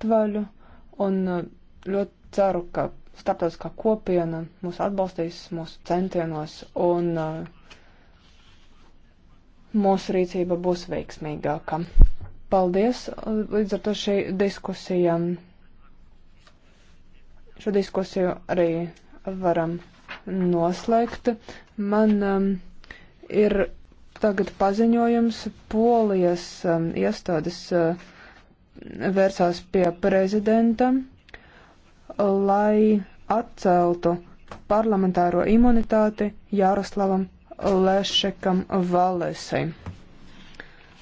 atvaļu un uh, ļoti ceru, ka starptautiskā kopiena mūs atbalstīs mūsu centienos un uh, mūsu rīcība būs veiksmīgāka. Paldies! Līdz ar to šī diskusija, šo diskusiju arī varam noslēgt. Man um, ir tagad paziņojums Polijas um, iestādes. Uh, vērsās pie prezidenta, lai atceltu parlamentāro imunitāti Jaroslavam Lešekam Valesai.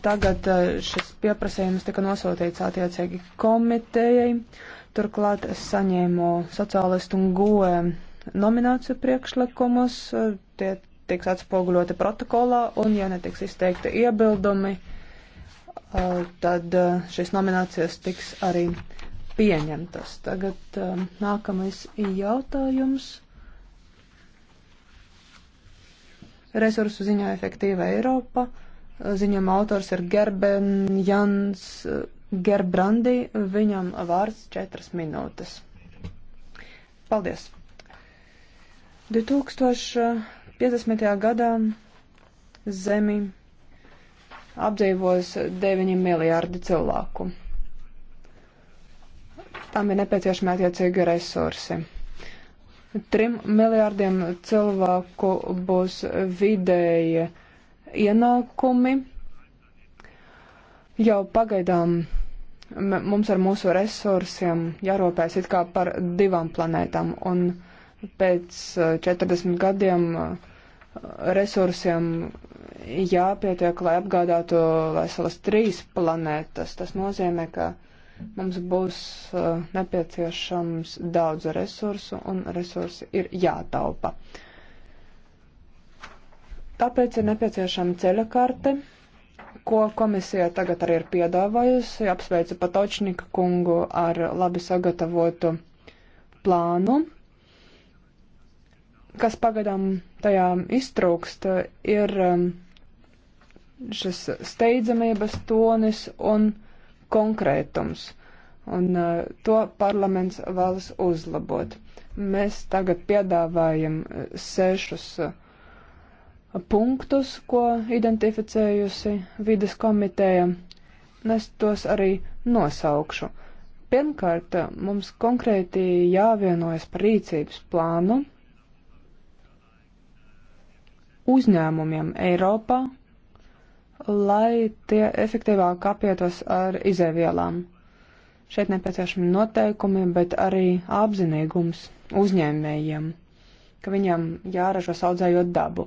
Tagad eh, šis pieprasījums tika nosūtīts attiecīgi komitejai. Turklāt es saņēmu sociālistu un goe nomināciju priekšlikumus. Tie tiks atspoguļoti protokolā, un ja netiks izteikti iebildumi, Eh, tad eh, šīs nominācijas tiks arī pieņemtas. Tagad eh, nākamais jautājums. Resursu ziņā efektīva Eiropa. Ziņam autors ir Gerben Jans Gerbrandi. Viņam vārds četras minūtes. Paldies! 2050. gadā zemi apdzīvos 9 miljārdi cilvēku. Tam ir nepieciešami attiecīgi resursi. Trim miljārdiem cilvēku būs vidēji ienākumi. Jau pagaidām mums ar mūsu resursiem jārūpēs it kā par divām planētām, un pēc 40 eh, gadiem uh, resursiem jāpietiek, lai apgādātu veselas trīs planētas. Tas nozīmē, ka mums būs uh, nepieciešams daudz resursu un resursi ir jātaupa. Tāpēc ir nepieciešama ceļakarte, ko komisija tagad arī ir piedāvājusi. Apsveicu Patočnika kungu ar labi sagatavotu plānu kas pagaidām tajā iztrūkst, ir um, šis steidzamības tonis un konkrētums. Un uh, to parlaments vēlas uzlabot. Mēs tagad piedāvājam uh, sešus uh, punktus, ko identificējusi vides komiteja. Es tos arī nosaukšu. Pirmkārt, mums konkrēti jāvienojas par rīcības plānu uzņēmumiem Eiropā, lai tie efektīvāk apietos ar izēvielām. Šeit nepieciešami noteikumi, bet arī apzinīgums uzņēmējiem, ka viņam jāražo audzējot dabu.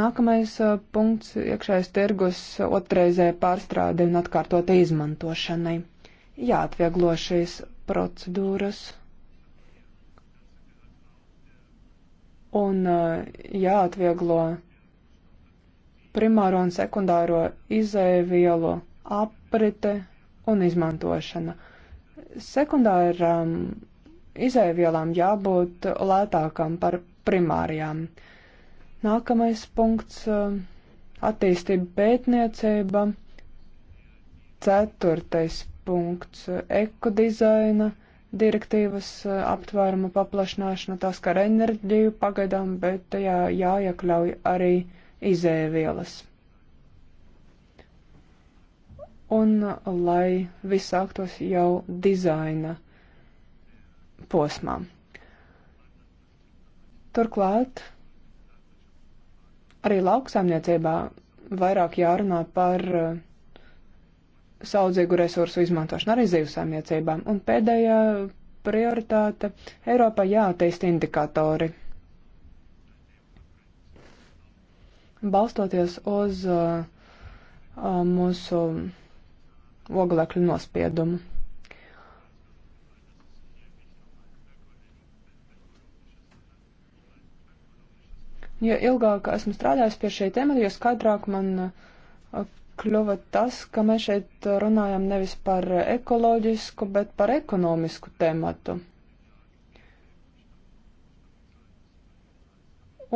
Nākamais uh, punkts - iekšējais tirgus otrreizē pārstrāde un atkārtota izmantošanai. Jāatvieglo šīs procedūras. un uh, jāatvieglo primāro un sekundāro izēvielu aprite un izmantošana. Sekundāram izēvielām jābūt lētākām par primārajām. Nākamais punkts uh, - attīstība pētniecība. Ceturtais punkts - ekodizaina direktīvas eh, aptvēruma paplašināšana, tās kā enerģiju pagaidām, bet tajā jāiekļauj arī izēvielas. Un eh, lai viss sāktos jau dizaina posmā. Turklāt arī lauksaimniecībā vairāk jārunā par uh, saudzīgu resursu izmantošanu arī zivsāmniecībām. Un pēdējā prioritāte - Eiropā jāattīst indikatori. Balstoties uz uh, uh, mūsu oglekļu nospiedumu. Jo ilgāk esmu strādājis pie šī temata, jo skaidrāk man uh, kļuva tas, ka mēs šeit runājam nevis par ekoloģisku, bet par ekonomisku tēmatu.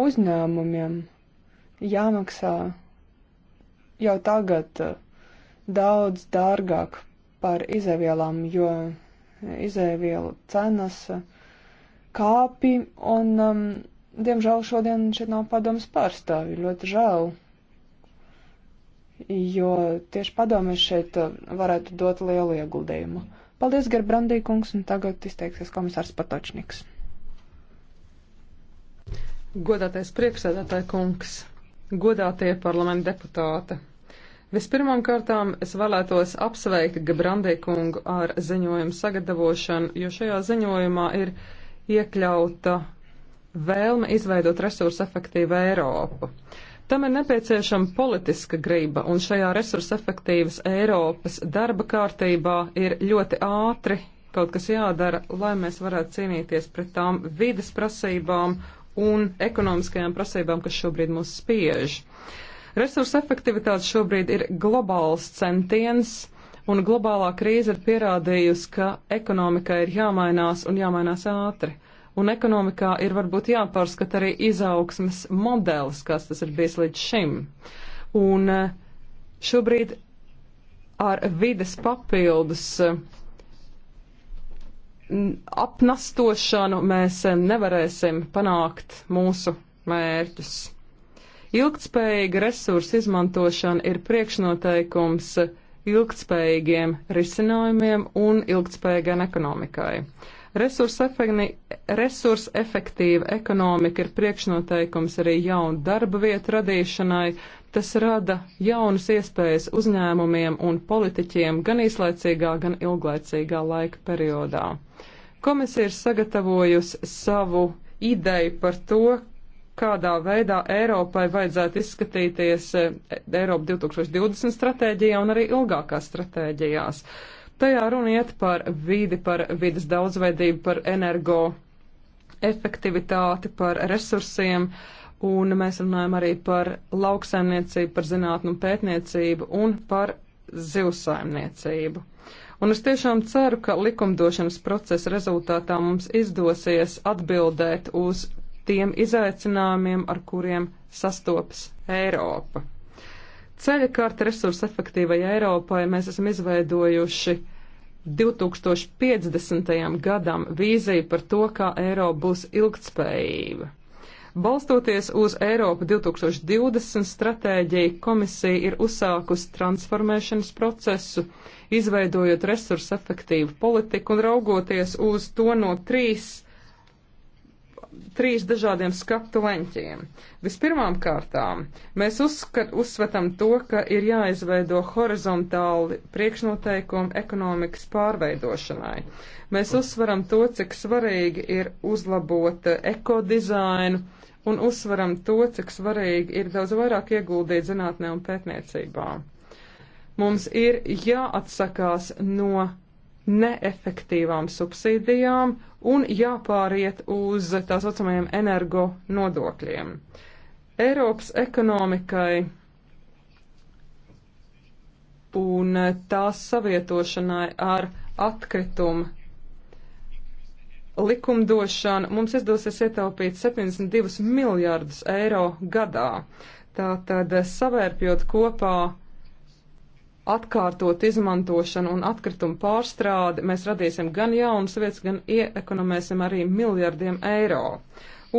Uzņēmumiem jāmaksā jau tagad daudz dārgāk par izēvielām, jo izēvielu cenas kāpi, un, um, diemžēl, šodien šeit nav padomas pārstāvi. Ļoti žēl jo tieši padomēs šeit uh, varētu dot lielu ieguldījumu. Paldies, Gerbrandī kungs, un tagad izteiksies komisārs Patočniks. Godātais priekšsēdētāji kungs, godātie parlamenta deputāte. Vispirmām kārtām es vēlētos apsveikt Gebrandī kungu ar ziņojumu sagatavošanu, jo šajā ziņojumā ir iekļauta vēlme izveidot resursu efektīvu Eiropu. Uh, Tam ir nepieciešama politiska griba, un šajā resursa efektīvas Eiropas darba kārtībā ir ļoti ātri kaut kas jādara, lai mēs varētu cīnīties pret tām vidas prasībām un ekonomiskajām prasībām, kas šobrīd mūs spiež. Resursa efektivitāte šobrīd ir globāls centiens, un globālā krīze ir pierādījusi, ka ekonomikai ir jāmainās un jāmainās ātri un ekonomikā ir varbūt jāpārskat arī izaugsmes modelis, kas tas ir bijis līdz šim. Un eh, šobrīd ar vides papildus eh, apnastošanu mēs eh, nevarēsim panākt mūsu mērķus. Ilgtspējīga resursa izmantošana ir priekšnoteikums ilgtspējīgiem risinājumiem un ilgtspējīgai ekonomikai. Resursa efektīva ekonomika ir priekšnoteikums arī jaunu darba vietu radīšanai. Tas rada jaunas iespējas uzņēmumiem un politiķiem gan īslaicīgā, gan ilglaicīgā laika periodā. Komisija ir sagatavojusi savu ideju par to, kādā veidā Eiropai vajadzētu izskatīties eh, Eiropa 2020 stratēģijā un arī ilgākās stratēģijās. Uh, Tajā runa iet par vidi, par vidas daudzveidību, par energo efektivitāti, par resursiem, un mēs runājam arī par lauksaimniecību, par zinātnu un pētniecību un par zivsaimniecību. Un es tiešām ceru, ka likumdošanas procesa rezultātā mums izdosies atbildēt uz tiem izaicinājumiem, ar kuriem sastopas Eiropa. Ceļa karta resursu efektīvai Eiropai mēs esam izveidojuši 2050. gadam vīziju par to, kā Eiropa būs ilgtspējīga. Balstoties uz Eiropa 2020 stratēģiju, komisija ir uzsākusi transformēšanas procesu, izveidojot resursu efektīvu politiku un raugoties uz to no trīs trīs dažādiem skatu leņķiem. Vispirmām kārtām mēs uzskat, uzsvetam to, ka ir jāizveido horizontāli priekšnoteikumi ekonomikas pārveidošanai. Mēs uzsveram to, cik svarīgi ir uzlabot eh, ekodizainu un uzsveram to, cik svarīgi ir daudz vairāk ieguldīt zinātnē un pētniecībā. Mums ir jāatsakās no neefektīvām subsīdijām un jāpāriet uz tā saucamajiem energo nodokļiem. Eiropas ekonomikai un tās savietošanai ar atkritumu likumdošanu mums izdosies ietaupīt 72 miljārdus eiro gadā. Tātad savērpjot kopā atkārtot izmantošanu un atkritumu pārstrādi, mēs radīsim gan jaunas vietas, gan ieekonomēsim arī miljardiem eiro.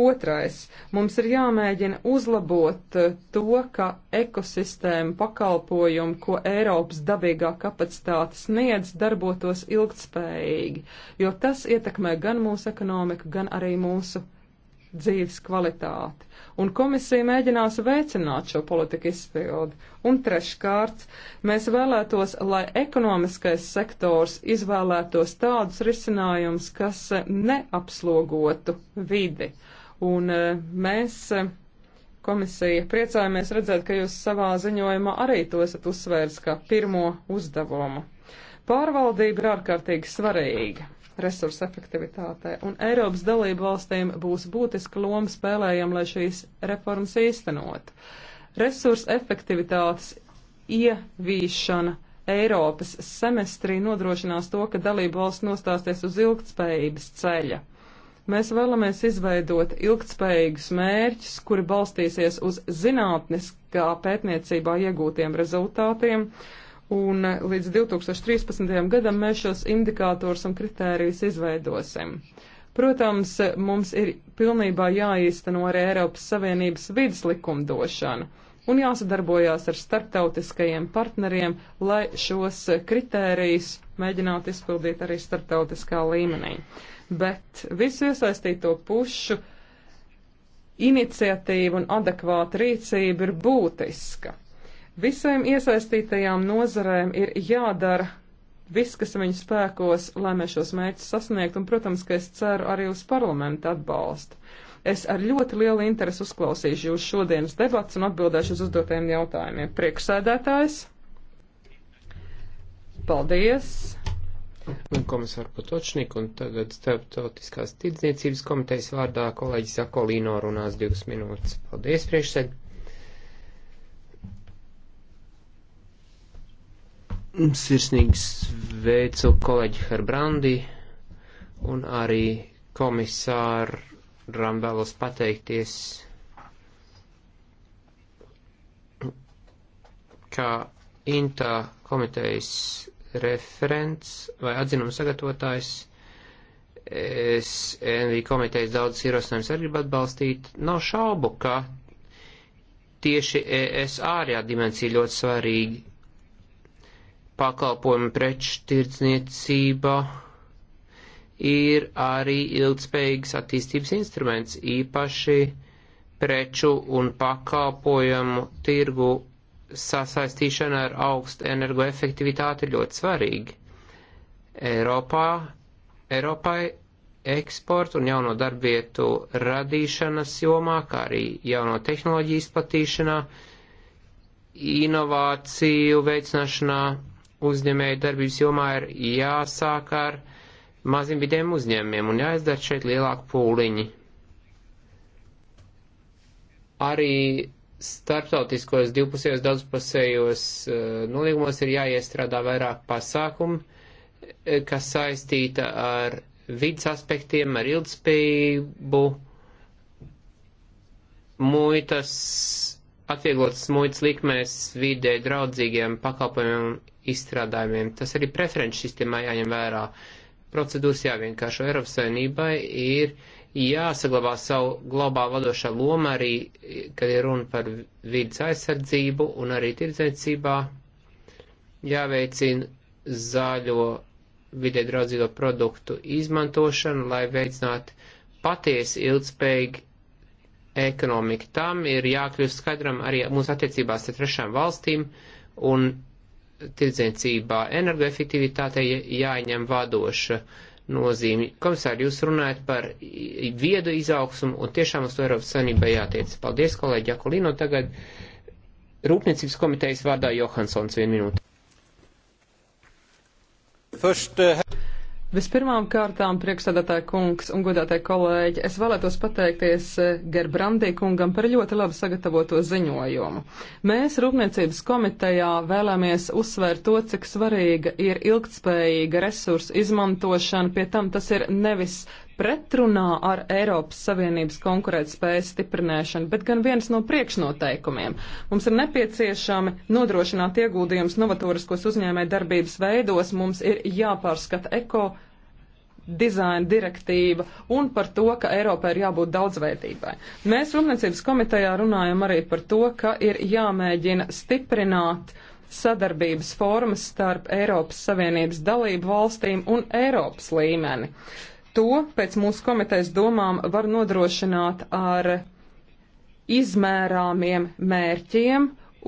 Otrais. Mums ir jāmēģina uzlabot eh, to, ka ekosistēma pakalpojumi, ko Eiropas dabīgā kapacitāte sniedz, darbotos ilgtspējīgi, jo tas ietekmē gan mūsu ekonomiku, gan arī mūsu dzīves kvalitāti. Un komisija mēģinās veicināt šo politiku izpildi. Un treškārt, mēs vēlētos, lai ekonomiskais sektors izvēlētos tādus risinājumus, kas neapslogotu vidi. Un eh, mēs, eh, komisija, priecājamies redzēt, ka jūs savā ziņojumā arī to esat uzsvērs kā pirmo uzdevumu. Pārvaldība ir ārkārtīgi svarīga resursu efektivitātei, un Eiropas dalību valstīm būs būtiska loma spēlējama, lai šīs reformas īstenot. Resursu efektivitātes ievīšana Eiropas semestrī nodrošinās to, ka dalību valsts nostāsies uz ilgtspējības ceļa. Mēs vēlamies izveidot ilgtspējīgus mērķus, kuri balstīsies uz zinātniskā pētniecībā iegūtiem rezultātiem, un eh, līdz 2013. gadam mēs šos indikātors un kritērijus izveidosim. Protams, mums ir pilnībā jāīsteno arī Eiropas Savienības vidas likumdošana un jāsadarbojās ar starptautiskajiem partneriem, lai šos kritērijus mēģinātu izpildīt arī starptautiskā līmenī. Bet visu iesaistīto pušu iniciatīva un adekvāta rīcība ir būtiska. Visiem iesaistītajām nozarēm ir jādara viss, kas viņu spēkos, lai mēs šos mērķus sasniegtu, un, protams, ka es ceru arī uz parlamentu atbalstu. Es ar ļoti lielu interesi uzklausīšu jūs šodienas debats un atbildēšu uz uzdotajiem jautājumiem. Priekšsēdētājs. Paldies! Un komisāru Potočnik un tagad starptautiskās tirdzniecības komitejas vārdā kolēģis Akolīno runās divas minūtes. Paldies, priekšsēdētāj! Sirsnīgi sveicu kolēģi Herbrandi un arī komisāram vēlos pateikties, kā Intā komitejas referents vai atzinuma sagatavotājs. Es NV komitejas daudzas ierosinājumus arī gribu atbalstīt. Nav šaubu, ka tieši ES ārējā dimensija ļoti svarīgi pakalpojumu preču tirdzniecība ir arī ilgspējīgs attīstības instruments, īpaši preču un pakalpojumu tirgu sasaistīšana ar augstu energoefektivitāti ir ļoti svarīgi. Eiropā, Eiropai eksporta un jauno darbvietu radīšanas jomā, kā arī jauno tehnoloģiju izplatīšanā, inovāciju veicināšanā uzņēmēju darbības jomā ir jāsāk ar maziem vidiem uzņēmumiem un jāizdara šeit lielāku pūliņi. Arī starptautiskos divpusējos daudzpusējos eh, nolīgumos ir jāiestrādā vairāk pasākumu, eh, kas saistīta ar vidas aspektiem, ar ilgspējību, muitas atvieglotas muitas likmēs vidē draudzīgiem pakalpojumiem un izstrādājumiem. Tas arī preferenču sistēmā jāņem vērā. Procedūras jāvienkāršo Eiropas Savienībai ir jāsaglabā savu globā vadošā loma arī, kad ir runa par vidas aizsardzību un arī tirdzniecībā jāveicina zaļo vidē draudzīgo produktu izmantošanu, lai veicinātu patiesi ilgspējīgi ekonomika. Tam ir jākļūst skaidram arī mūsu attiecībās ar trešām valstīm un tirdzniecībā energoefektivitātei jāņem vadoša nozīme. Komisāri, jūs runājat par viedu izaugsmu un tiešām uz to Eiropas Savienībā jātiec. Paldies, kolēģi Jakulino. Tagad Rūpniecības komitejas vārdā Johansons vienu minūti. First, uh... Vispirmām kārtām, priekšsēdētāja kungs un godātāja kolēģi, es vēlētos pateikties eh, Gerbrandī kungam par ļoti labi sagatavoto ziņojumu. Mēs Rūpniecības komitejā vēlamies uzsvērt to, cik svarīga ir ilgtspējīga resursu izmantošana, pie tam tas ir nevis pretrunā ar Eiropas Savienības konkurētspējas stiprināšanu, bet gan viens no priekšnoteikumiem. Mums ir nepieciešami nodrošināt ieguldījums novatoriskos uzņēmē darbības veidos, mums ir jāpārskata eko dizaina direktīva un par to, ka Eiropai ir jābūt daudzveidībai. Mēs Rūpniecības komitejā runājam arī par to, ka ir jāmēģina stiprināt sadarbības formas starp Eiropas Savienības dalību valstīm un Eiropas līmeni to, pēc mūsu komitejas domām, var nodrošināt ar izmērāmiem mērķiem,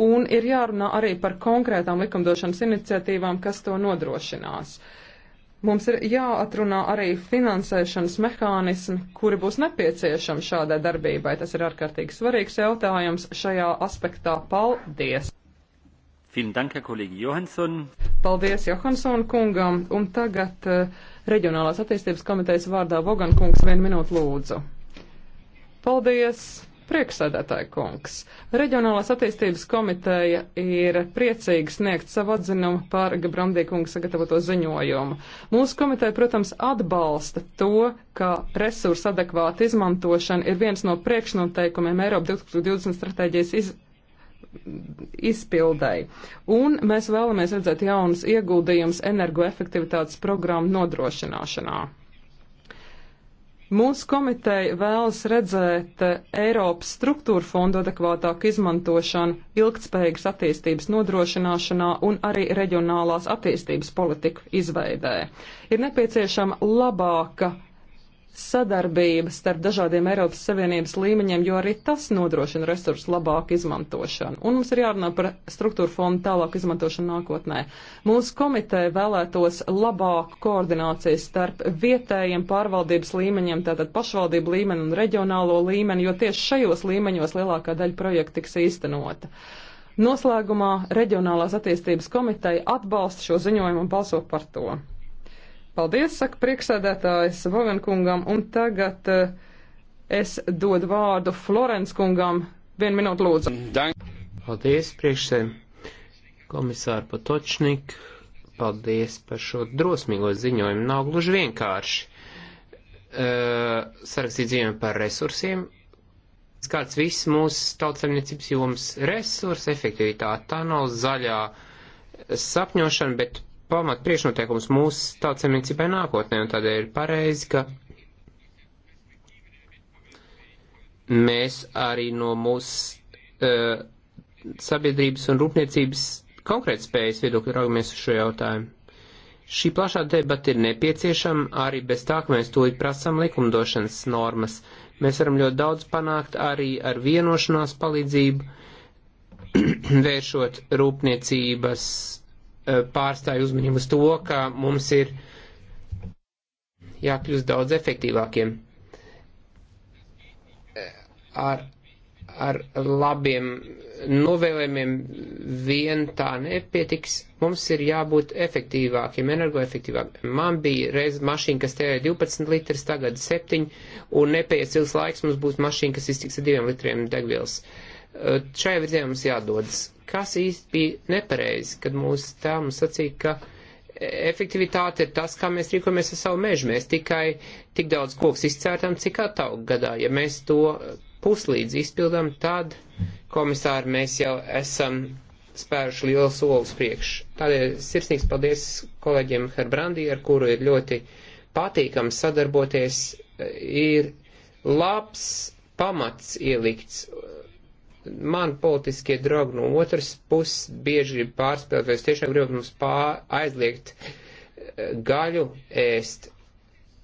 un ir jārunā arī par konkrētām likumdošanas iniciatīvām, kas to nodrošinās. Mums ir jāatrunā arī finansēšanas mehānismi, kuri būs nepieciešami šādai darbībai. Tas ir ārkārtīgi svarīgs jautājums šajā aspektā. Paldies! Dank, Paldies Johansson kungam, un tagad uh, Reģionālās attīstības komitejas vārdā Vogan kungs vienu minūtu lūdzu. Paldies! Priekšsēdētāji kungs, Reģionālās attīstības komiteja ir priecīgi sniegt savu atzinumu par Gabrandī kungu sagatavoto ziņojumu. Mūsu komiteja, protams, atbalsta to, ka resursu adekvāta izmantošana ir viens no priekšnoteikumiem Eiropa 2020 stratēģijas izmantošanai izpildai. Un mēs vēlamies redzēt jaunas ieguldījumus energoefektivitātes programmu nodrošināšanā. Mūsu komiteja vēlas redzēt eh, Eiropas struktūra fondu adekvātāku izmantošanu, ilgtspējīgas attīstības nodrošināšanā un arī reģionālās attīstības politiku izveidē. Ir nepieciešama labāka sadarbība starp dažādiem Eiropas Savienības līmeņiem, jo arī tas nodrošina resursu labāku izmantošanu. Un mums ir jārunā par struktūra fondu tālāku izmantošanu nākotnē. Mūsu komiteja vēlētos labāku koordināciju starp vietējiem pārvaldības līmeņiem, tātad pašvaldību līmeni un reģionālo līmeni, jo tieši šajos līmeņos lielākā daļa projektu tiks īstenota. Noslēgumā Reģionālās attīstības komiteja atbalsta šo ziņojumu un balso par to. Paldies, saka priekšsēdētājs Vogankungam, un tagad uh, es dodu vārdu Florence kungam. Vienu minūtu lūdzu. Paldies, priekšsēm. Komisāri Patočnik, paldies par šo drosmīgo ziņojumu. Nav gluži vienkārši. Uh, sarakstīt ziņojumu par resursiem. Kāds viss mūsu tautsemniecības joms resursa efektivitāte, tā nav zaļā sapņošana, bet pamat priekšnoteikums mūsu tautsemniecībai nākotnē, un tādēļ ir pareizi, ka mēs arī no mūsu uh, sabiedrības un rūpniecības konkrēt spējas viedokļa raugamies uz šo jautājumu. Šī plašā debata ir nepieciešama arī bez tā, ka mēs tūlīt prasām likumdošanas normas. Mēs varam ļoti daudz panākt arī ar vienošanās palīdzību, vēršot rūpniecības Eh, pārstāju uzmanību uz to, ka mums ir jākļūst daudz efektīvākiem ar, ar labiem novēlējumiem vien tā nepietiks. Mums ir jābūt efektīvākiem, energoefektīvākiem. Man bija reiz mašīna, kas tērēja 12 litrus, tagad 7, un nepaies ilgs laiks mums būs mašīna, kas iztiks ar 2 litriem degvielas. Eh, Šai virzienā mums jādodas kas īsti bija nepareizi, kad mūs tā mums sacīja, ka efektivitāte ir tas, kā mēs rīkojamies ar savu mežu. Mēs tikai tik daudz koks izcērtam, cik attaug gadā. Ja mēs to puslīdz izpildām, tad, komisāri, mēs jau esam spēruši lielu soli uz priekšu. Tādēļ sirsnīgs paldies kolēģiem Herbrandī, ar kuru ir ļoti patīkams sadarboties, ir labs pamats ielikts man politiskie draugi no otras puses bieži grib pārspēlēt, vai es tiešām gribu mums pār, aizliegt eh, gaļu ēst,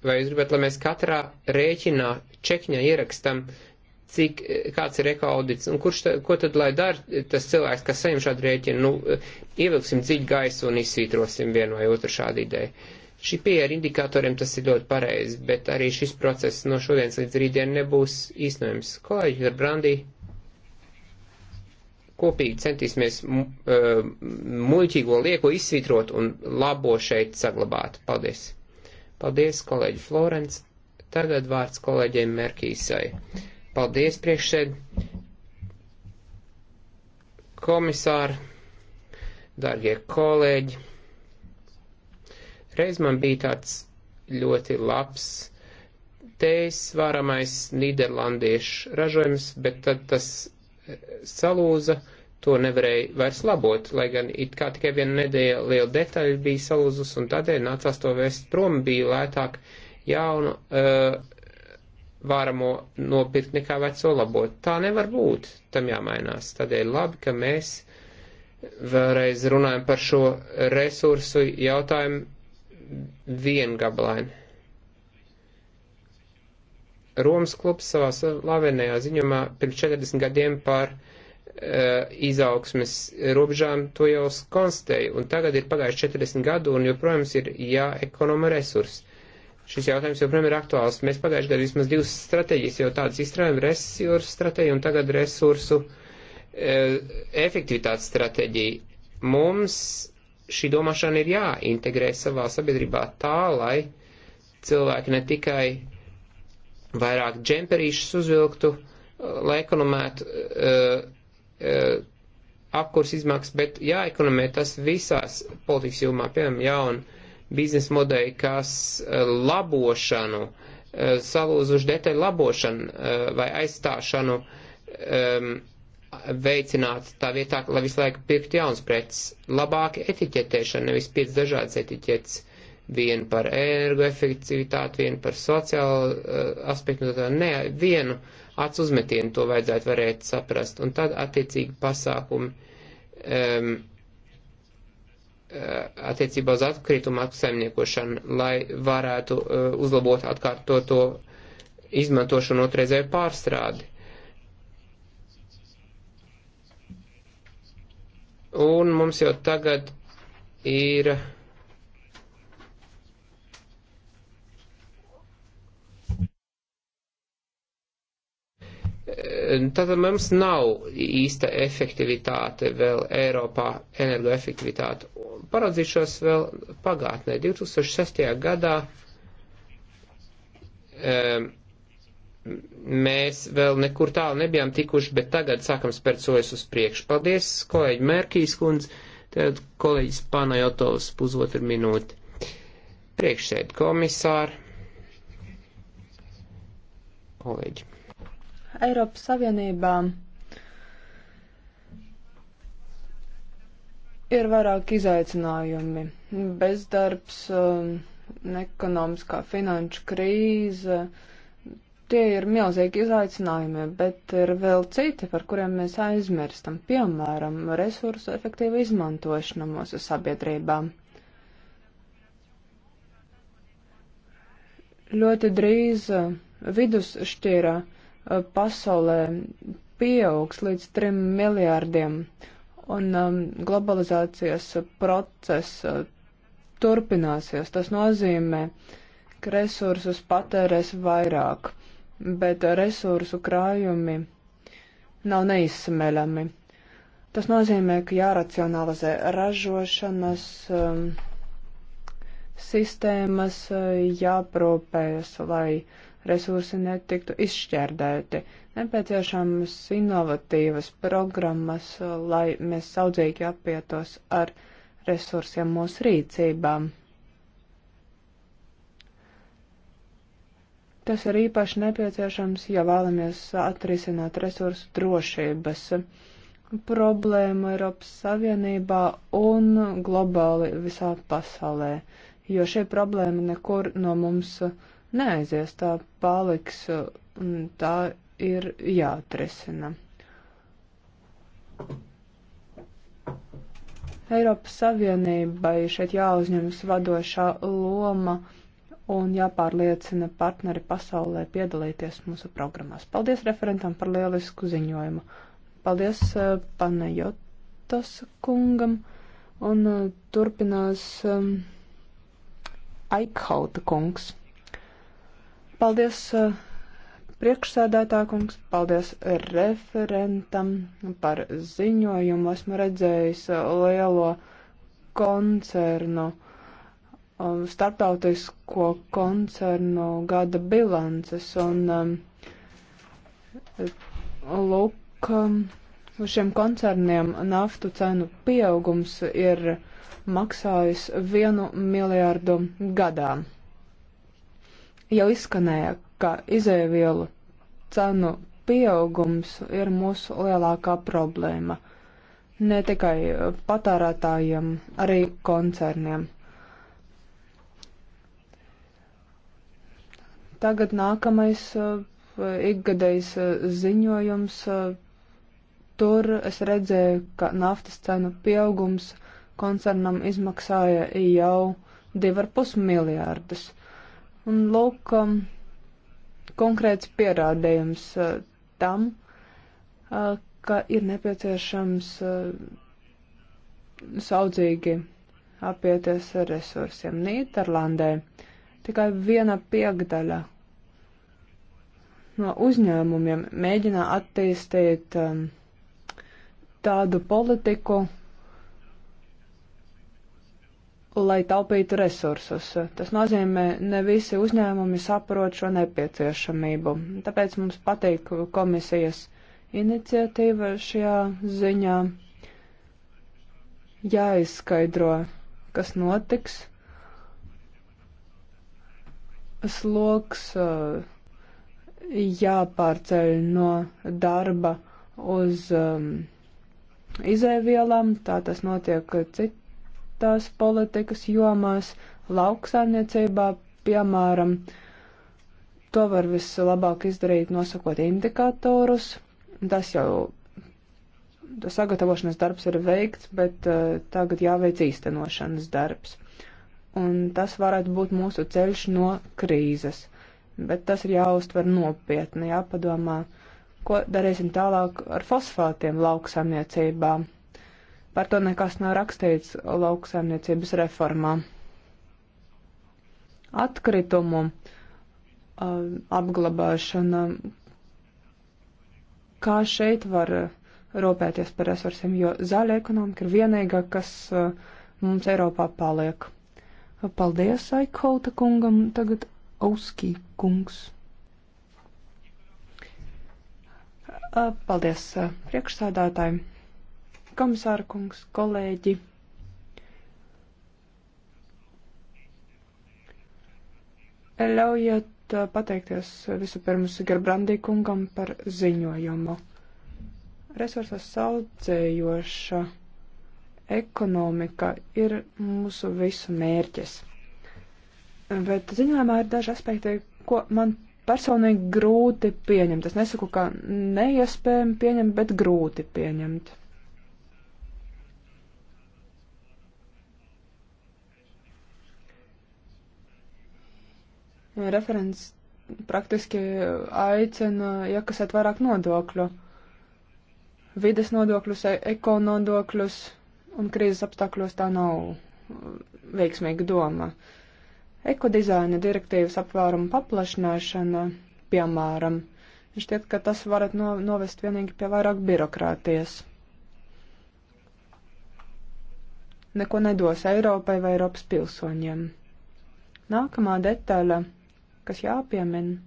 vai jūs gribat, lai mēs katrā rēķinā, čekņā ierakstam, cik, eh, kāds ir ekaudits, un kurš, ta, ko tad lai dara eh, tas cilvēks, kas saņem šādu rēķinu, nu, ievilksim dziļu gaisu un izsvītrosim vienu vai otru šādu ideju. Šī pieeja ar indikatoriem tas ir ļoti pareizi, bet arī šis process no šodienas līdz rītdien nebūs īstenojams. Kolēģi, ar Brandī, kopīgi centīsimies e, muļķīgo lieko izsvitrot un labo šeit saglabāt. Paldies! Paldies, kolēģi Florence! Tagad vārds kolēģiem Merkīsai. Paldies, priekšsēd! Komisāri, dārgie kolēģi! Reiz man bija tāds ļoti labs tējas varamais nīderlandiešu ražojums, bet tad tas salūza, to nevarēja vairs labot, lai gan it kā tikai viena nedēļa liela detaļa bija salūzus, un tādēļ nācās to vēst prom, bija lētāk jaunu uh, vāramo nopirkt nekā veco labot. Tā nevar būt, tam jāmainās. Tādēļ labi, ka mēs vēlreiz runājam par šo resursu jautājumu viengablaini. Romas klubs savā slavenajā ziņumā pirms 40 gadiem par uh, izaugsmes robežām to jau konstēja, un tagad ir pagājuši 40 gadu, un joprojām ir jāekonoma resursi. Šis jautājums joprojām ir aktuāls. Mēs pagājuši gadu vismaz divas stratēģijas jau tādas izstrādājām, resursu stratēģiju un tagad resursu uh, efektivitātes stratēģiju. Mums šī domāšana ir jāintegrē savā sabiedrībā tā, lai cilvēki ne tikai vairāk džemperīšus uzvilktu, eh, lai ekonomētu uh, uh, apkurs izmaksas, bet jāekonomē tas visās politikas jomā, piemēram, jaunu biznesa modeļu, kas uh, labošanu, uh, salūzušu detaļu labošanu uh, vai aizstāšanu um, veicināt tā vietā, lai visu laiku pirkt jauns preces, labāka etiķetēšana, nevis piec dažādas etiķetes, vienu par energoefektivitāti, vienu par sociālu uh, eh, aspektu, ne, vienu acu uzmetienu to vajadzētu varēt saprast, un tad attiecīgi pasākumi um, attiecībā uz atkritumu apsaimniekošanu, lai varētu uh, uzlabot atkārtoto izmantošanu otrreizēju pārstrādi. Un mums jau tagad ir uh, Tātad mums nav īsta efektivitāte vēl Eiropā, energoefektivitāte. Paradzīšos vēl pagātnē. 2006. gadā um, mēs vēl nekur tālu nebijām tikuši, bet tagad sākam spērt sojas uz priekšu. Paldies, kolēģi Mērkīs kundz, tad kolēģis Panajotovs pusotru minūti. Priekšsēd komisāri. Kolēģi. Eiropas Savienībā ir vairāk izaicinājumi. Bezdarbs, um, ekonomiskā finanšu krīze, tie ir milzīgi izaicinājumi, bet ir vēl citi, par kuriem mēs aizmirstam, piemēram, resursu efektīva izmantošana mūsu sabiedrībām. Ļoti drīz uh, vidusšķira pasaulē pieaugs līdz 3 miljārdiem, un um, globalizācijas process uh, turpināsies. Tas nozīmē, ka resursus patērēs vairāk, bet resursu krājumi nav neizsmeļami. Tas nozīmē, ka jāracionalizē ražošanas um, sistēmas, uh, jāprūpējas, lai uh, resursi netiktu izšķērdēti. Nepieciešams inovatīvas programmas, lai mēs saudzīgi apietos ar resursiem mūsu rīcībām. Tas ir īpaši nepieciešams, ja vēlamies atrisināt resursu drošības problēmu Eiropas Savienībā un globāli visā pasaulē, jo šī problēma nekur no mums uh, neaizies, tā paliks un tā ir jāatrisina. Eiropas Savienībai šeit jāuzņemas vadošā loma un jāpārliecina partneri pasaulē piedalīties mūsu programmās. Paldies referentam par lielisku ziņojumu. Paldies uh, eh, Panajotas kungam un uh, turpinās um, eh, Aikhauta kungs. Paldies eh, priekšsēdētā kungs, paldies referentam par ziņojumu. Esmu redzējis eh, lielo koncernu, um, starptautisko koncernu gada bilances un um, lūk, um, šiem koncerniem naftu cenu pieaugums ir maksājis vienu miljārdu gadā. Jau izskanēja, ka izēvielu cenu pieaugums ir mūsu lielākā problēma. Ne tikai patērētājiem, arī koncerniem. Tagad nākamais eh, ikgadējs eh, ziņojums. Eh, tur es redzēju, ka naftas cenu pieaugums koncernam izmaksāja jau 2,5 miljārdus. Un lūk, um, konkrēts pierādījums uh, tam, uh, ka ir nepieciešams uh, saudzīgi apieties ar resursiem. Nīderlandē tikai viena piekdaļa no uzņēmumiem mēģina attīstīt um, tādu politiku, lai taupītu resursus. Tas nozīmē, ne visi uzņēmumi saprot šo nepieciešamību. Tāpēc mums patīk komisijas iniciatīva šajā ziņā. Jāizskaidro, kas notiks. Sloks uh, jāpārceļ no darba uz um, izēvielām, tā tas notiek cit, citās politikas jomās, lauksāniecībā, piemēram. To var vislabāk izdarīt nosakot indikatorus. Tas jau tas sagatavošanas darbs ir veikts, bet uh, tagad jāveic īstenošanas darbs. Un tas varētu būt mūsu ceļš no krīzes. Bet tas ir jāuztver nopietni, jāpadomā, ko darīsim tālāk ar fosfātiem lauksamniecībām Par to nekas nav rakstīts lauksaimniecības reformā. Atkritumu uh, apglabāšana. Kā šeit var uh, rūpēties par resursiem, jo zaļa ekonomika ir vienīgā, kas uh, mums Eiropā paliek. Paldies Aikauta kungam, tagad Auskī kungs. Paldies priekšsādātājiem komisāra kungs, kolēģi. Ļaujiet uh, pateikties vispirms Gerbrandī kungam par ziņojumu. Resursos saudzējoša ekonomika ir mūsu visu mērķis. Bet ziņojumā ir daži aspekti, ko man personīgi grūti pieņemt. Es nesaku, ka neiespējami pieņemt, bet grūti pieņemt. Referents praktiski aicina iekasēt vairāk nodokļu. Vides nodokļus, e- ekonodokļus un krīzes apstākļos tā nav veiksmīga doma. Ekodizaina direktīvas apvēruma paplašināšana, piemēram, šķiet, ka tas varat no, novest vienīgi pie vairāk birokrātijas. Neko nedos Eiropai vai Eiropas pilsoņiem. Nākamā detaļa kas jāpiemina.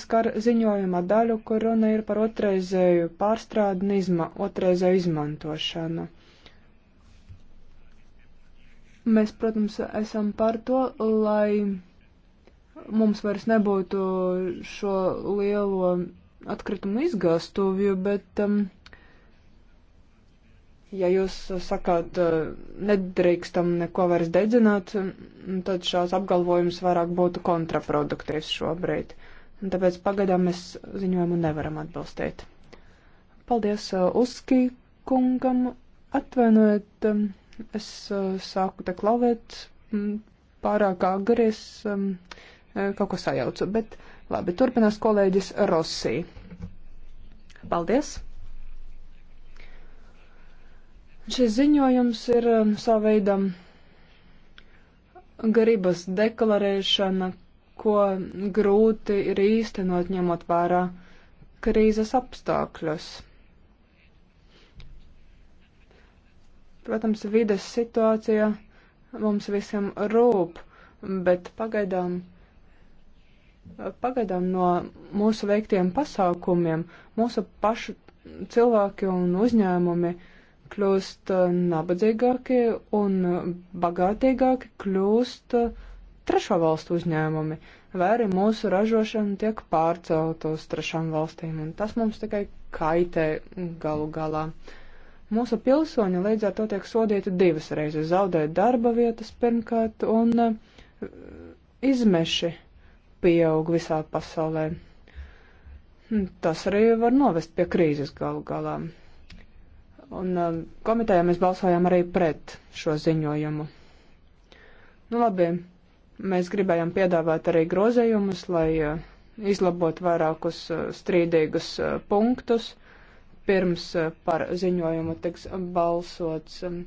skar ziņojuma daļu, kur runa ir par otrreizēju pārstrādi un izma, otrreizēju izmantošanu. Mēs, protams, esam par to, lai mums vairs nebūtu šo lielo atkritumu izgāstuvju, bet um, Ja jūs sakāt, eh, nedrīkstam neko vairs dedzināt, tad šāds apgalvojums vairāk būtu kontraproduktīvs šobrīd. Un tāpēc pagaidām mēs ziņojumu nevaram atbalstīt. Paldies eh, Uskī kungam. Atvainojiet, eh, es sāku te klavēt mm, pārāk agri, es mm, kaut ko sajaucu, bet labi, turpinās kolēģis Rosī. Paldies! Šis ziņojums ir um, sava veida garības deklarēšana, ko grūti ir īstenot ņemot vērā krīzes apstākļus. Protams, vides situācija mums visiem rūp, bet pagaidām, pagaidām no mūsu veiktiem pasākumiem mūsu pašu cilvēki un uzņēmumi uh, kļūst uh, nabadzīgāki un uh, bagātīgāki kļūst uh, trešo valstu uzņēmumi, vai arī mūsu ražošana tiek pārcelt uz trešām valstīm, un tas mums tikai kaitē galu galā. Mūsu pilsoņi līdz ar to tiek sodīti divas reizes - zaudēt darba vietas pirmkārt, un izmeši pieaug visā pasaulē. Tas arī var novest pie krīzes galu galā. Un um, komitējā mēs balsojām arī pret šo ziņojumu. Nu labi, mēs gribējām piedāvāt arī grozējumus, lai uh, izlabot vairākus uh, strīdīgus uh, punktus pirms par ziņojumu tiks balsots um,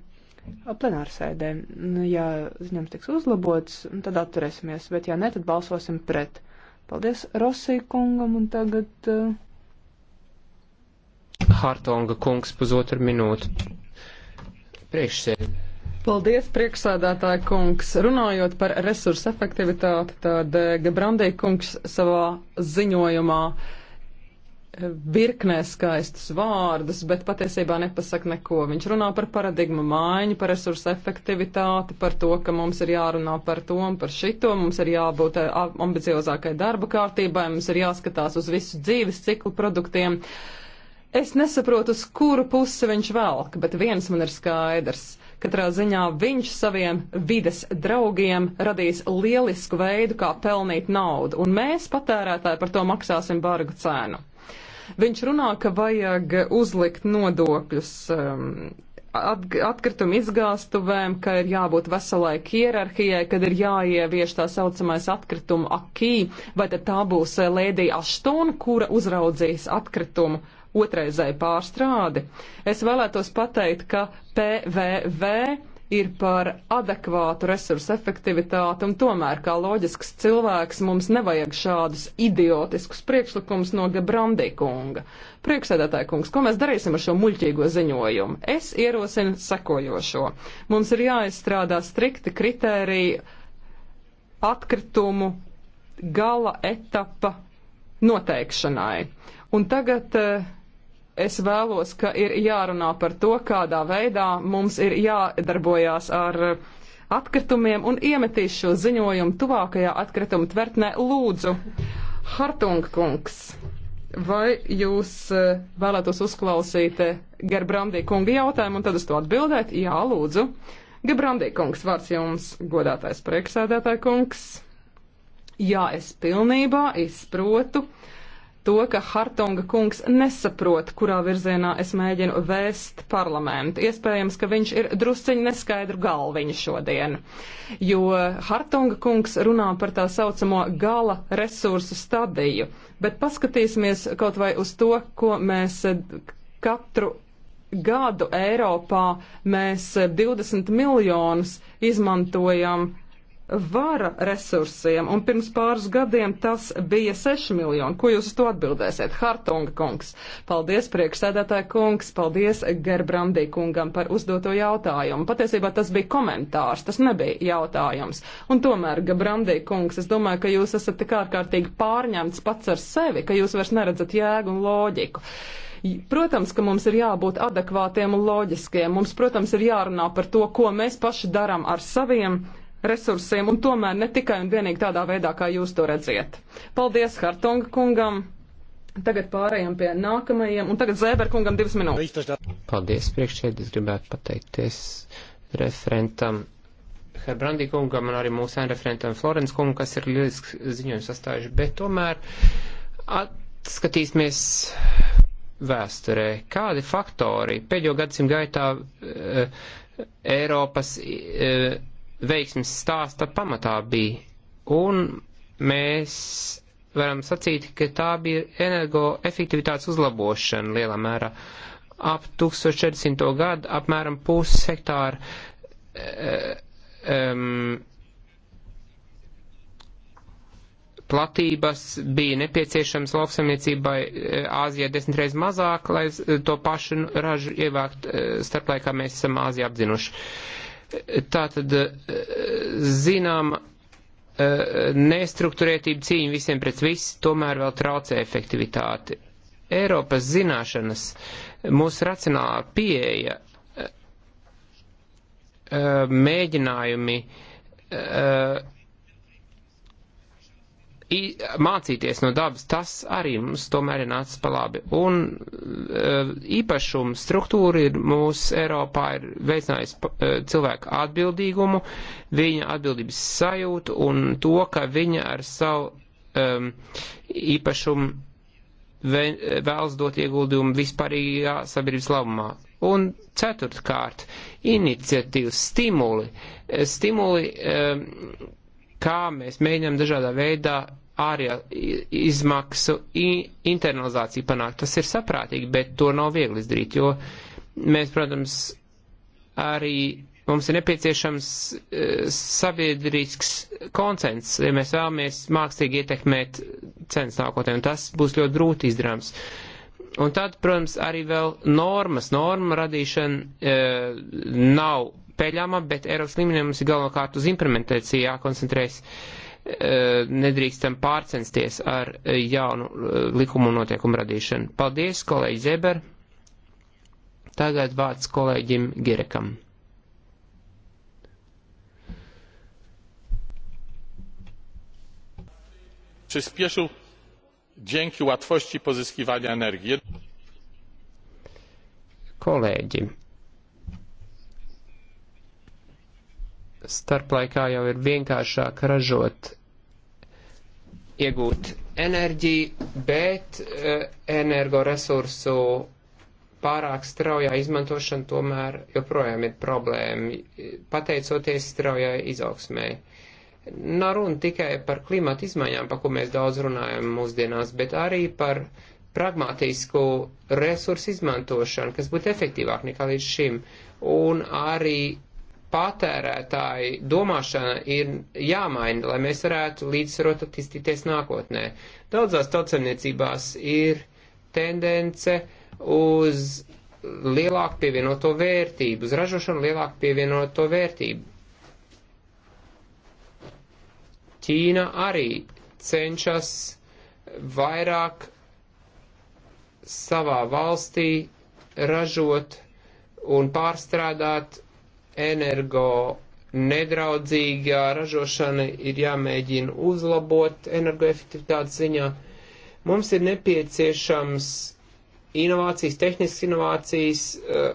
plenārsēdē. Nu, ja ziņojums tiks uzlabots, tad atturēsimies, bet ja ne, tad balsosim pret. Paldies Rosī kungam un tagad. Uh, Hartonga kungs pusotru minūtu. Priekšsēd. Paldies, priekšsēdētāja kungs. Runājot par resursu efektivitāti, tad eh, Gebrandī kungs savā ziņojumā eh, virknē skaistus vārdus, bet patiesībā nepasaka neko. Viņš runā par paradigmu maiņu, par resursu efektivitāti, par to, ka mums ir jārunā par to un par šito, mums ir jābūt eh, ambiciozākai darba kārtībai, mums ir jāskatās uz visu dzīves ciklu produktiem. Uh, Es nesaprotu, uz kuru pusi viņš velk, bet viens man ir skaidrs. Katrā ziņā viņš saviem vides draugiem radīs lielisku veidu, kā pelnīt naudu, un mēs, patērētāji, par to maksāsim bargu cēnu. Viņš runā, ka vajag uzlikt nodokļus um, atkritumu izgāstuvēm, ka ir jābūt veselai hierarhijai, kad ir jāievieš tā saucamais atkritumu akī, vai tad tā būs eh, Lēdija Aštona, kura uzraudzīs atkritumu otraizai pārstrādi. Es vēlētos pateikt, ka PVV ir par adekvātu resursu efektivitāti, un tomēr, kā loģisks cilvēks, mums nevajag šādus idiotiskus priekšlikumus no Gebrandī kunga. Priekšsēdētāja kungs, ko mēs darīsim ar šo muļķīgo ziņojumu? Es ierosinu sekojošo. Mums ir jāizstrādā strikti kritēriji atkritumu gala etapa noteikšanai. Un tagad uh, es vēlos, ka ir jārunā par to, kādā veidā mums ir jādarbojās ar atkritumiem un iemetīs šo ziņojumu tuvākajā atkrituma tvertnē. Lūdzu, Hartung kungs, vai jūs e, vēlētos uzklausīt e, Gerbrandī kunga jautājumu un tad uz to atbildēt? Jā, lūdzu. Gebrandī kungs, vārds jums, godātais priekšsēdētāja kungs. Jā, es pilnībā izprotu. Uh, to, ka Hartunga kungs nesaprot, kurā virzienā es mēģinu vēst parlamentu. Iespējams, ka viņš ir drusciņi neskaidru galviņu šodien, jo Hartunga kungs runā par tā saucamo gala resursu stadiju, bet paskatīsimies kaut vai uz to, ko mēs katru gadu Eiropā mēs 20 miljonus izmantojam vara resursiem, un pirms pāris gadiem tas bija 6 miljoni. Ko jūs uz to atbildēsiet? Hartunga kungs. Paldies, priekšsēdētāja kungs, paldies Gerbrandī kungam par uzdoto jautājumu. Patiesībā tas bija komentārs, tas nebija jautājums. Un tomēr, Gerbrandī kungs, es domāju, ka jūs esat tik ārkārtīgi pārņemts pats ar sevi, ka jūs vairs neredzat jēgu un loģiku. Protams, ka mums ir jābūt adekvātiem un loģiskiem. Mums, protams, ir jārunā par to, ko mēs paši darām ar saviem resursiem, un tomēr ne tikai un vienīgi tādā veidā, kā jūs to redziet. Paldies Hartonga kungam! Tagad pārējām pie nākamajiem, un tagad Zēberkungam divas minūtes. Paldies, priekšēd, es gribētu pateikties referentam Herbrandī kungam un arī mūsu referentam Florence kungam, kas ir lielisks ziņojums sastājuši, bet tomēr atskatīsimies vēsturē, kādi faktori pēdējo gadsimt gaitā e, Eiropas e, veiksmes stāsta pamatā bija. Un mēs varam sacīt, ka tā bija energoefektivitātes uzlabošana lielā mērā. Ap 1400. gadu apmēram pusi hektāra um, eh, platības bija nepieciešams lauksaimniecībai eh, Āzijā desmit reizes mazāk, lai to pašu ražu ievākt eh, starp laikā mēs esam Āzijā apzinuši. Uh, Tā tad eh, zinām eh, nestruktūrētība cīņa visiem pret visu, tomēr vēl traucē efektivitāti. Eiropas zināšanas, mūsu racionālā pieeja, eh, mēģinājumi mācīties no dabas, tas arī mums tomēr ir nācis pa labi. Un eh, īpašuma struktūra ir mūsu Eiropā ir veicinājusi eh, cilvēku atbildīgumu, viņa atbildības sajūtu un to, ka viņa ar savu um, īpašumu vēlas dot ieguldījumu vispārīgā sabiedrības labumā. Un ceturtkārt, iniciatīvas, stimuli, eh, stimuli, um, kā mēs mēģinām dažādā veidā ārējā izmaksu internalizāciju panākt. Tas ir saprātīgi, bet to nav viegli izdarīt, jo mēs, protams, arī mums ir nepieciešams e, sabiedrisks konsens, ja mēs vēlamies mākslīgi ietekmēt cenas nākotnē, un tas būs ļoti grūti izdarāms. Un tad, protams, arī vēl normas, norma radīšana e, nav peļāma, bet Eiropas līmenī mums ir galvenokārt uz implementāciju jākoncentrējas. E, E, nedrīkstam pārcensties ar e, jaunu e, likumu un notiekumu radīšanu. Paldies, kolēģi Zeber. Tagad vārds kolēģim Girekam. Przyspieszył dzięki łatwości pozyskiwania energii. Kolēģi, starplaikā jau ir vienkāršāk ražot, iegūt enerģiju, bet uh, energoresursu pārāk straujā izmantošana tomēr joprojām ir problēma, pateicoties straujai izaugsmēji. Nav runa tikai par klimatu izmaiņām, par ko mēs daudz runājam mūsdienās, bet arī par pragmatisku resursu izmantošanu, kas būtu efektīvāk nekā līdz šim, un arī patērētāji domāšana ir jāmaina, lai mēs varētu līdzsvarot attīstīties nākotnē. Daudzās tautsaimniecībās ir tendence uz lielāku pievienoto vērtību, uz ražošanu lielāku pievienoto vērtību. Ķīna arī cenšas vairāk savā valstī ražot un pārstrādāt energo nedraudzīgā ražošana ir jāmēģina uzlabot energoefektivitātes ziņā. Mums ir nepieciešams inovācijas, tehniskas inovācijas, eh,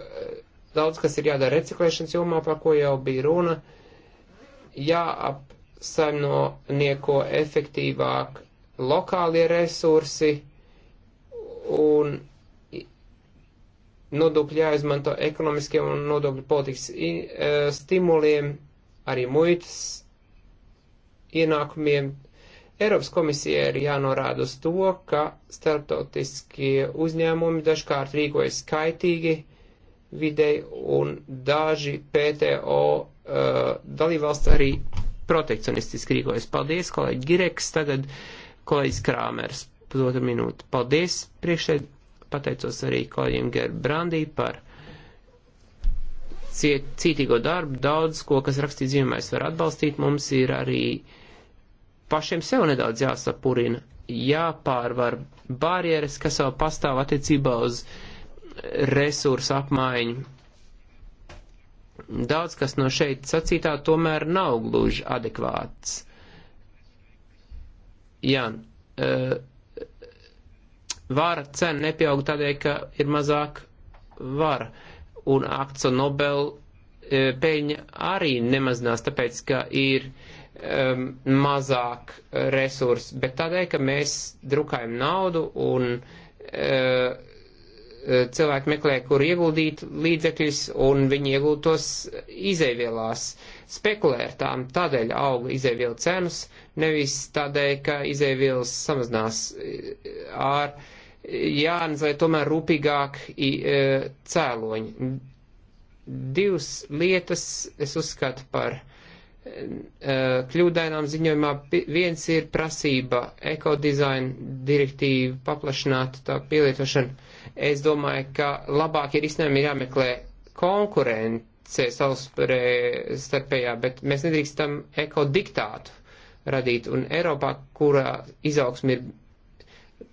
daudz kas ir jādara reciklēšanas jomā, par ko jau bija runa, jāapsaimnieko efektīvāk lokālie resursi un nodokļi jāizmanto ekonomiskiem un nodokļu politikas e, stimuliem, arī muitas ienākumiem. Eiropas komisija ir jānorāda uz to, ka starptautiskie uzņēmumi dažkārt rīkojas skaitīgi videi un daži PTO uh, e, dalībvalsts arī protekcionistiski rīkojas. Paldies, kolēģi Gireks, tagad kolēģis Krāmers, pusotru minūtu. Paldies, priekšēd pateicos arī kolēģiem Gerbrandī par cītīgo darbu, daudz ko, kas rakstīts zīmēs, var atbalstīt. Mums ir arī pašiem sev nedaudz jāsapurina, jāpārvar barjeras, kas vēl pastāv attiecībā uz resursu apmaiņu. Daudz kas no šeit sacītā tomēr nav gluži adekvāts. Jā, uh, eh, vāra cena nepieaug tādēļ, ka ir mazāk vara. Un akcija Nobel e, peļņa arī nemazinās, tāpēc, ka ir um, e, mazāk resursu, bet tādēļ, ka mēs drukājam naudu un uh, cilvēki meklē, kur ieguldīt līdzekļus, un viņi ieguld tos izēvielās, spekulē ar tām, tādēļ auga izēvielu cenas, nevis tādēļ, ka izēvielas samazinās e, ar uh, jāanalizē tomēr rūpīgāk e, cēloņi. Divas lietas es uzskatu par e, kļūdainām ziņojumā. Viens ir prasība ekodizaina direktīvu paplašināt tā pielietošanu. Es domāju, ka labākie risinājumi ir jāmeklē konkurence savstarpējā, bet mēs nedrīkstam ekodiktātu radīt. Un Eiropā, kurā izaugsmi ir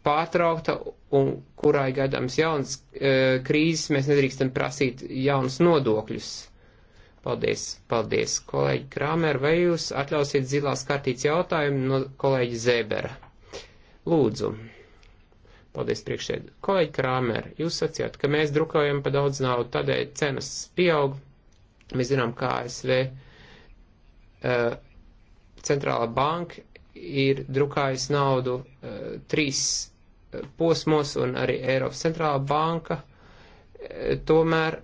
pārtraukta un kurai gadams jauns e, krīzes, mēs nedrīkstam prasīt jaunus nodokļus. Paldies, paldies, kolēģi Krāmer, vai jūs atļausiet zilās kartīts jautājumu no kolēģa Zēbera? Lūdzu. Paldies priekšēd. Kolēģi Krāmer, jūs sacījāt, ka mēs drukājam pa daudz naudu, tādēļ cenas pieaug. Mēs zinām, kā ASV uh, e, centrālā banka ir drukājis naudu uh, trīs eh, posmos un arī Eiropas centrālā banka. Uh, tomēr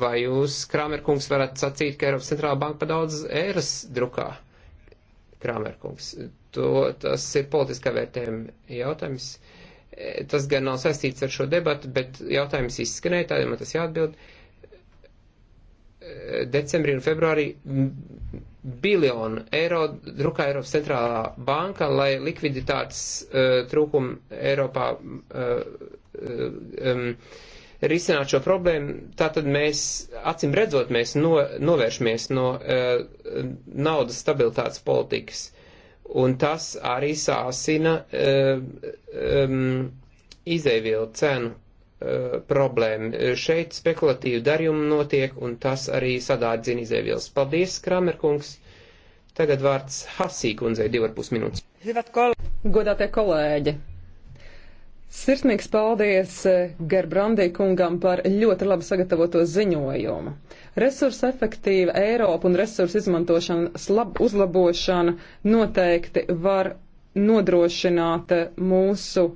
vai jūs, Kramerkungs, varat sacīt, ka Eiropas centrālā banka pa daudz eiras drukā? Kramerkungs, to, tas ir politiskā vērtējuma jautājums. Tas gan nav saistīts ar šo debatu, bet jautājums izskanēja, tādēļ man tas jāatbild. Uh, decembrī un februārī biljonu eiro drukā Eiropas centrālā banka, lai likviditātes uh, trūkumu Eiropā uh, um, risināt šo problēmu. Tātad mēs, acim redzot, mēs no, novēršamies no uh, naudas stabilitātes politikas. Un tas arī sāsina uh, um, izēvielu cenu Eh, problēma. Šeit spekulatīvi darījumi notiek, un tas arī sadārdzina izēvielas. Paldies, Kramerkungs! Tagad vārds Hasī kundzei divar pus minūtes. Godātie kolēģi! Sirsnīgs paldies eh, Gerbrandī kungam par ļoti labi sagatavoto ziņojumu. Resursa efektīva Eiropa un resursa izmantošana slab, uzlabošana noteikti var nodrošināt eh, mūsu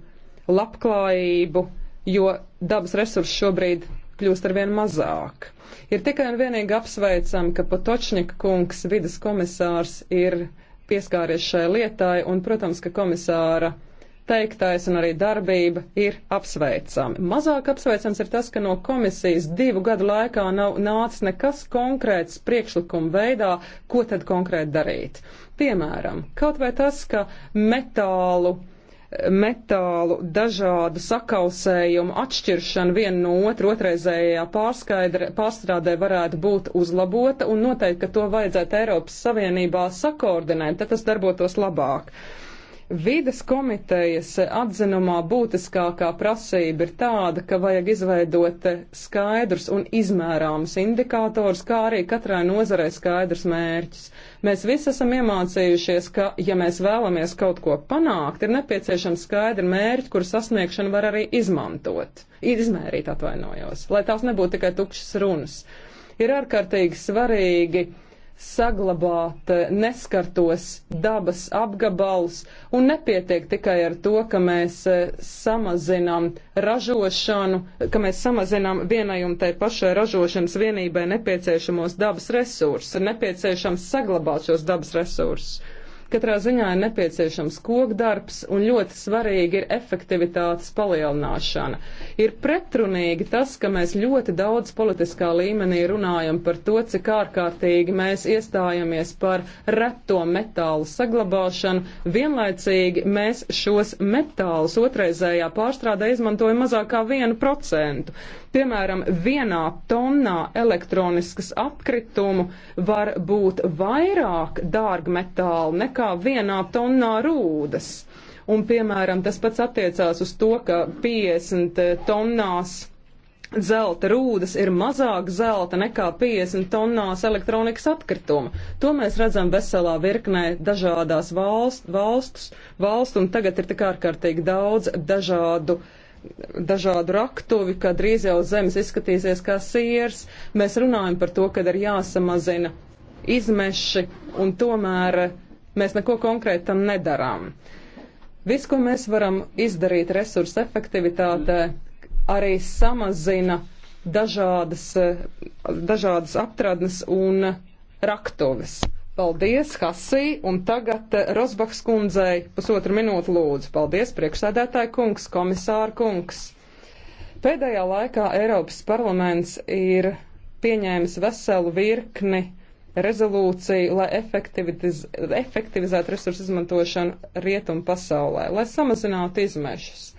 labklājību jo dabas resursi šobrīd kļūst arvien mazāk. Ir tikai un vienīgi apsveicam, ka Potočņika kungs, vidas komisārs, ir pieskāries šai lietai, un, protams, ka komisāra teiktais un arī darbība ir apsveicami. Mazāk apsveicams ir tas, ka no komisijas divu gadu laikā nav nācis nekas konkrēts priekšlikuma veidā, ko tad konkrēti darīt. Piemēram, kaut vai tas, ka metālu metālu dažādu sakausējumu atšķiršana viena no otru otraizējā pārstrādē varētu būt uzlabota un noteikti, ka to vajadzētu Eiropas Savienībā sakoordinēt, tad tas darbotos labāk. Uh, Vides komitejas atzinumā būtiskākā prasība ir tāda, ka vajag izveidot skaidrs un izmērāms indikators, kā arī katrai nozarei skaidrs mērķis. Mēs visi esam iemācījušies, ka, ja mēs vēlamies kaut ko panākt, ir nepieciešams skaidri mērķi, kur sasniegšanu var arī izmantot, izmērīt atvainojos, lai tās nebūtu tikai tukšas runas. Ir ārkārtīgi svarīgi saglabāt eh, neskartos dabas apgabals, un nepietiek tikai ar to, ka mēs eh, samazinām ražošanu, ka mēs samazinām vienai un tai pašai ražošanas vienībai nepieciešamos dabas resursus, ir nepieciešams saglabāt šos dabas resursus. Katrā ziņā ir nepieciešams kokdarbs un ļoti svarīgi ir efektivitātes palielināšana. Ir pretrunīgi tas, ka mēs ļoti daudz politiskā līmenī runājam par to, cik ārkārtīgi mēs iestājamies par reto metālu saglabāšanu, vienlaicīgi mēs šos metālus otraizējā pārstrādē izmantojam mazāk kā 1%. Piemēram, vienā tonnā elektroniskas atkritumu var būt vairāk dārgmetālu nekā vienā tonnā rūdas. Un, piemēram, tas pats attiecās uz to, ka 50 tonnās zelta rūdas ir mazāk zelta nekā 50 tonnās elektronikas atkrituma. To mēs redzam veselā virknē dažādās valst, valstus, valstu, un tagad ir tik ārkārtīgi daudz dažādu dažādu raktuvi, ka drīz jau zemes izskatīsies kā siers. Mēs runājam par to, kad ir jāsamazina izmeši, un tomēr mēs neko konkrēti tam nedarām. Viss, ko mēs varam izdarīt resursu efektivitātē, arī samazina dažādas, dažādas aptradnes un raktuves. Paldies, Hasī, un tagad eh, Rosbachs kundzei pusotru minūtu lūdzu. Paldies, priekšsēdētāji kungs, komisāra kungs. Pēdējā laikā Eiropas parlaments ir pieņēmis veselu virkni rezolūciju, lai efektiviz, efektivizētu resursu izmantošanu rietumu pasaulē, lai samazinātu izmešus.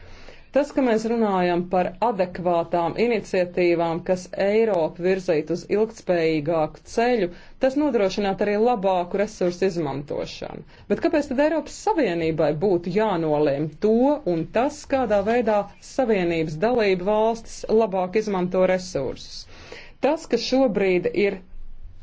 Tas, ka mēs runājam par adekvātām iniciatīvām, kas Eiropu virzīt uz ilgtspējīgāku ceļu, tas nodrošināt arī labāku resursu izmantošanu. Bet kāpēc tad Eiropas Savienībai būtu jānolēm to un tas, kādā veidā Savienības dalība valstis labāk izmanto resursus? Tas, ka šobrīd ir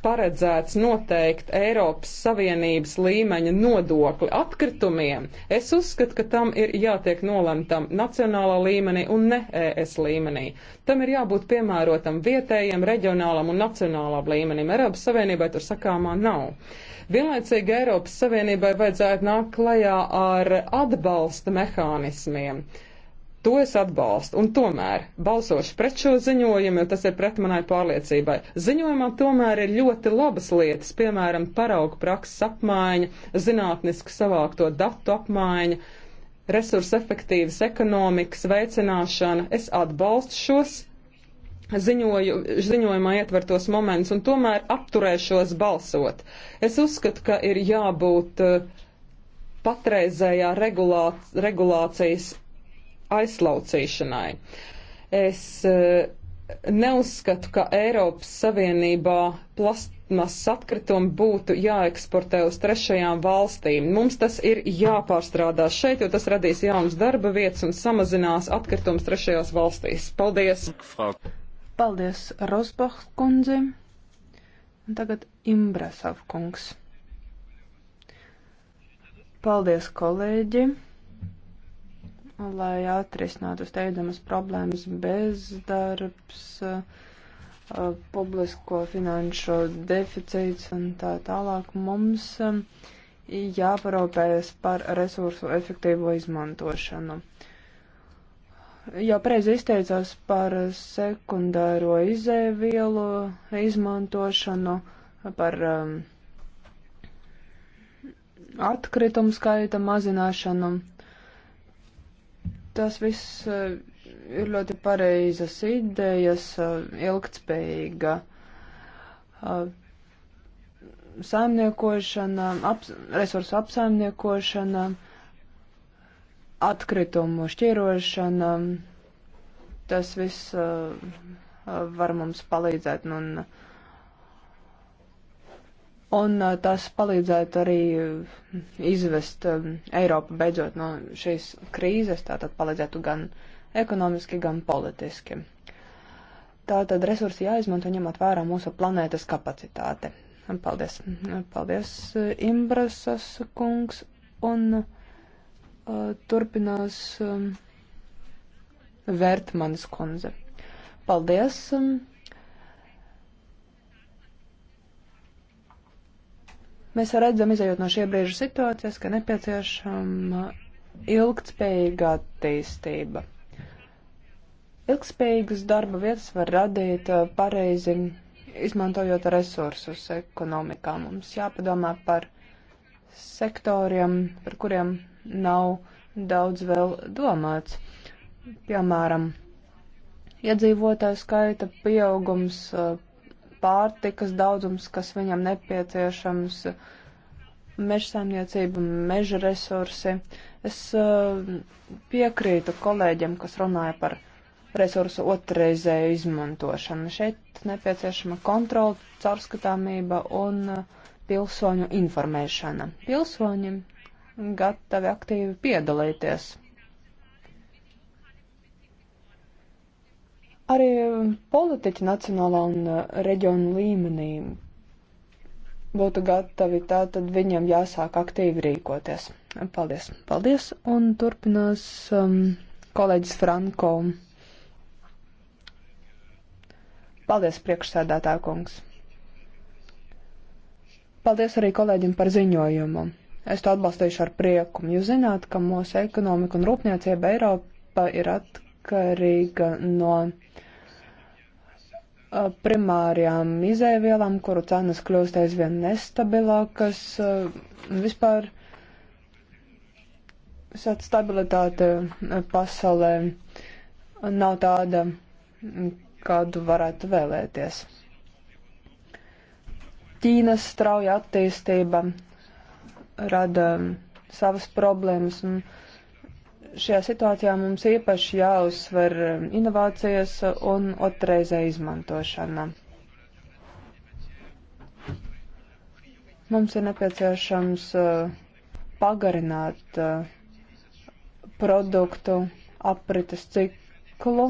paredzēts noteikt Eiropas Savienības līmeņa nodokli atkritumiem, es uzskatu, ka tam ir jātiek nolemtam nacionālā līmenī un ne ES līmenī. Tam ir jābūt piemērotam vietējiem, reģionālam un nacionālam līmenim. Eiropas Savienībai tur sakāmā nav. Vienlaicīgi Eiropas Savienībai vajadzētu nākt klajā ar atbalsta mehānismiem. To es atbalstu, un tomēr balsošu pret šo ziņojumu, jo tas ir pret manai pārliecībai. Ziņojumā tomēr ir ļoti labas lietas, piemēram, paraugu prakses apmaiņa, zinātnisku savākto datu apmaiņa, resursu efektīvas ekonomikas veicināšana. Es atbalstu šos ziņoju, ziņojumā ietvertos momentus un tomēr apturēšos balsot. Es uzskatu, ka ir jābūt eh, patreizējā regulā, regulācijas aizslaucīšanai. Es e, neuzskatu, ka Eiropas Savienībā plastmasas atkritumi būtu jāeksportē uz trešajām valstīm. Mums tas ir jāpārstrādā šeit, jo tas radīs jaunas darba vietas un samazinās atkritumus trešajās valstīs. Paldies! Paldies, Rosbach kundze! Un tagad Imbrasav kungs. Paldies, kolēģi! lai atrisinātu steidzamas problēmas bezdarbs, publisko finanšu deficīts un tā tālāk. Mums jāparūpējas par resursu efektīvo izmantošanu. Jau pareizi izteicās par sekundāro izēvielu izmantošanu, par um, atkritumu skaita mazināšanu tas viss eh, ir ļoti pareizas idejas, eh, ilgtspējīga eh, saimniekošana, aps, resursu apsaimniekošana, atkritumu šķirošana. Tas viss var mums palīdzēt un nu, Un uh, tas palīdzētu arī uh, izvest um, Eiropu beidzot no šīs krīzes, tātad palīdzētu gan ekonomiski, gan politiski. Tātad resursi jāizmanto ņemot vērā mūsu planētas kapacitāte. Paldies. Paldies, uh, Imbrasas kungs. Un uh, turpinās um, Vērtmanis kundze. Paldies. Um, Mēs redzam, izējot no šie brīža situācijas, ka nepieciešama ilgtspējīga attīstība. Ilgtspējīgas darba vietas var radīt uh, pareizi, izmantojot resursus ekonomikā. Mums jāpadomā par sektoriem, par kuriem nav daudz vēl domāts. Piemēram, iedzīvotāju skaita pieaugums, uh, pārtikas daudzums, kas viņam nepieciešams, mežsaimniecība, meža resursi. Es uh, piekrītu kolēģiem, kas runāja par resursu otrreizēju izmantošanu. Šeit nepieciešama kontrola, caurskatāmība un uh, pilsoņu informēšana. Pilsoņi gatavi aktīvi piedalīties Arī eh, politiķi nacionālā un eh, reģiona līmenī būtu gatavi, tā tad viņam jāsāk aktīvi rīkoties. Paldies, paldies, un turpinās um, kolēģis Franko. Paldies, priekšsēdētā kungs. Paldies arī kolēģim par ziņojumu. Es to atbalstīšu ar prieku. Jūs zināt, ka mūsu ekonomika un rūpniecība Eiropa ir atkarīga no Uh, primārajām izēvielām, kuru cenas kļūst aizvien nestabilākas. Uh, vispār stabilitāte uh, pasaulē nav tāda, mm, kādu varētu vēlēties. Ķīnas strauja attīstība rada mm, savas problēmas. Un, uh, šajā situācijā mums īpaši jāuzsver um, inovācijas un otrreizē izmantošana. Mums ir nepieciešams uh, pagarināt uh, produktu aprites ciklu,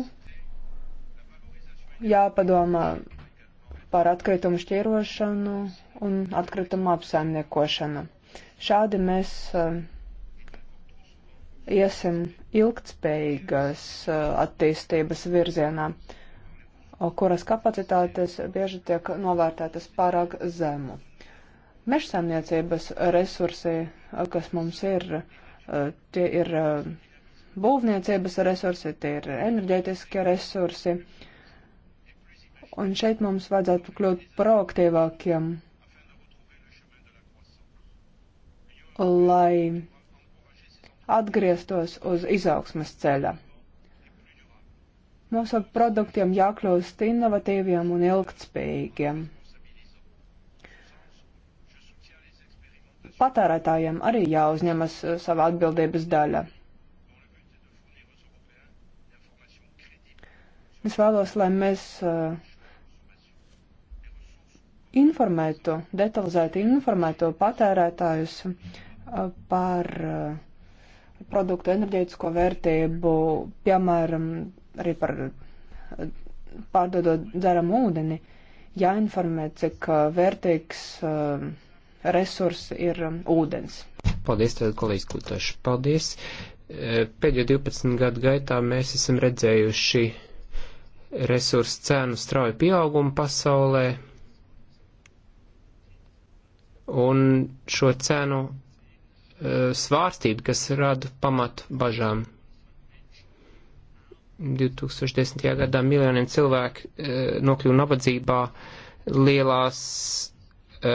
jāpadomā par atkritumu šķirošanu un atkritumu apsaimniekošanu. Šādi mēs uh, iesim ilgtspējīgas uh, attīstības virzienā, kuras kapacitātes bieži tiek novērtētas pārāk zemu. Mežsaimniecības resursi, uh, kas mums ir, uh, tie ir būvniecības resursi, tie ir enerģētiskie resursi. Un šeit mums vajadzētu kļūt proaktīvākiem, lai atgrieztos uz izaugsmes ceļa. Mūsu produktiem jākļūst innovatīviem un ilgtspējīgiem. Patērētājiem arī jāuzņemas uh, sava atbildības daļa. Es vēlos, lai mēs uh, informētu, detalizēti informētu patērētājus uh, par uh, produktu enerģētisko vērtību, piemēram, arī par pārdodot dzeramu ūdeni, jāinformē, cik uh, vērtīgs uh, resurs ir um, ūdens. Paldies, tad kolēģis Klutaši. Paldies. E, pēdējo 12 gadu gaitā mēs esam redzējuši resursu cēnu strauju pieaugumu pasaulē, un šo cēnu Eh, svārstība, kas rada pamatu bažām. 2010. gadā miljoniem cilvēku e, nokļuva nabadzībā lielās e,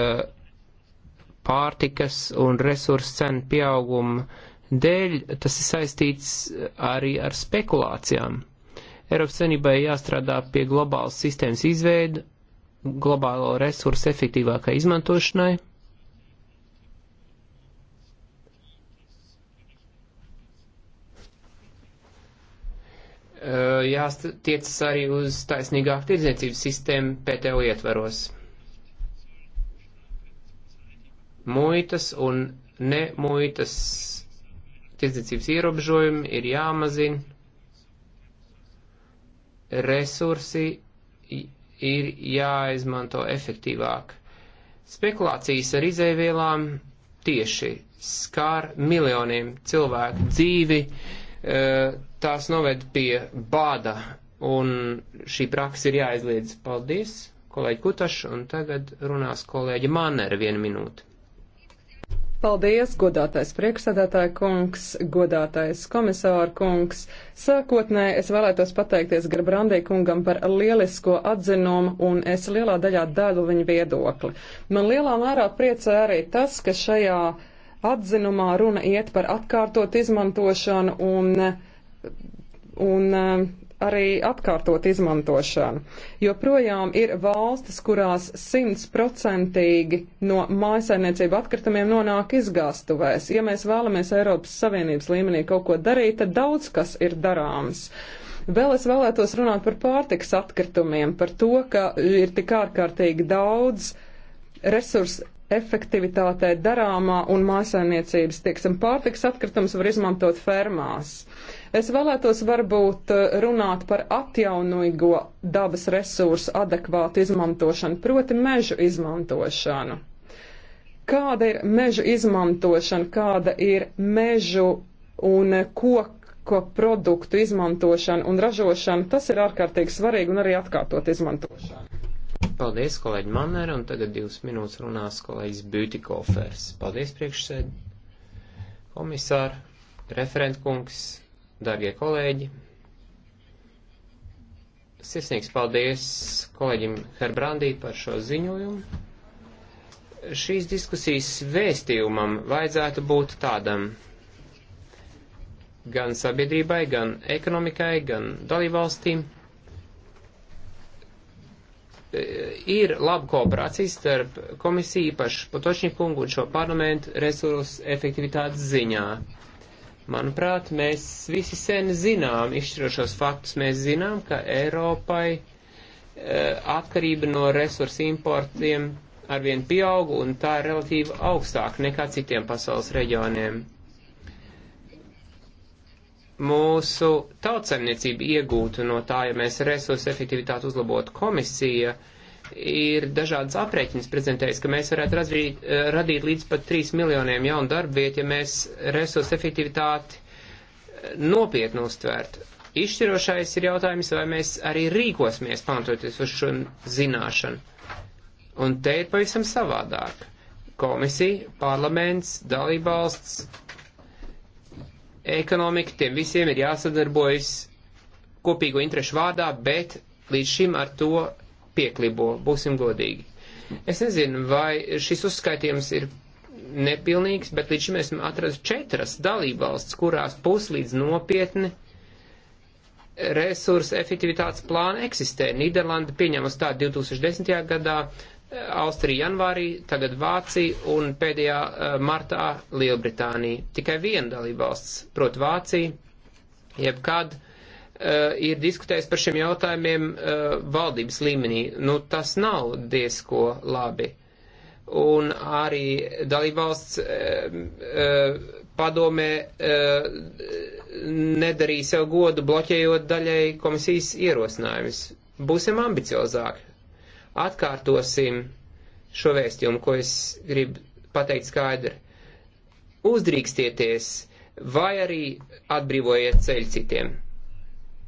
pārtikas un resursu cenu pieauguma dēļ. Tas ir saistīts arī ar spekulācijām. Eiropas Savienībai jāstrādā pie globālas sistēmas izveida, globālo resursu efektīvākai izmantošanai Eh, jātiecas arī uz taisnīgāku tirdzniecības sistēmu PTO ietveros. Muitas un nemuitas tirdzniecības ierobežojumi ir jāmazina, resursi ir jāizmanto efektīvāk. Spekulācijas ar izēvielām tieši skār miljoniem cilvēku dzīvi, uh, tās noved pie bāda, un šī praksa ir jāizliedz. Paldies, kolēģi Kutaš, un tagad runās kolēģi Manneri vienu minūti. Paldies, godātais priekšsēdētāja kungs, godātais komisāra kungs. Sākotnē es vēlētos pateikties Grabrandī kungam par lielisko atzinumu, un es lielā daļā daļu viņa viedokli. Man lielā mērā priecē arī tas, ka šajā atzinumā runa iet par atkārtot izmantošanu un uh, un eh, arī atkārtot izmantošanu. Jo projām ir valstis, kurās simtprocentīgi no mājasainiecību atkritumiem nonāk izgāstuvēs. Ja mēs vēlamies Eiropas Savienības līmenī kaut ko darīt, tad daudz kas ir darāms. Vēl es vēlētos runāt par pārtiks atkritumiem, par to, ka ir tik ārkārtīgi daudz resursu efektivitātei darāmā un mājasaimniecības, tieksim, pārtiks atkritums var izmantot fermās. Es vēlētos varbūt eh, runāt par atjaunīgo dabas resursu adekvātu izmantošanu, proti mežu izmantošanu. Kāda ir mežu izmantošana, kāda ir mežu un koku produktu izmantošana un ražošana, tas ir ārkārtīgi svarīgi un arī atkārtot izmantošana. Paldies, kolēģi Manner, un tagad divas minūtes runās kolēģis Būtikofers. Paldies, priekšsēd, komisār, referentkungs, darbie kolēģi. Sirsnīgs paldies kolēģim Herbrandī par šo ziņojumu. Šīs diskusijas vēstījumam vajadzētu būt tādam gan sabiedrībai, gan ekonomikai, gan dalībvalstīm Eh, ir laba kooperācija starp komisiju īpaši Potočņikungu un šo parlamentu resursu efektivitātes ziņā. Manuprāt, mēs visi sen zinām izšķirošos faktus. Mēs zinām, ka Eiropai eh, atkarība no resursu importiem arvien pieaug un tā ir relatīvi augstāka nekā citiem pasaules reģioniem mūsu tautsaimniecība iegūtu no tā, ja mēs resursu efektivitāti uzlabotu komisija, ir dažādas aprēķinas prezentējis, ka mēs varētu razvīt, eh, radīt līdz pat 3 miljoniem jaunu darbu vietu, ja mēs resursu efektivitāti eh, nopietni uztvērtu. Izšķirošais ir jautājums, vai mēs arī rīkosimies pamatoties uz šo zināšanu. Un te ir pavisam savādāk. Komisija, parlaments, dalībvalsts, ekonomika, tiem visiem ir jāsadarbojas kopīgo interešu vārdā, bet līdz šim ar to pieklibo, būsim godīgi. Es nezinu, vai šis uzskaitījums ir nepilnīgs, bet līdz šim esmu atradis četras dalībvalsts, kurās puslīdz nopietni resursu efektivitātes plāna eksistē. Nīderlanda pieņēma uz tādu 2010. gadā, Austrija janvārī, tagad Vācija un pēdējā eh, martā Lielbritānija. Tikai viena dalībvalsts, proti Vācija, jebkad eh, ir diskutējis par šiem jautājumiem eh, valdības līmenī. Nu, tas nav diezko labi. Un arī dalībvalsts padomē nedarīja sev godu, bloķējot daļai komisijas ierosinājumus. Būsim ambiciozāki atkārtosim šo vēstījumu, ko es gribu pateikt skaidri. Uzdrīkstieties vai arī atbrīvojiet ceļu citiem.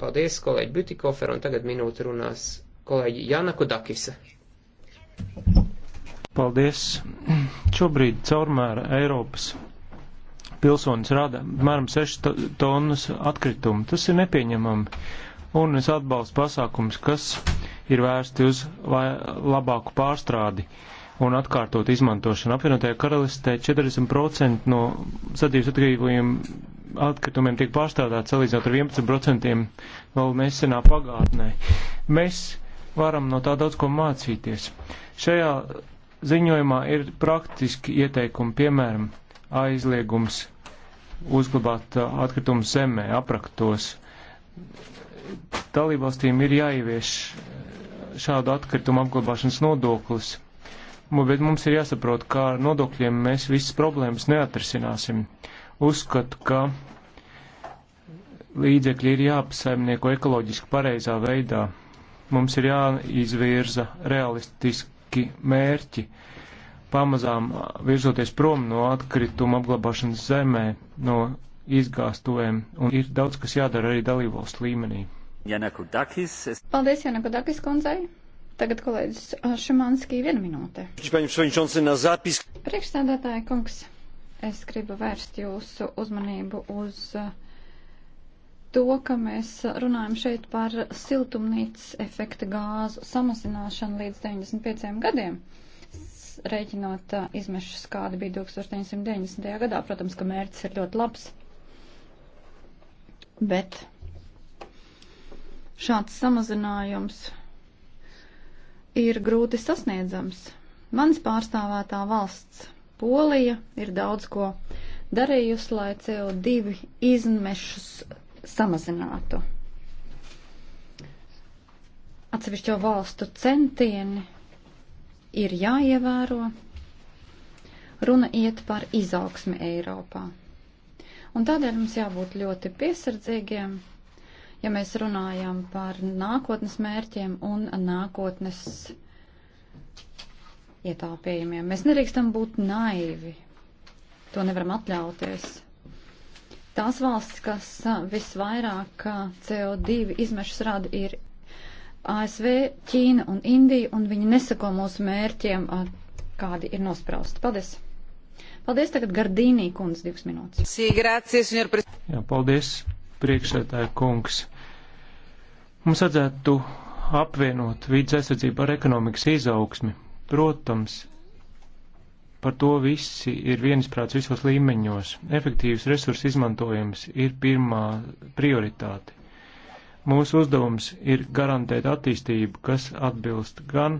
Paldies, kolēģi Butikofer, un tagad minūte runās kolēģi Jana Kudakisa. Paldies. Šobrīd caurmēr Eiropas pilsonis rada apmēram 6 tonnas atkritumu. Tas ir nepieņemami. Un es atbalstu pasākums, kas uh, ir vērsti uz labāku pārstrādi un atkārtot izmantošanu. Apvienotajā karalistē 40% no sadzīves atkarīgajiem atkritumiem tiek pārstrādāts salīdzinot ar 11% vēl nesenā pagātnē. Mēs varam no tā daudz ko mācīties. Šajā ziņojumā ir praktiski ieteikumi, piemēram, aizliegums uzglabāt uh, atkritumu zemē, apraktos. Dalībvalstīm ir jāievieš šādu atkritumu apglabāšanas nodoklis. Bet mums ir jāsaprot, kā ar nodokļiem mēs visas problēmas neatrisināsim. Uzskatu, ka līdzekļi ir jāpasaimnieko ekoloģiski pareizā veidā. Mums ir jāizvirza realistiski mērķi, pamazām virzoties prom no atkrituma apglabāšanas zemē, no izgāstuvēm, un ir daudz, kas jādara arī dalībvalstu līmenī. Janakudakis. Paldies Janakudakis kundzei. Tagad kolēģis uh, Šimanskī viena minūte. Priekšstādātāja kungs, es gribu vērst jūsu uzmanību uz uh, to, ka mēs runājam šeit par siltumnīcas efekta gāzu samazināšanu līdz 95 gadiem rēķinot uh, izmešus, kāda bija 1990. gadā. Protams, ka mērķis ir ļoti labs, bet šāds samazinājums ir grūti sasniedzams. Mans pārstāvētā valsts Polija ir daudz ko darījusi, lai CO2 izmešus samazinātu. Atsevišķo valstu centieni ir jāievēro. Runa iet par izaugsmi Eiropā. Un tādēļ mums jābūt ļoti piesardzīgiem ja mēs runājam par nākotnes mērķiem un nākotnes ietāpējumiem. Mēs nerīkstam būt naivi. To nevaram atļauties. Tās valsts, kas visvairāk CO2 izmešas rada, ir ASV, Ķīna un Indija, un viņi nesako mūsu mērķiem, kādi ir nosprausti. Paldies! Paldies tagad Gardīnī kundze divas minūtes. Sī, grācie, senjor prezidents. Jā, paldies, priekšsētāja kungs. Mums vajadzētu apvienot vidas aizsardzību ar ekonomikas izaugsmi. Protams, par to visi ir viensprāts visos līmeņos. Efektīvs resursu izmantojums ir pirmā prioritāte. Mūsu uzdevums ir garantēt attīstību, kas atbilst gan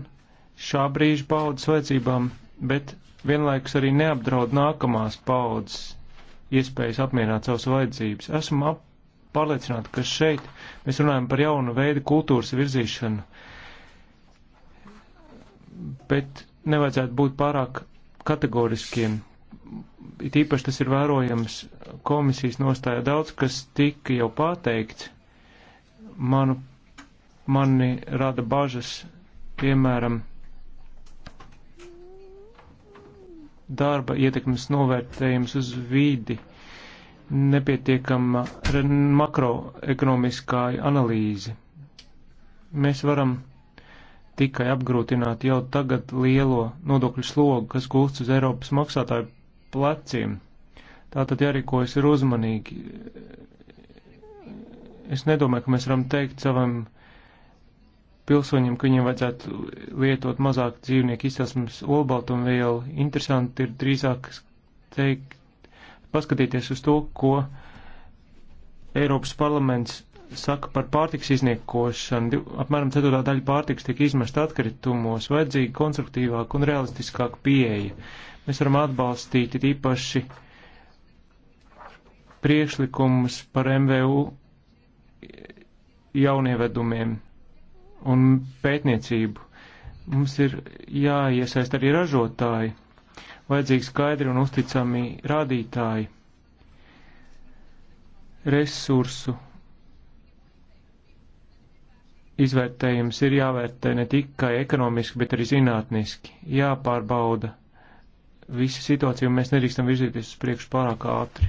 šā brīža paudas vajadzībām, bet vienlaikus arī neapdraud nākamās paudas iespējas apmierināt savas vajadzības. Esmu ap pārliecināti, ka šeit mēs runājam par jaunu veidu kultūras virzīšanu, bet nevajadzētu būt pārāk kategoriskiem. It īpaši tas ir vērojams komisijas nostājā daudz, kas tika jau pateikts. Manu, mani rada bažas, piemēram, darba ietekmes novērtējums uz vidi. Uh, nepietiekama makroekonomiskā analīze. Mēs varam tikai apgrūtināt jau tagad lielo nodokļu slogu, kas gūst uz Eiropas maksātāju pleciem. Tātad jārīkojas ir uzmanīgi. Es nedomāju, ka mēs varam teikt savam pilsoņiem, ka viņiem vajadzētu lietot mazāk dzīvnieku izcelsmes olbaltumvielu. Interesanti ir drīzāk teikt, paskatīties uz to, ko Eiropas parlaments saka par pārtiks izniekošanu. Apmēram ceturtā daļa pārtiks tiek izmesta atkritumos, vajadzīga konstruktīvāka un realistiskāka pieeja. Mēs varam atbalstīt īpaši priekšlikumus par MVU jaunievedumiem un pētniecību. Mums ir jāiesaist arī ražotāji vajadzīgi skaidri un uzticami rādītāji resursu izvērtējums ir jāvērtē ne tikai ekonomiski, bet arī zinātniski. Jāpārbauda visa situācija, un mēs nedrīkstam virzīties uz priekšu pārāk ātri.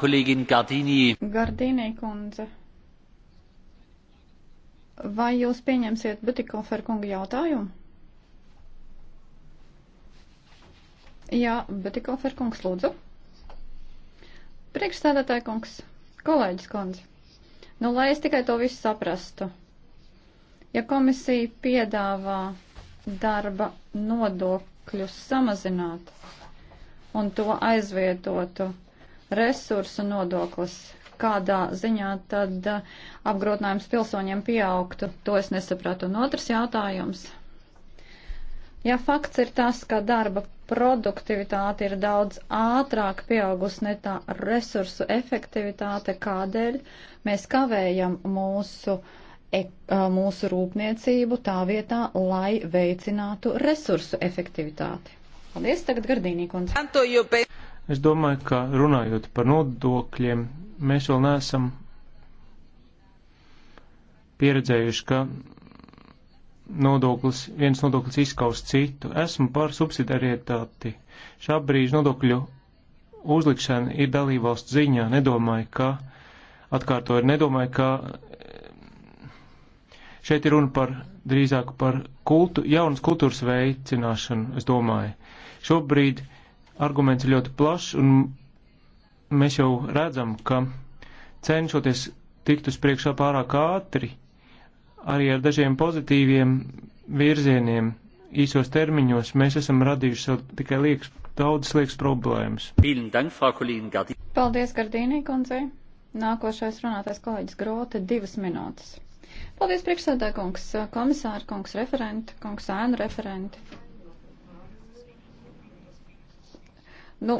Kolēģin Gardīnī. Gardīnī kundze. Vai jūs pieņemsiet Butikofer kunga jautājumu? Jā, Betikofer kungs, lūdzu. Priekšstādātāja kungs, kolēģis kundze. Nu, lai es tikai to visu saprastu. Ja komisija piedāvā darba nodokļus samazināt un to aizvietotu resursu nodoklis, kādā ziņā tad eh, apgrotinājums pilsoņiem pieaugtu, to es nesapratu. Un otrs jautājums Ja fakts ir tas, ka darba produktivitāte ir daudz ātrāk pieaugusi ne tā resursu efektivitāte, kādēļ mēs kavējam mūsu, mūsu rūpniecību tā vietā, lai veicinātu resursu efektivitāti. Paldies, tagad Gardīnī kundze. Es domāju, ka runājot par nodokļiem, mēs vēl neesam pieredzējuši, ka nodoklis, viens nodoklis izskaust citu. Esmu par subsidiarietāti. Šā brīža nodokļu uzlikšana ir dalībvalstu ziņā. Nedomāju, ka, atkārtoju, nedomāju, ka eh, šeit ir runa par drīzāk par kultu, jaunas kultūras veicināšanu, es domāju. Šobrīd arguments ir ļoti plašs, un mēs jau redzam, ka cenšoties tikt uz priekšā pārāk ātri, arī ar dažiem pozitīviem virzieniem īsos termiņos mēs esam radījuši sev tikai liekas, daudzas liekas problēmas. Paldies, Gardīnī kundzei. Nākošais runātais kolēģis Grote, divas minūtes. Paldies, priekšsēdē kungs, komisāra kungs, referenti, kungs, ēnu referenti. Nu,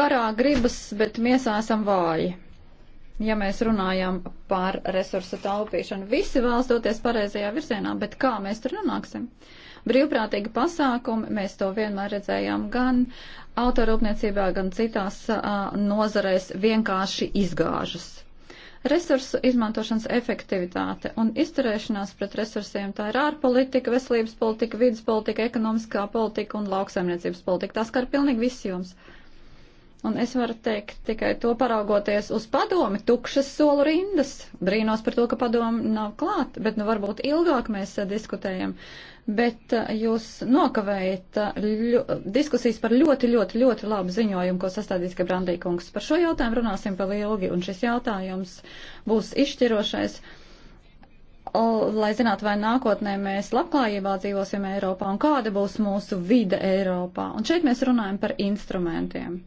garā gribas, bet miesā esam vāji ja mēs runājam par resursu taupīšanu. Visi vēlas doties pareizajā virzienā, bet kā mēs tur nonāksim? Brīvprātīgi pasākumi, mēs to vienmēr redzējām gan autorūpniecībā, gan citās uh, nozareis vienkārši izgāžas. Resursu izmantošanas efektivitāte un izturēšanās pret resursiem tā ir ārpolitika, veselības politika, vidas politika, ekonomiskā politika un lauksaimniecības politika. Tās kā ir pilnīgi viss jums. Uh, Un es varu teikt tikai to paraugoties uz padomi, tukšas solu rindas. Brīnos par to, ka padomi nav klāt, bet nu varbūt ilgāk mēs eh, diskutējam. Bet eh, jūs nokavējat eh, ļu, diskusijas par ļoti, ļoti, ļoti labu ziņojumu, ko sastādīs Gebrandīkungs. Par šo jautājumu runāsim vēl ilgi, un šis jautājums būs izšķirošais lai zinātu, vai nākotnē mēs labklājībā dzīvosim Eiropā un kāda būs mūsu vide Eiropā. Un šeit mēs runājam par instrumentiem.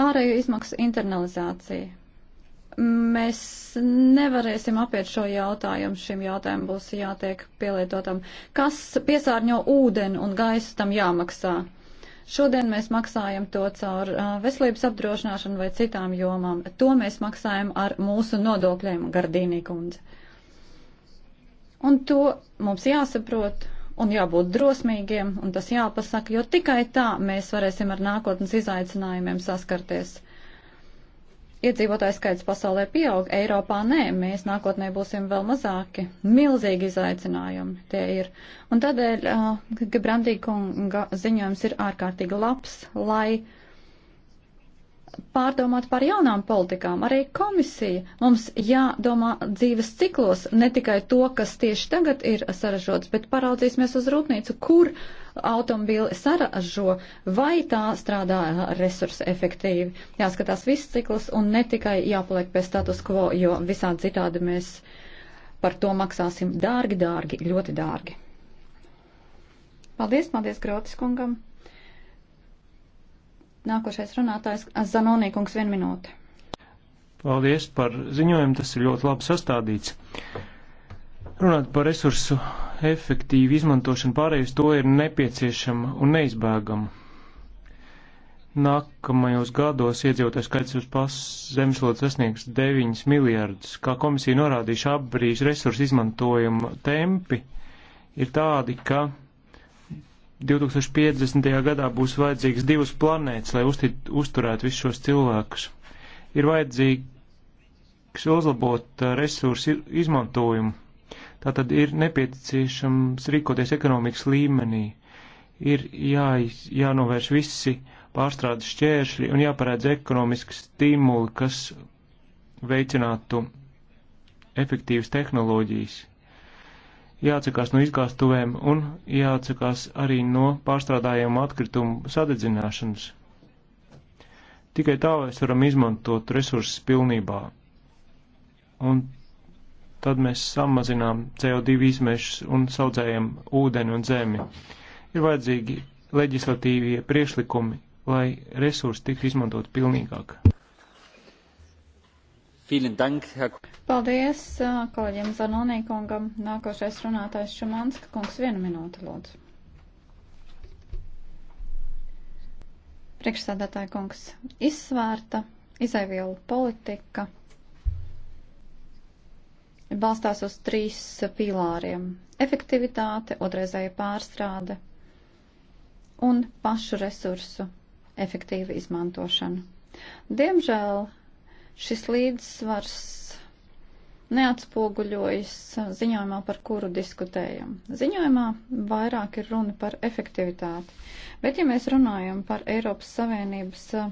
Ārēju izmaksu internalizācija. Mēs nevarēsim apiet šo jautājumu, šim jautājumam būs jātiek pielietotam. Kas piesārņo ūdeni un gaisu tam jāmaksā? Šodien mēs maksājam to caur veselības apdrošināšanu vai citām jomām. To mēs maksājam ar mūsu nodokļiem, Gardīnī kundze. Un to mums jāsaprot, un jābūt drosmīgiem, un tas jāpasaka, jo tikai tā mēs varēsim ar nākotnes izaicinājumiem saskarties. Iedzīvotāju skaits pasaulē pieaug, Eiropā nē, mēs nākotnē būsim vēl mazāki. Milzīgi izaicinājumi tie ir. Un tādēļ uh, Gebrandīkunga ziņojums ir ārkārtīgi labs, lai uh, pārdomāt par jaunām politikām. Arī komisija mums jādomā dzīves ciklos, ne tikai to, kas tieši tagad ir saražots, bet paraudzīsimies uz rūpnīcu, kur automobīli saražo, vai tā strādā resursa efektīvi. Jāskatās viss cikls un ne tikai jāpaliek pie status quo, jo visādi citādi mēs par to maksāsim dārgi, dārgi, ļoti dārgi. Paldies, paldies Grotis kungam! Nākošais runātājs Zanonīkungs vien minūte. Paldies par ziņojumu, tas ir ļoti labi sastādīts. Runāt par resursu efektīvu izmantošanu pārējus to ir nepieciešama un neizbēgama. Nākamajos gados iedzīvotājs skaits uz zemeslodes sasniegs 9 miljārdus. Kā komisija norādīja, šā brīža resursu izmantojuma tempi ir tādi, ka 2050. gadā būs vajadzīgs divas planētas, lai uztit, uzturētu visus šos cilvēkus. Ir vajadzīgs uzlabot resursu izmantojumu. Tātad ir nepieciešams rīkoties ekonomikas līmenī. Ir jā, jānovērš visi pārstrādes šķēršļi un jāparēdz ekonomiski stimuli, kas veicinātu efektīvas tehnoloģijas jāatsakās no izgāstuvēm un jāatsakās arī no pārstrādājumu atkritumu sadedzināšanas. Tikai tā mēs varam izmantot resursus pilnībā. Un tad mēs samazinām CO2 izmešus un saudzējam ūdeni un zemi. Ir vajadzīgi leģislatīvie priešlikumi, lai resursi tiktu izmantot pilnīgāk. Paldies kolēģiem Zanonī kungam. Nākošais runātājs Šumanska kungs vienu minūti lūdzu. Priekšsēdētāja kungs izsvērta, izaivielu politika balstās uz trīs pīlāriem - efektivitāte, otrreizēja pārstrāde un pašu resursu efektīva izmantošana. Diemžēl Šis līdzsvars neatspoguļojas ziņojumā, par kuru diskutējam. Ziņojumā vairāk ir runa par efektivitāti, bet ja mēs runājam par Eiropas Savienības eh,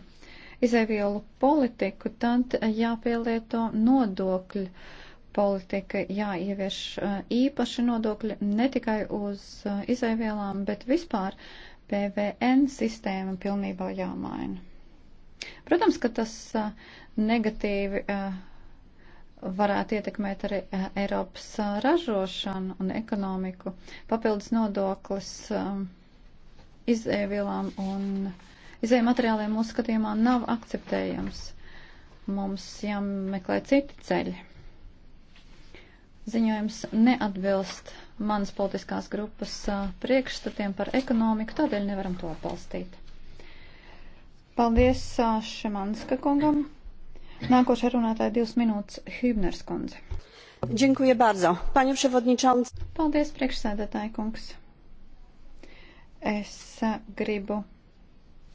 izēvielu politiku, tad jāpielieto nodokļu politika, jāievieš eh, īpaši nodokļi ne tikai uz eh, izēvielām, bet vispār PVN sistēma pilnībā jāmaina. Protams, ka tas negatīvi eh, varētu ietekmēt arī eh, Eiropas eh, ražošanu un ekonomiku. Papildus nodoklis izēvielām un izēju materiāliem mūsu skatījumā nav akceptējams. Mums jāmeklē citi ceļi. Ziņojums neatbilst manas politiskās grupas priekšstatiem par ekonomiku, tādēļ nevaram to atbalstīt. Paldies Šemanska kungam. Nākošais runātāja divas minūtes - Hübners kundze. Dziękuję bardzo. Panie przewodniczący. Paldies, priekšsēdētāji kungs. Es gribu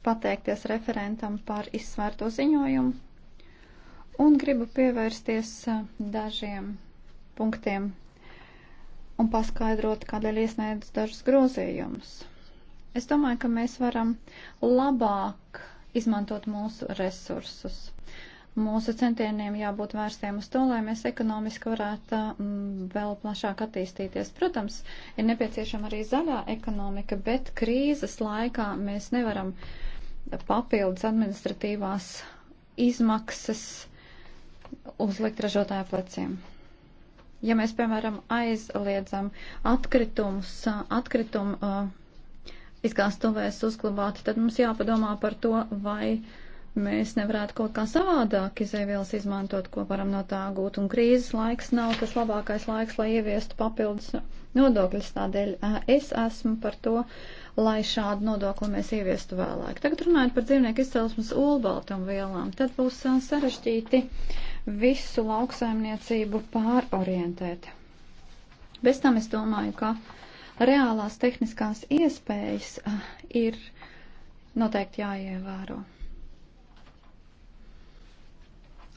pateikties referentam par izsvērto ziņojumu un gribu pievērsties eh, dažiem punktiem un paskaidrot, kādēļ iesniedz dažus grozījumus. Es domāju, ka mēs varam labāk izmantot mūsu resursus. Mūsu centieniem jābūt vērstiem uz to, lai mēs ekonomiski varētu mm, vēl plašāk attīstīties. Protams, ir nepieciešama arī zaļā ekonomika, bet krīzes laikā mēs nevaram papildus administratīvās izmaksas uzlikt ražotāju pleciem. Ja mēs, piemēram, aizliedzam atkritumus, atkritumu uh, izgāstuvēs uzglabāt, tad mums jāpadomā par to, vai uh, mēs nevarētu kaut kā savādāk izēvielas e izmantot, ko varam no tā gūt. Un krīzes laiks nav tas labākais laiks, lai ieviestu papildus nodokļus. Tādēļ es esmu par to, lai šādu nodokli mēs ieviestu vēlāk. Tagad runājot par dzīvnieku izcelsmes olbaltumvielām, tad būs sarežģīti visu lauksaimniecību pārorientēt. Bez tam es domāju, ka reālās tehniskās iespējas ir noteikti jāievēro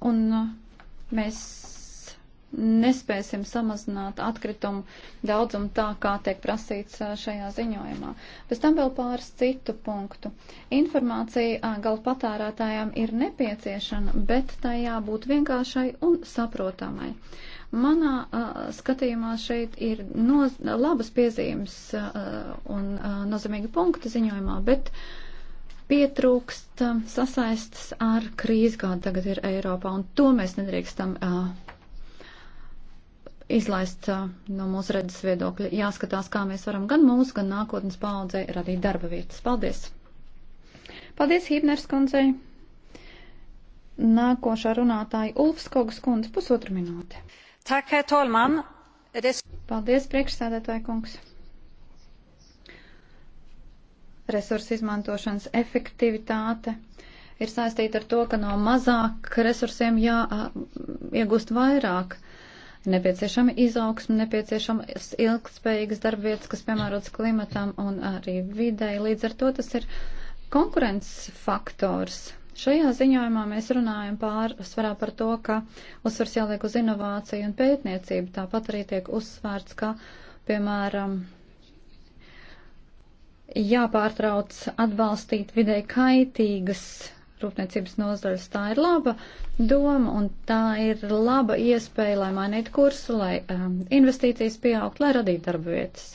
un uh, mēs nespēsim samazināt atkritumu daudzumu tā, kā tiek prasīts uh, šajā ziņojumā. Pēc tam vēl pāris citu punktu. Informācija uh, gal patērētājām ir nepieciešama, bet tai jābūt vienkāršai un saprotamai. Manā uh, skatījumā šeit ir noz, labas piezīmes uh, un uh, nozīmīgi punkti ziņojumā, bet uh, pietrūkst um, sasaistas ar krīzi, kāda tagad ir Eiropā, un to mēs nedrīkstam uh, izlaist uh, no mūsu redzes viedokļa. Jāskatās, kā mēs varam gan mūsu, gan nākotnes paudzei radīt darba vietas. Paldies! Paldies, Hībners kundzei! Nākošā runātāja Ulfskogas kundze pusotru minūti. Tak, Paldies, priekšsēdētāja kungs! resursu izmantošanas efektivitāte ir saistīta ar to, ka no mazāk resursiem jāiegūst vairāk. Nepieciešama izaugsme, nepieciešamas ilgspējīgas darbvietas, kas piemērotas klimatam un arī videi. Līdz ar to tas ir konkurences faktors. Šajā ziņojumā mēs runājam pārsvarā par to, ka uzsvars jāliek uz inovāciju un pētniecību. Tāpat arī tiek uzsvērts, ka, piemēram, jāpārtrauc atbalstīt videi kaitīgas rūpniecības nozares. Tā ir laba doma un tā ir laba iespēja, lai mainītu kursu, lai um, investīcijas pieaugt, lai radītu darba vietas.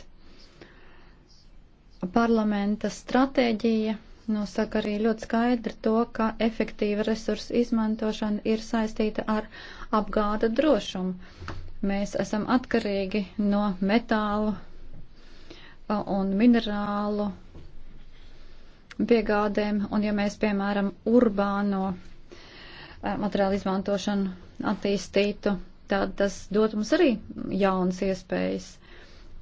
Parlamenta stratēģija nosaka arī ļoti skaidri to, ka efektīva resursa izmantošana ir saistīta ar apgāda drošumu. Mēs esam atkarīgi no metālu, un minerālu piegādēm, un ja mēs, piemēram, urbāno eh, materiālu izmantošanu attīstītu, tad tas dot mums arī jaunas iespējas,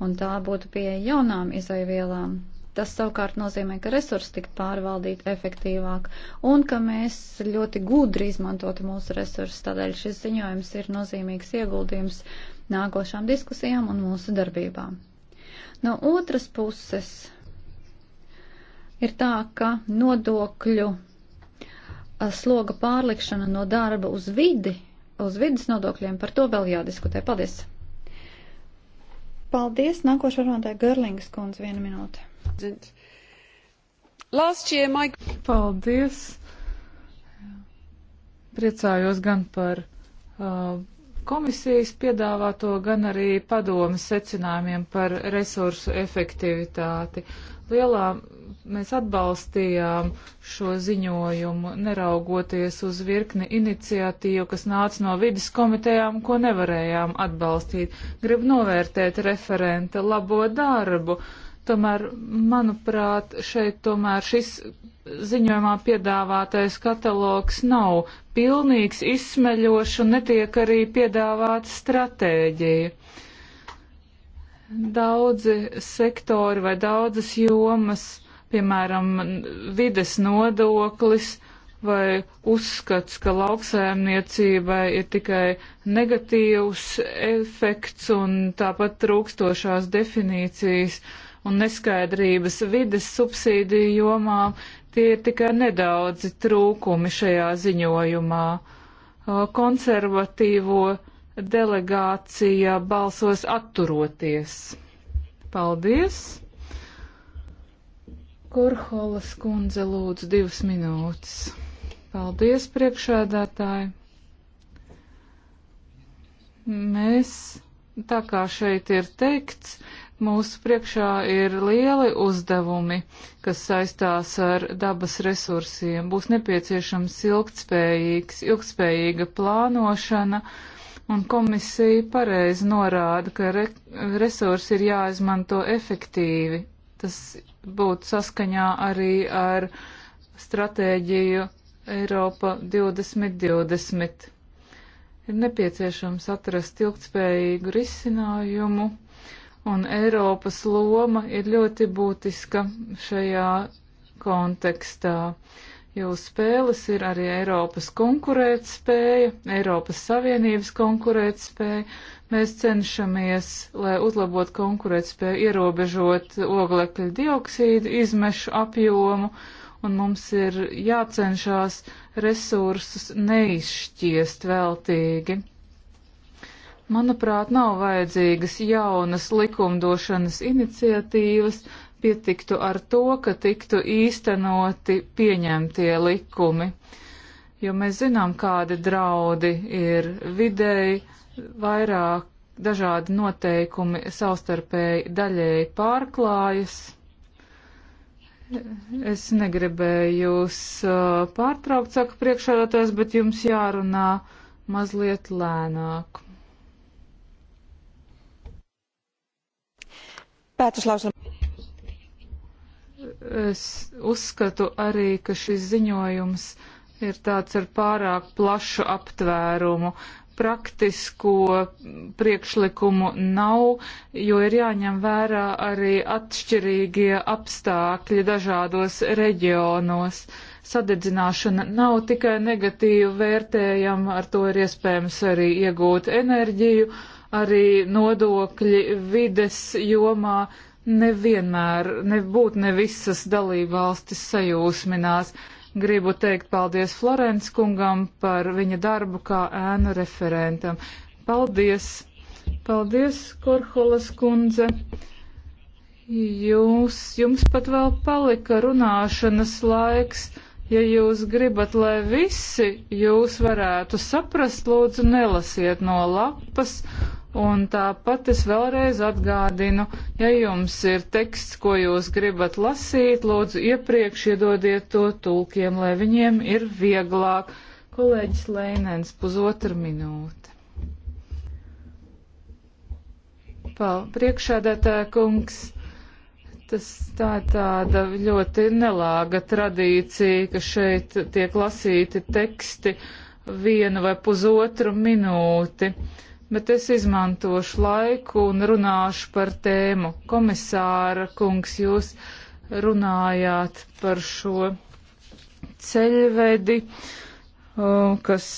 un tā būtu pie jaunām izaivielām. Tas savukārt nozīmē, ka resursi tikt pārvaldīt efektīvāk un ka mēs ļoti gudri izmantotu mūsu resursus. Tādēļ šis ziņojums ir nozīmīgs ieguldījums nākošām diskusijām un mūsu darbībām. No otras puses ir tā, ka nodokļu sloga pārlikšana no darba uz vidi, uz vidas nodokļiem, par to vēl jādiskutē. Paldies! Paldies! Nākošā runātāja Gerlingas kundze, viena minūte. Last year my... Paldies! Priecājos gan par uh, komisijas piedāvāto, gan arī padomu secinājumiem par resursu efektivitāti. Lielā mēs atbalstījām šo ziņojumu, neraugoties uz virkni iniciatīvu, kas nāca no vidas komitejām, ko nevarējām atbalstīt. Gribu novērtēt referenta labo darbu. Uh, Tomēr, manuprāt, šeit tomēr šis ziņojumā piedāvātais katalogs nav pilnīgs, izsmeļošs un netiek arī piedāvāta stratēģija. Daudzi sektori vai daudzas jomas, piemēram, vides nodoklis, vai uzskats, ka lauksaimniecībai ir tikai negatīvs efekts un tāpat trūkstošās definīcijas un neskaidrības vides subsīdiju jomā, tie ir tikai nedaudzi trūkumi šajā ziņojumā. Konservatīvo delegācija balsos atturoties. Paldies! Kurholas kundze lūdzu divas minūtes. Paldies, priekšēdētāji! Mēs, tā kā šeit ir teikts, Mūsu priekšā ir lieli uzdevumi, kas saistās ar dabas resursiem. Būs nepieciešams ilgtspējīgs, ilgtspējīga plānošana, un komisija pareizi norāda, ka re, resursi ir jāizmanto efektīvi. Tas būtu saskaņā arī ar stratēģiju Eiropa 2020. Ir nepieciešams atrast ilgtspējīgu risinājumu un Eiropas loma ir ļoti būtiska šajā kontekstā, jo spēles ir arī Eiropas konkurētspēja, Eiropas Savienības konkurētspēja. Mēs cenšamies, lai uzlabot konkurētspēju, ierobežot oglekļa dioksīdu izmešu apjomu, un mums ir jācenšas resursus neizšķiest veltīgi. Manuprāt, nav vajadzīgas jaunas likumdošanas iniciatīvas, pietiktu ar to, ka tiktu īstenoti pieņemtie likumi, jo mēs zinām, kādi draudi ir videi, vairāk dažādi noteikumi savstarpēji daļēji pārklājas. Es negribēju jūs pārtraukt, saka priekšādātājs, bet jums jārunā mazliet lēnāk. Päätöslauselma. Es uzskatu arī, ka šis ziņojums ir tāds ar pārāk plašu aptvērumu. Praktisko priekšlikumu nav, jo ir jāņem vērā arī atšķirīgie apstākļi dažādos reģionos. Sadedzināšana nav tikai negatīvi vērtējama, ar to ir iespējams arī iegūt enerģiju arī nodokļi vides jomā nevienmēr, nebūt ne visas dalībvalstis sajūsminās. Gribu teikt paldies Florence kungam par viņa darbu kā ēnu referentam. Paldies! Paldies, Korholas kundze! Jūs, jums pat vēl palika runāšanas laiks. Ja jūs gribat, lai visi jūs varētu saprast, lūdzu, nelasiet no lapas. Un tāpat es vēlreiz atgādinu, ja jums ir teksts, ko jūs gribat lasīt, lūdzu, iepriekš iedodiet to tulkiem, lai viņiem ir vieglāk. Kolēģis Lēnens, pusotra minūte. Pal, priekšādētāja kungs. Tas tā tāda ļoti nelāga tradīcija, ka šeit tiek lasīti teksti vienu vai pusotru minūti, bet es izmantošu laiku un runāšu par tēmu. Komisāra kungs, jūs runājāt par šo ceļvedi, uh, kas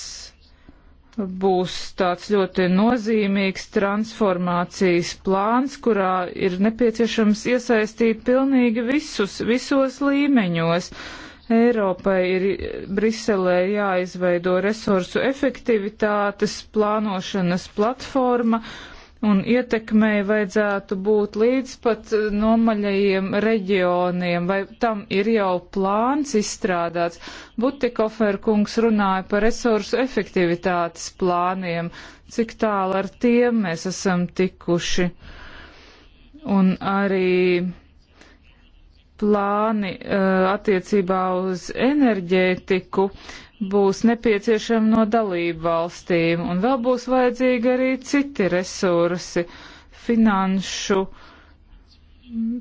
būs tāds ļoti nozīmīgs transformācijas plāns, kurā ir nepieciešams iesaistīt pilnīgi visus, visos līmeņos. Eiropai ir Briselē jāizveido resursu efektivitātes plānošanas platforma, uh, un ietekmei vajadzētu būt līdz pat eh, nomaļajiem reģioniem, vai tam ir jau plāns izstrādāts. Butikofer kungs runāja par resursu efektivitātes plāniem, cik tālu ar tiem mēs esam tikuši. Un arī plāni uh, attiecībā uz enerģētiku. Uh, būs nepieciešami no dalību valstīm, un vēl būs vajadzīgi arī citi resursi, finanšu.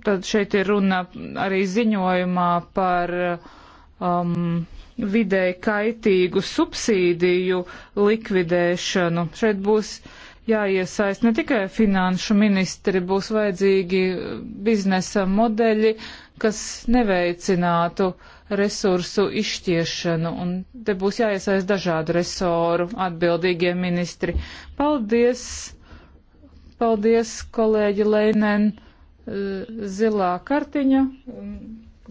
Tad šeit ir runa arī ziņojumā par um, videi kaitīgu subsīdiju likvidēšanu. Šeit būs jāiesaist ne tikai finanšu ministri, būs vajadzīgi biznesa modeļi, kas neveicinātu uh, resursu izšķiešanu, un te būs jāiesaist dažādu resoru atbildīgie ministri. Paldies, paldies, kolēģi Leinen, eh, zilā kartiņa,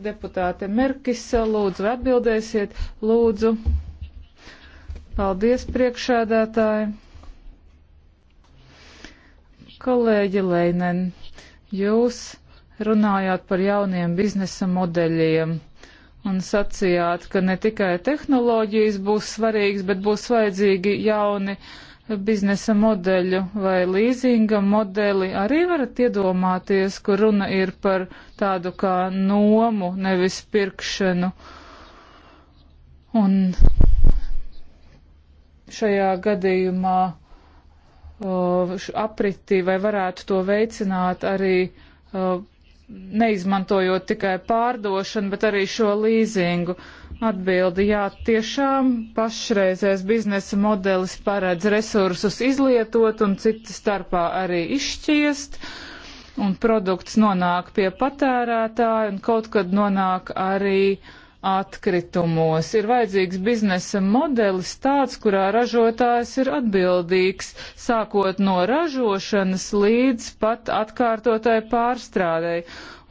deputāte Merkisa, lūdzu atbildēsiet, lūdzu. Paldies, priekšādātāji. Kolēģi Leinen, jūs runājāt par jauniem biznesa modeļiem un sacījāt, ka ne tikai tehnoloģijas būs svarīgas, bet būs vajadzīgi jauni biznesa modeļu vai līzinga modeli. Arī varat iedomāties, ka runa ir par tādu kā nomu, nevis pirkšanu. Un šajā gadījumā uh, apritī vai varētu to veicināt arī uh, neizmantojot tikai pārdošanu, bet arī šo līzingu. Atbildi, jā, tiešām pašreizējais biznesa modelis paredz resursus izlietot un citi starpā arī izšķiest, un produkts nonāk pie patērētāja un kaut kad nonāk arī uh, atkritumos. Ir vajadzīgs biznesa modelis tāds, kurā ražotājs ir atbildīgs, sākot no ražošanas līdz pat atkārtotai pārstrādei.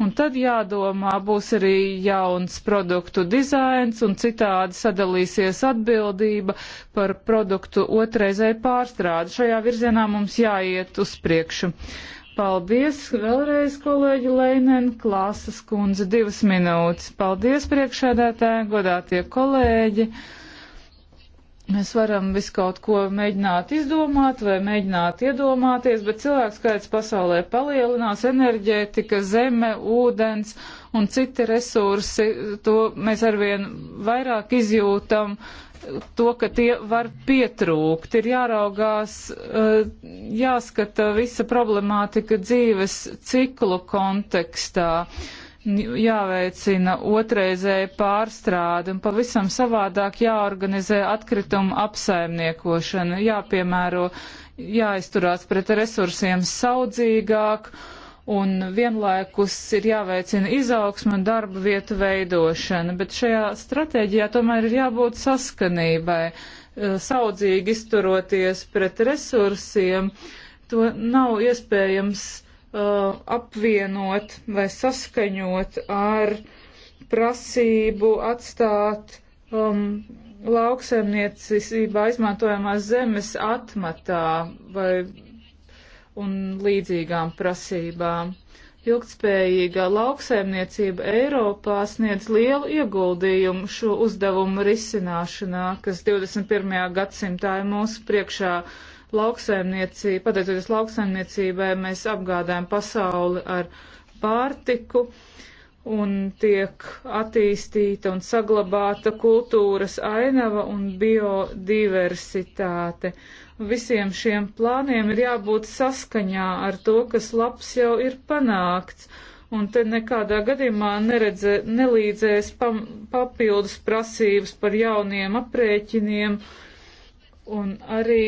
Un tad jādomā būs arī jauns produktu dizains un citādi sadalīsies atbildība par produktu otrreizēju pārstrādi. Šajā virzienā mums jāiet uz priekšu. Paldies vēlreiz, kolēģi Leinen, klāsas kundze, divas minūtes. Paldies, priekšēdētāji, godātie kolēģi. Mēs varam visu kaut ko mēģināt izdomāt vai mēģināt iedomāties, bet cilvēku skaits pasaulē palielinās, enerģētika, zeme, ūdens un citi resursi, to mēs arvien vairāk izjūtam to, ka tie var pietrūkt. Ir jāraugās, eh, jāskata visa problemātika dzīves ciklu kontekstā, jāveicina otrreizēja pārstrāde un pavisam savādāk jāorganizē atkritumu apsaimniekošana, jāpiemēro, jāizturās pret resursiem saudzīgāk un vienlaikus ir jāveicina izaugsma un darba vietu veidošana, bet šajā stratēģijā tomēr ir jābūt saskanībai, eh, saudzīgi izturoties pret resursiem, to nav iespējams uh, apvienot vai saskaņot ar prasību atstāt um, lauksaimniecībā izmantojamās zemes atmatā vai un līdzīgām prasībām. Ilgtspējīga lauksaimniecība Eiropā sniedz lielu ieguldījumu šo uzdevumu risināšanā, kas 21. gadsimtā ir mūsu priekšā lauksaimniecība. Pateicoties lauksaimniecībai, mēs apgādājam pasauli ar pārtiku un tiek attīstīta un saglabāta kultūras ainava un biodiversitāte visiem šiem plāniem ir jābūt saskaņā ar to, kas labs jau ir panākts. Un te nekādā gadījumā neredze, nelīdzēs pam, papildus prasības par jauniem aprēķiniem. Un arī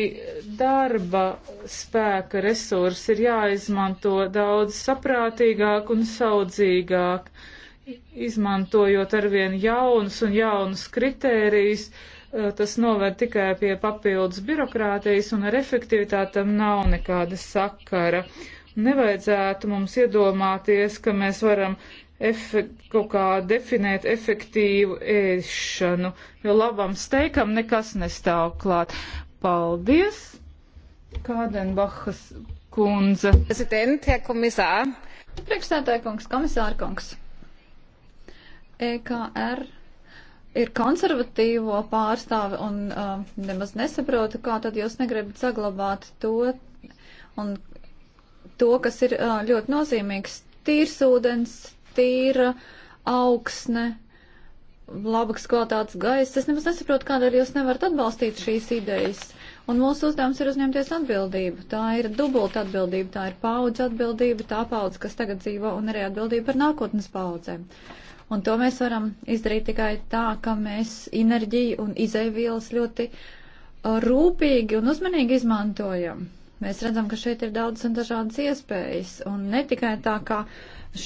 darba spēka resursi ir jāizmanto daudz saprātīgāk un saudzīgāk, izmantojot arvien jaunus un jaunus kritērijus, uh, Eh, tas noved tikai pie papildus birokrātijas un ar efektivitāti tam nav nekāda sakara. Nevajadzētu mums iedomāties, ka mēs varam kaut kā definēt efektīvu ēšanu, jo labam steikam nekas nestāv klāt. Paldies, Kādenbachas kundze. Prezident, Herr Kommissar. Priekšstādāja kungs, komisāra kungs. EKR ir konservatīvo pārstāvi un uh, nemaz nesaprotu, kā tad jūs negribat saglabāt to, un to, kas ir uh, ļoti nozīmīgs - tīrs ūdens, tīra augsne, labāks kvalitātes gaiss. Es nemaz nesaprotu, kādēļ jūs nevarat atbalstīt šīs idejas. Un mūsu uzdevums ir uzņemties atbildību. Tā ir dubulta atbildība, tā ir paudze atbildība, tā paudze, kas tagad dzīvo, un arī atbildība par nākotnes paudzēm. Uh, Un to mēs varam izdarīt tikai tā, ka mēs enerģiju un izēvielas ļoti uh, rūpīgi un uzmanīgi izmantojam. Mēs redzam, ka šeit ir daudz un dažādas iespējas, un ne tikai tā, kā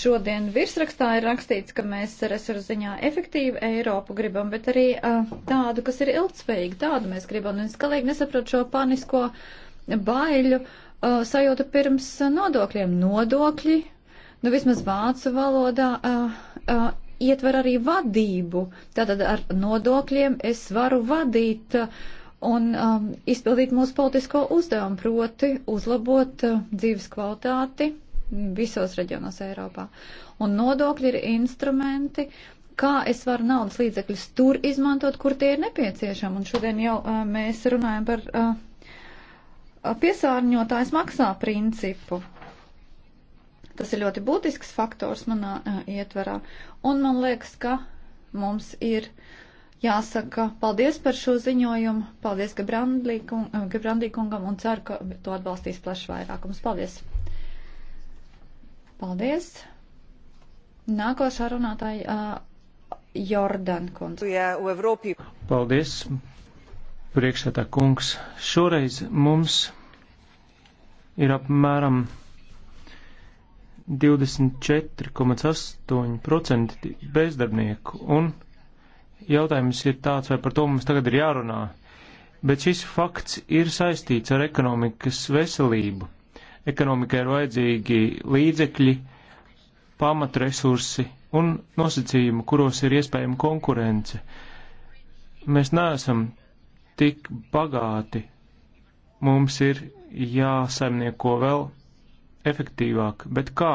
šodien virsrakstā ir rakstīts, ka mēs resursu ziņā efektīvu Eiropu gribam, bet arī uh, tādu, kas ir ilgspējīga, tādu mēs gribam. Un es galīgi nesaprotu šo panisko baiļu uh, sajūtu pirms nodokļiem. Nodokļi, nu vismaz vācu valodā, uh, uh, ietver arī vadību. Tātad ar nodokļiem es varu vadīt un um, izpildīt mūsu politisko uzdevumu, proti uzlabot uh, dzīves kvalitāti visos reģionos Eiropā. Un nodokļi ir instrumenti, kā es varu naudas līdzekļus tur izmantot, kur tie ir nepieciešami. Un šodien jau uh, mēs runājam par uh, piesārņotājs maksā principu. Tas ir ļoti būtisks faktors manā uh, ietverā. Un man liekas, ka mums ir jāsaka paldies par šo ziņojumu, paldies Gebrandī kungam un ceru, ka to atbalstīs plašs vairākums. Paldies! Paldies! Nākošā runātāja uh, Jordan kundze. Paldies, priekšsētā kungs. Šoreiz mums ir apmēram 24,8% bezdarbnieku, un jautājums ir tāds, vai par to mums tagad ir jārunā. Bet šis fakts ir saistīts ar ekonomikas veselību. Ekonomikai ir vajadzīgi līdzekļi, pamatresursi un nosacījumi, kuros ir iespējama konkurence. Mēs neesam tik bagāti. Mums ir jāsaimnieko vēl efektīvāk. Bet kā?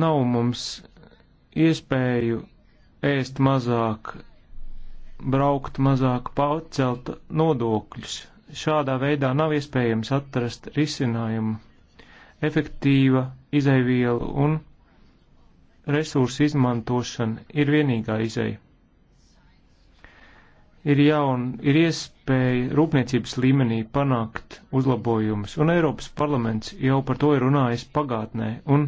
Nav mums iespēju ēst mazāk, braukt mazāk, pacelt nodokļus. Šādā veidā nav iespējams atrast risinājumu. Efektīva izaivielu un resursu izmantošana ir vienīgā izeja. Ir jaun, ir iespēja iespēja rūpniecības līmenī panākt uzlabojumus, un Eiropas parlaments jau par to ir runājis pagātnē un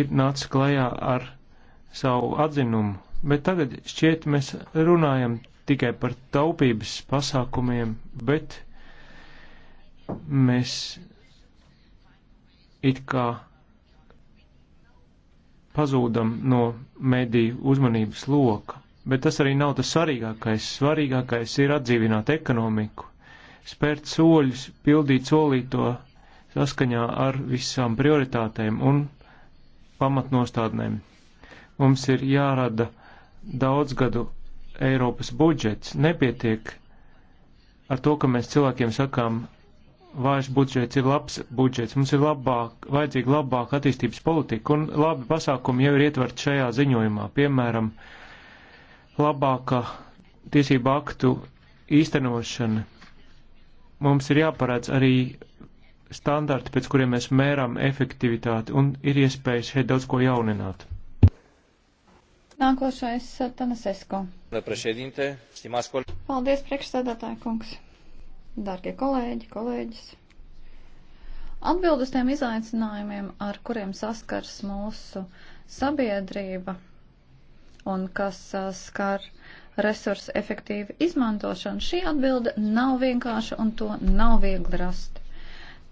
ir nācis klajā ar savu atzinumu, bet tagad šķiet mēs runājam tikai par taupības pasākumiem, bet mēs it kā pazūdam no mediju uzmanības loka. Bet tas arī nav tas svarīgākais. Svarīgākais ir atdzīvināt ekonomiku, spērt soļus, pildīt solīto saskaņā ar visām prioritātēm un pamatnostādnēm. Mums ir jārada daudzgadu Eiropas budžets. Nepietiek ar to, ka mēs cilvēkiem sakām, vājš budžets ir labs budžets, mums ir labāk, vajadzīga labāka attīstības politika, un labi pasākumi jau ir ietverti šajā ziņojumā, piemēram, uh, labāka tiesību aktu īstenošana. Mums ir jāparāds arī standarti, pēc kuriem mēs mēram efektivitāti, un ir iespējas šeit daudz ko jaunināt. Nākošais Tanasesko. Paldies, priekšsēdētāji kungs. Dārgie kolēģi, kolēģis. Atbild uz tiem izaicinājumiem, ar kuriem saskars mūsu sabiedrība un kas skar resursu efektīvu izmantošanu. Šī atbilde nav vienkārša un to nav viegli rast.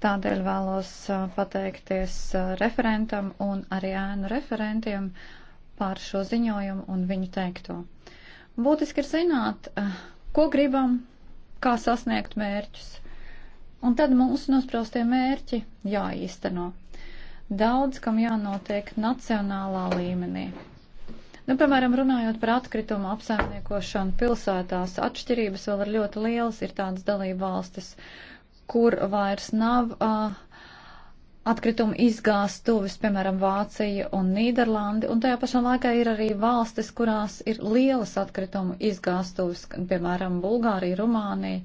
Tādēļ vēlos pateikties referentam un arī ēnu referentiem par šo ziņojumu un viņu teikto. Būtiski ir zināt, ko gribam, kā sasniegt mērķus. Un tad mūsu nospraustie mērķi jāīsteno. Daudz kam jānotiek nacionālā līmenī. Nu, piemēram, runājot par atkritumu apsaimniekošanu pilsētās, atšķirības vēl ir ļoti lielas. Ir tādas dalība valstis, kur vairs nav uh, atkritumu izgāstuvis, piemēram, Vācija un Nīderlandi, un tajā pašā laikā ir arī valstis, kurās ir lielas atkritumu izgāstuvis, piemēram, Bulgārija, Rumānija.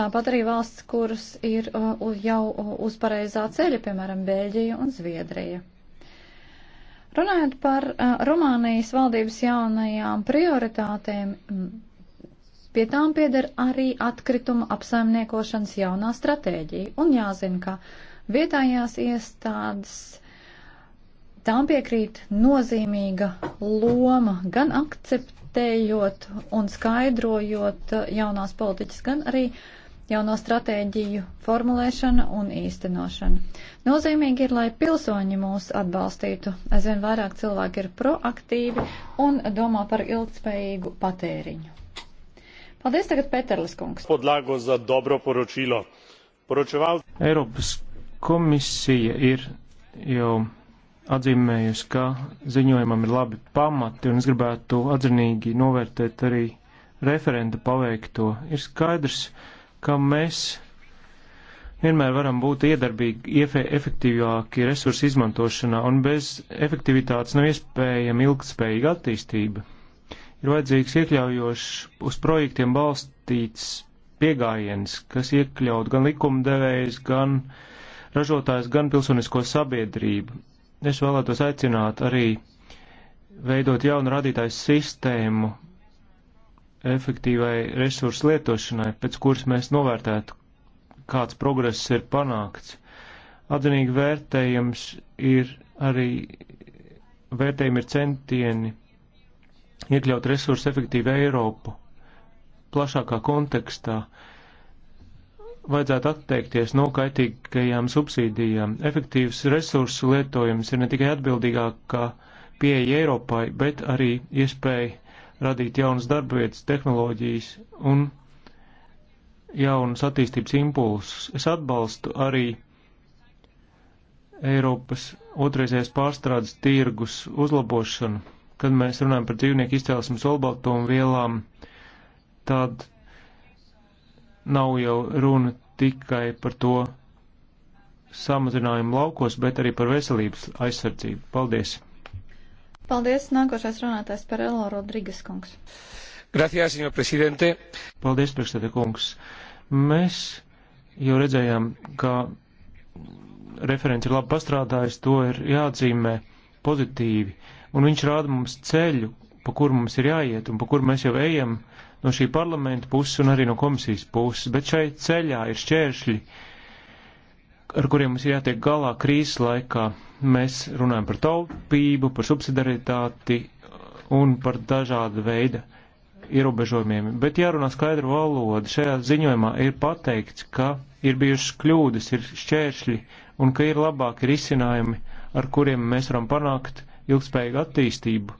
Tāpat arī valsts, kuras ir uh, jau uz pareizā ceļa, piemēram, Bēļģija un Zviedrija. Runājot par uh, Rumānijas valdības jaunajām prioritātēm, pie tām pieder arī atkrituma apsaimniekošanas jaunā stratēģija. Un jāzina, ka vietējās iestādes tām piekrīt nozīmīga loma gan akceptējot un skaidrojot uh, jaunās politiķas, gan arī uh, jauno stratēģiju formulēšana un īstenošana. Nozīmīgi ir, lai pilsoņi mūs atbalstītu. Aizvien vairāk cilvēki ir proaktīvi un domā par ilgspējīgu patēriņu. Paldies tagad Peterlis kungs. Podlago za dobro poročilo. Poročeval... Eiropas komisija ir jau atzīmējusi, ka ziņojumam ir labi pamati, un es gribētu atzinīgi novērtēt arī referenta paveikto. Ir skaidrs, ka ka mēs vienmēr varam būt iedarbīgi, efektīvāki resursu izmantošanā, un bez efektivitātes nav iespējama ilgtspējīga attīstība. Ir vajadzīgs iekļaujošs uz projektiem balstīts pieejams, kas iekļaut gan likumdevējs, gan ražotājs, gan pilsonisko sabiedrību. Es vēlētos aicināt arī veidot jaunu radītāju sistēmu, efektīvai resursu lietošanai, pēc kuras mēs novērtētu, kāds progress ir panākts. Atzinīgi vērtējams ir arī vērtējumi ir centieni iekļaut resursu efektīvu Eiropu plašākā kontekstā. Vajadzētu atteikties no kaitīgajām subsīdijām. Efektīvs resursu lietojums ir ne tikai atbildīgākā pieeja Eiropai, bet arī iespēja radīt jaunas darbvietas, tehnoloģijas un jaunas attīstības impulsus. Es atbalstu arī Eiropas otrreizējās pārstrādes tirgus uzlabošanu, kad mēs runājam par dzīvnieku izcelsmes olbaltumu vielām, tad nav jau runa tikai par to samazinājumu laukos, bet arī par veselības aizsardzību. Paldies! Paldies. Nākošais runātājs par Elo Rodrigas kungs. Gracias, senor presidente. Paldies, priekšstādā kungs. Mēs jau redzējām, ka referents ir labi pastrādājis, to ir jāatzīmē pozitīvi. Un viņš rāda mums ceļu, pa kur mums ir jāiet un pa kur mēs jau ejam no šī parlamenta puses un arī no komisijas puses. Bet šai ceļā ir šķēršļi ar kuriem mums ir jātiek galā krīzes laikā. Mēs runājam par taupību, par subsidaritāti un par dažādu veidu ierobežojumiem. Bet jārunā skaidru valodu. Šajā ziņojumā ir pateikts, ka ir bijušas kļūdas, ir šķēršļi un ka ir labāki risinājumi, ar kuriem mēs varam panākt ilgspējīgu attīstību.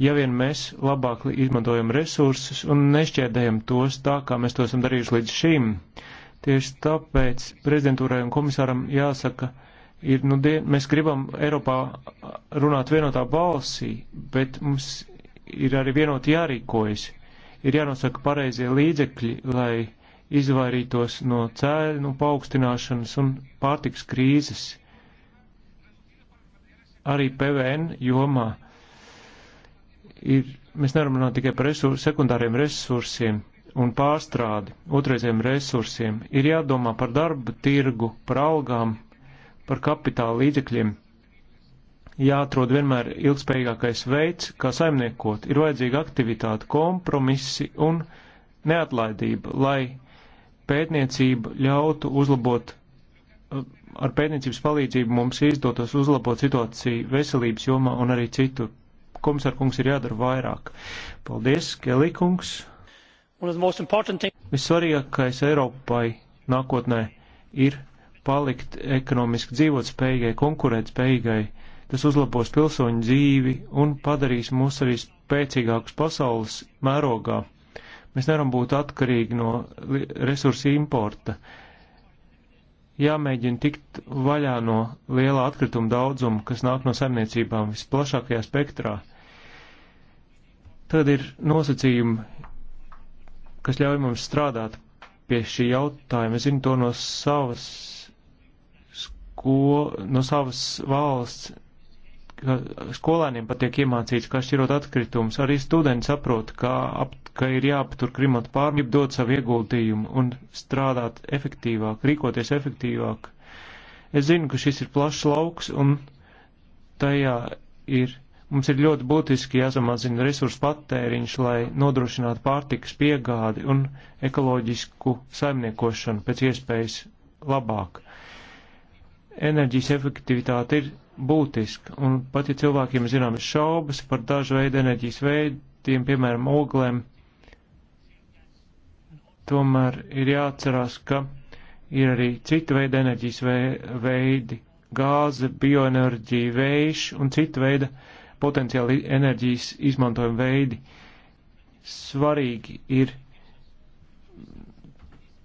Ja vien mēs labāk izmantojam resursus un nešķērdējam tos tā, kā mēs to esam darījuši līdz šim, uh, Tieši tāpēc prezidentūrai un komisāram jāsaka, ir, nu, die, mēs gribam Eiropā runāt vienotā balsī, bet mums ir arī vienoti jārīkojas. Ir jānosaka pareizie līdzekļi, lai izvairītos no cēļu paaugstināšanas un pārtiks krīzes. Arī PVN jomā ir, mēs nevaram runāt tikai par resurs, sekundāriem resursiem, un pārstrādi, otrreiziem resursiem, ir jādomā par darba tirgu, par algām, par kapitāla līdzekļiem. Jāatrod vienmēr ilgspējīgākais veids, kā saimniekot, ir vajadzīga aktivitāte, kompromisi un neatlaidība, lai pētniecība ļautu uzlabot, ar pētniecības palīdzību mums izdotos uzlabot situāciju veselības jomā un arī citur. Komisārkungs ir jādara vairāk. Paldies, Kelikungs! Vissvarīgākais Eiropai nākotnē ir palikt ekonomiski dzīvotspējīgai, konkurētspējīgai. Tas uzlabos pilsoņu dzīvi un padarīs mūs arī spēcīgākus pasaules mērogā. Mēs nevaram būt atkarīgi no resursu importa. Jāmēģina tikt vaļā no lielā atkrituma daudzuma, kas nāk no saimniecībām visplašākajā spektrā. Tad ir nosacījumi kas ļauj mums strādāt pie šī jautājuma. Es zinu to no savas, sko, no savas valsts, ka skolēniem patiek iemācīts, kā šķirot atkritumus. Arī studenti saprot, ka, ap, ka ir jāpatur klimata pārgrib, dot savu ieguldījumu un strādāt efektīvāk, rīkoties efektīvāk. Es zinu, ka šis ir plašs lauks un tajā ir Mums ir ļoti būtiski jāsamazina resursu patēriņš, lai nodrošinātu pārtikas piegādi un ekoloģisku saimniekošanu pēc iespējas labāk. Enerģijas efektivitāte ir būtiska, un pat ja cilvēkiem ir zināmas šaubas par dažu veidu enerģijas veidiem, piemēram, oglēm, tomēr ir jāatcerās, ka ir arī cita veida enerģijas veidi - gāze, bioenerģija, vējš un cita veida enerģija potenciāli enerģijas izmantojuma veidi. Svarīgi ir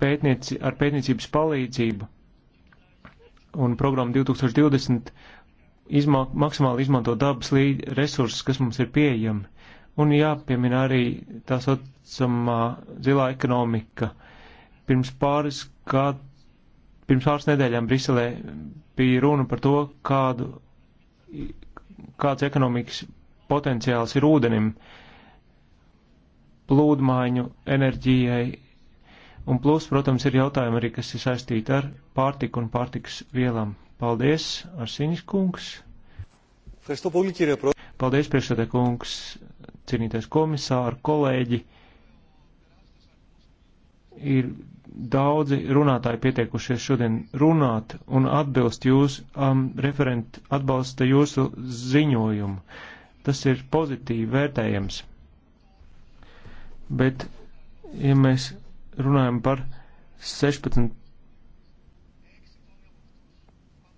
pētnieci, ar pētniecības palīdzību un programmu 2020 izma, maksimāli izmanto dabas līd, resursus, kas mums ir pieejami. Un jāpiemina arī tā saucamā zilā ekonomika. Pirms pāris gadu, pirms pāris nedēļām Briselē bija runa par to, kādu kāds ekonomikas potenciāls ir ūdenim, plūdmaiņu enerģijai, un plus, protams, ir jautājumi arī, kas ir saistīti ar pārtiku un pārtikas vielām. Paldies, Arsiņš kungs! Paldies, priekšsēdē kungs, cienītais komisāri, kolēģi! Ir daudzi runātāji pietiekušies šodien runāt un atbilst jūs, um, referent atbalsta jūsu ziņojumu. Tas ir pozitīvi vērtējams. Bet, ja mēs runājam par 16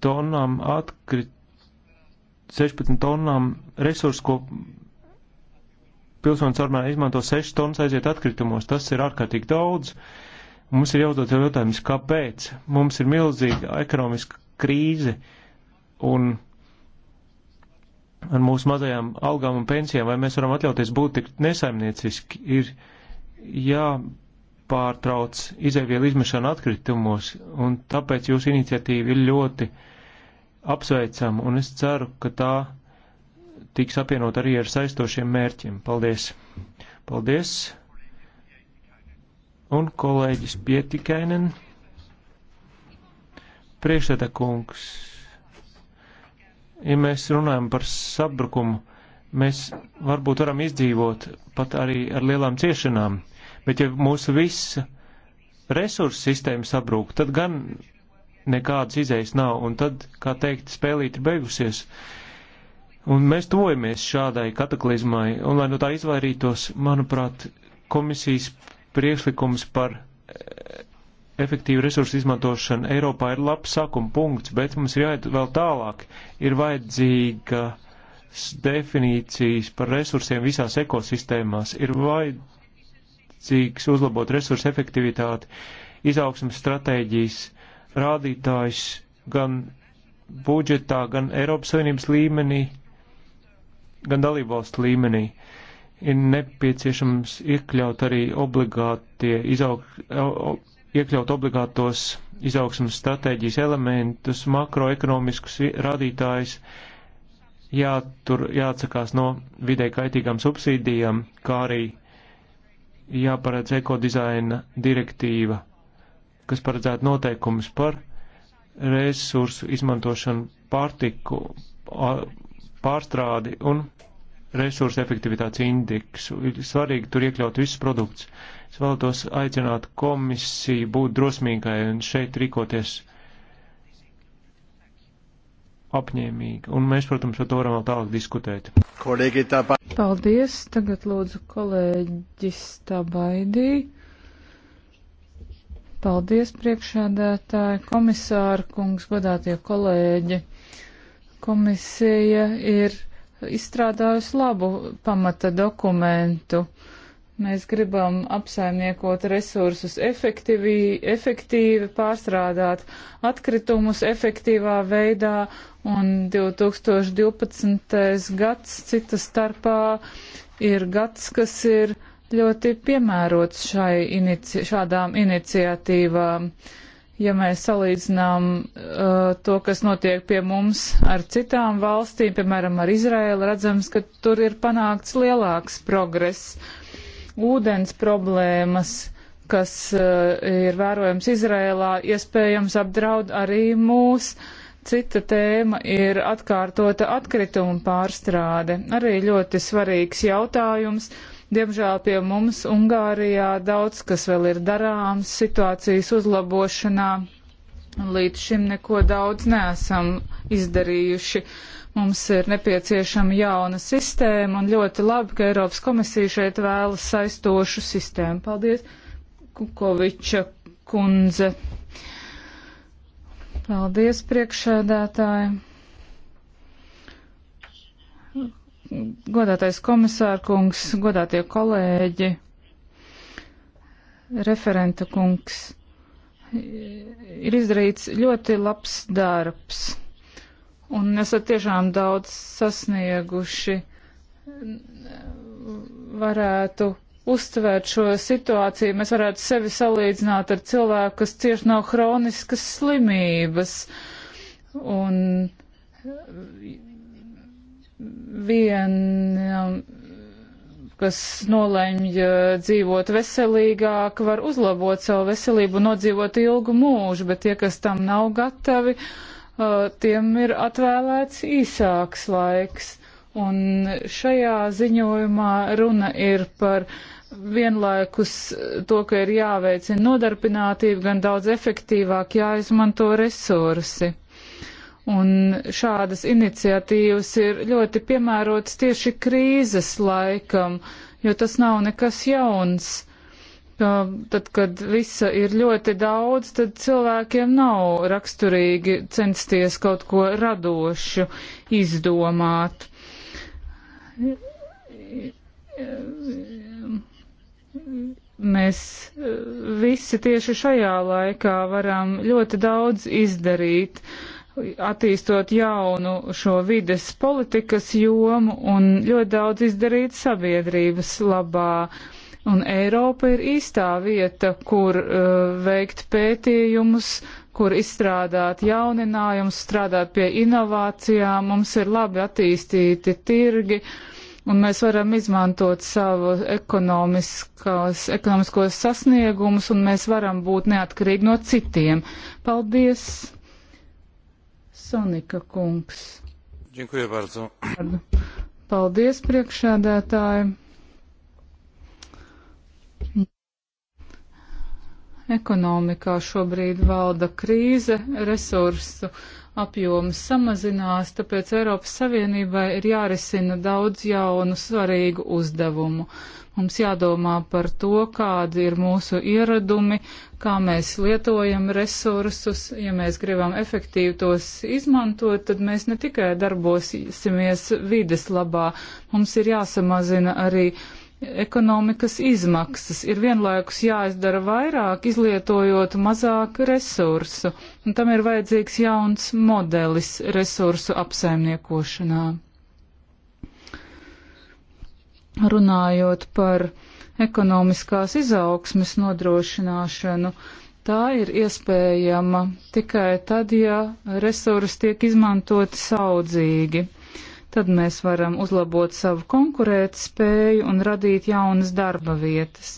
tonām atkrit, 16 tonām resursu, ko pilsonis armēr izmanto 6 tonnas aiziet atkritumos, tas ir ārkārtīgi daudz. Uh, Mums ir jāuzdod jau jautājums, kāpēc? Mums ir milzīga ekonomiska krīze un ar mūsu mazajām algām un pensijām, vai mēs varam atļauties būt tik nesaimnieciski, ir jāpārtrauc izēvielu izmešana atkritumos, un tāpēc jūsu iniciatīva ir ļoti apsveicama, un es ceru, ka tā tiks apvienot arī ar saistošiem mērķiem. Paldies! Paldies! un kolēģis Pietikainen. Priekšsēdā kungs, ja mēs runājam par sabrukumu, mēs varbūt varam izdzīvot pat arī ar lielām ciešanām, bet ja mūsu visa resursu sistēma sabrūk, tad gan nekādas izējas nav, un tad, kā teikt, spēlīte ir beigusies. Un mēs tojamies šādai kataklizmai, un lai no tā izvairītos, manuprāt, komisijas priekšlikums par eh, efektīvu resursu izmantošanu Eiropā ir labs sākuma punkts, bet mums ir jāiet vēl tālāk. Ir vajadzīgas definīcijas par resursiem visās ekosistēmās, ir vajadzīgs uzlabot resursu efektivitāti, izaugsmas stratēģijas, rādītājs gan budžetā, gan Eiropas Savienības līmenī, gan dalībvalstu līmenī. Uh, ir nepieciešams iekļaut arī obligātie izaug, iekļaut obligātos izaugsmas stratēģijas elementus, makroekonomiskus rādītājus, jātur, jāatsakās no vidē kaitīgām subsīdijām, kā arī jāparedz ekodizaina direktīva, kas paredzētu noteikumus par resursu izmantošanu, pārtiku, pārstrādi un resursu efektivitātes indeksu. Ir svarīgi tur iekļaut visus produktus. Es vēlētos aicināt komisiju būt drosmīgai un šeit rīkoties apņēmīgi. Un mēs, protams, par to varam vēl tālāk diskutēt. Kolēģi tāpā. Paldies. Tagad lūdzu kolēģis tā baidī. Paldies, priekšādētāji, komisāra kungs, godātie kolēģi. Komisija ir izstrādājusi labu pamata dokumentu. Mēs gribam apsaimniekot resursus efektīvi, efektīvi pārstrādāt atkritumus efektīvā veidā un 2012. gads cita starpā ir gads, kas ir ļoti piemērots šai inici šādām iniciatīvām. Uh, ja mēs salīdzinām uh, to, kas notiek pie mums ar citām valstīm, piemēram, ar Izraēlu, redzams, ka tur ir panākts lielāks progress. Ūdens problēmas, kas uh, ir vērojams Izrēlā, iespējams apdraud arī mūs. Cita tēma ir atkārtota atkrituma pārstrāde. Arī ļoti svarīgs jautājums. Uh, Diemžēl pie mums Ungārijā daudz kas vēl ir darāms situācijas uzlabošanā. Līdz šim neko daudz neesam izdarījuši. Mums ir nepieciešama jauna sistēma un ļoti labi, ka Eiropas komisija šeit vēlas saistošu sistēmu. Paldies, Kukoviča kundze. Paldies, priekšēdētāji. godātais komisārkungs, godātie kolēģi, referenta kungs, ir izdarīts ļoti labs darbs, un esat tiešām daudz sasnieguši. Varētu uztvērt šo situāciju, mēs varētu sevi salīdzināt ar cilvēku, kas cieši no hroniskas slimības. Un vienam, kas nolemj eh, dzīvot veselīgāk, var uzlabot savu veselību, nodzīvot ilgu mūžu, bet tie, kas tam nav gatavi, eh, tiem ir atvēlēts īsāks laiks. Un šajā ziņojumā runa ir par vienlaikus eh, to, ka ir jāveicina nodarbinātība, gan daudz efektīvāk jāizmanto resursi. Un šādas iniciatīvas ir ļoti piemērotas tieši krīzes laikam, jo tas nav nekas jauns. Tad, kad visa ir ļoti daudz, tad cilvēkiem nav raksturīgi censties kaut ko radošu izdomāt. Mēs eh, visi tieši šajā laikā varam ļoti daudz izdarīt. Uh, attīstot jaunu šo vides politikas jomu un ļoti daudz izdarīt sabiedrības labā. Un Eiropa ir īstā vieta, kur uh, veikt pētījumus, kur izstrādāt jauninājumus, strādāt pie inovācijām. Mums ir labi attīstīti tirgi, un mēs varam izmantot savu ekonomiskos sasniegumus, un mēs varam būt neatkarīgi no citiem. Paldies! Sonika kungs. Dziękuję bardzo. Paldies, priekšēdētāji. ekonomikā šobrīd valda krīze, resursu apjoms samazinās, tāpēc Eiropas Savienībai ir jārisina daudz jaunu svarīgu uzdevumu. Mums jādomā par to, kādi ir mūsu ieradumi, kā mēs lietojam resursus. Ja mēs gribam efektīvi tos izmantot, tad mēs ne tikai darbosimies vides labā, mums ir jāsamazina arī ekonomikas izmaksas. Ir vienlaikus jāizdara vairāk, izlietojot mazāk resursu, un tam ir vajadzīgs jauns modelis resursu apsaimniekošanā runājot par ekonomiskās izaugsmes nodrošināšanu, tā ir iespējama tikai tad, ja resursi tiek izmantoti saudzīgi. Tad mēs varam uzlabot savu konkurētspēju un radīt jaunas darba vietas.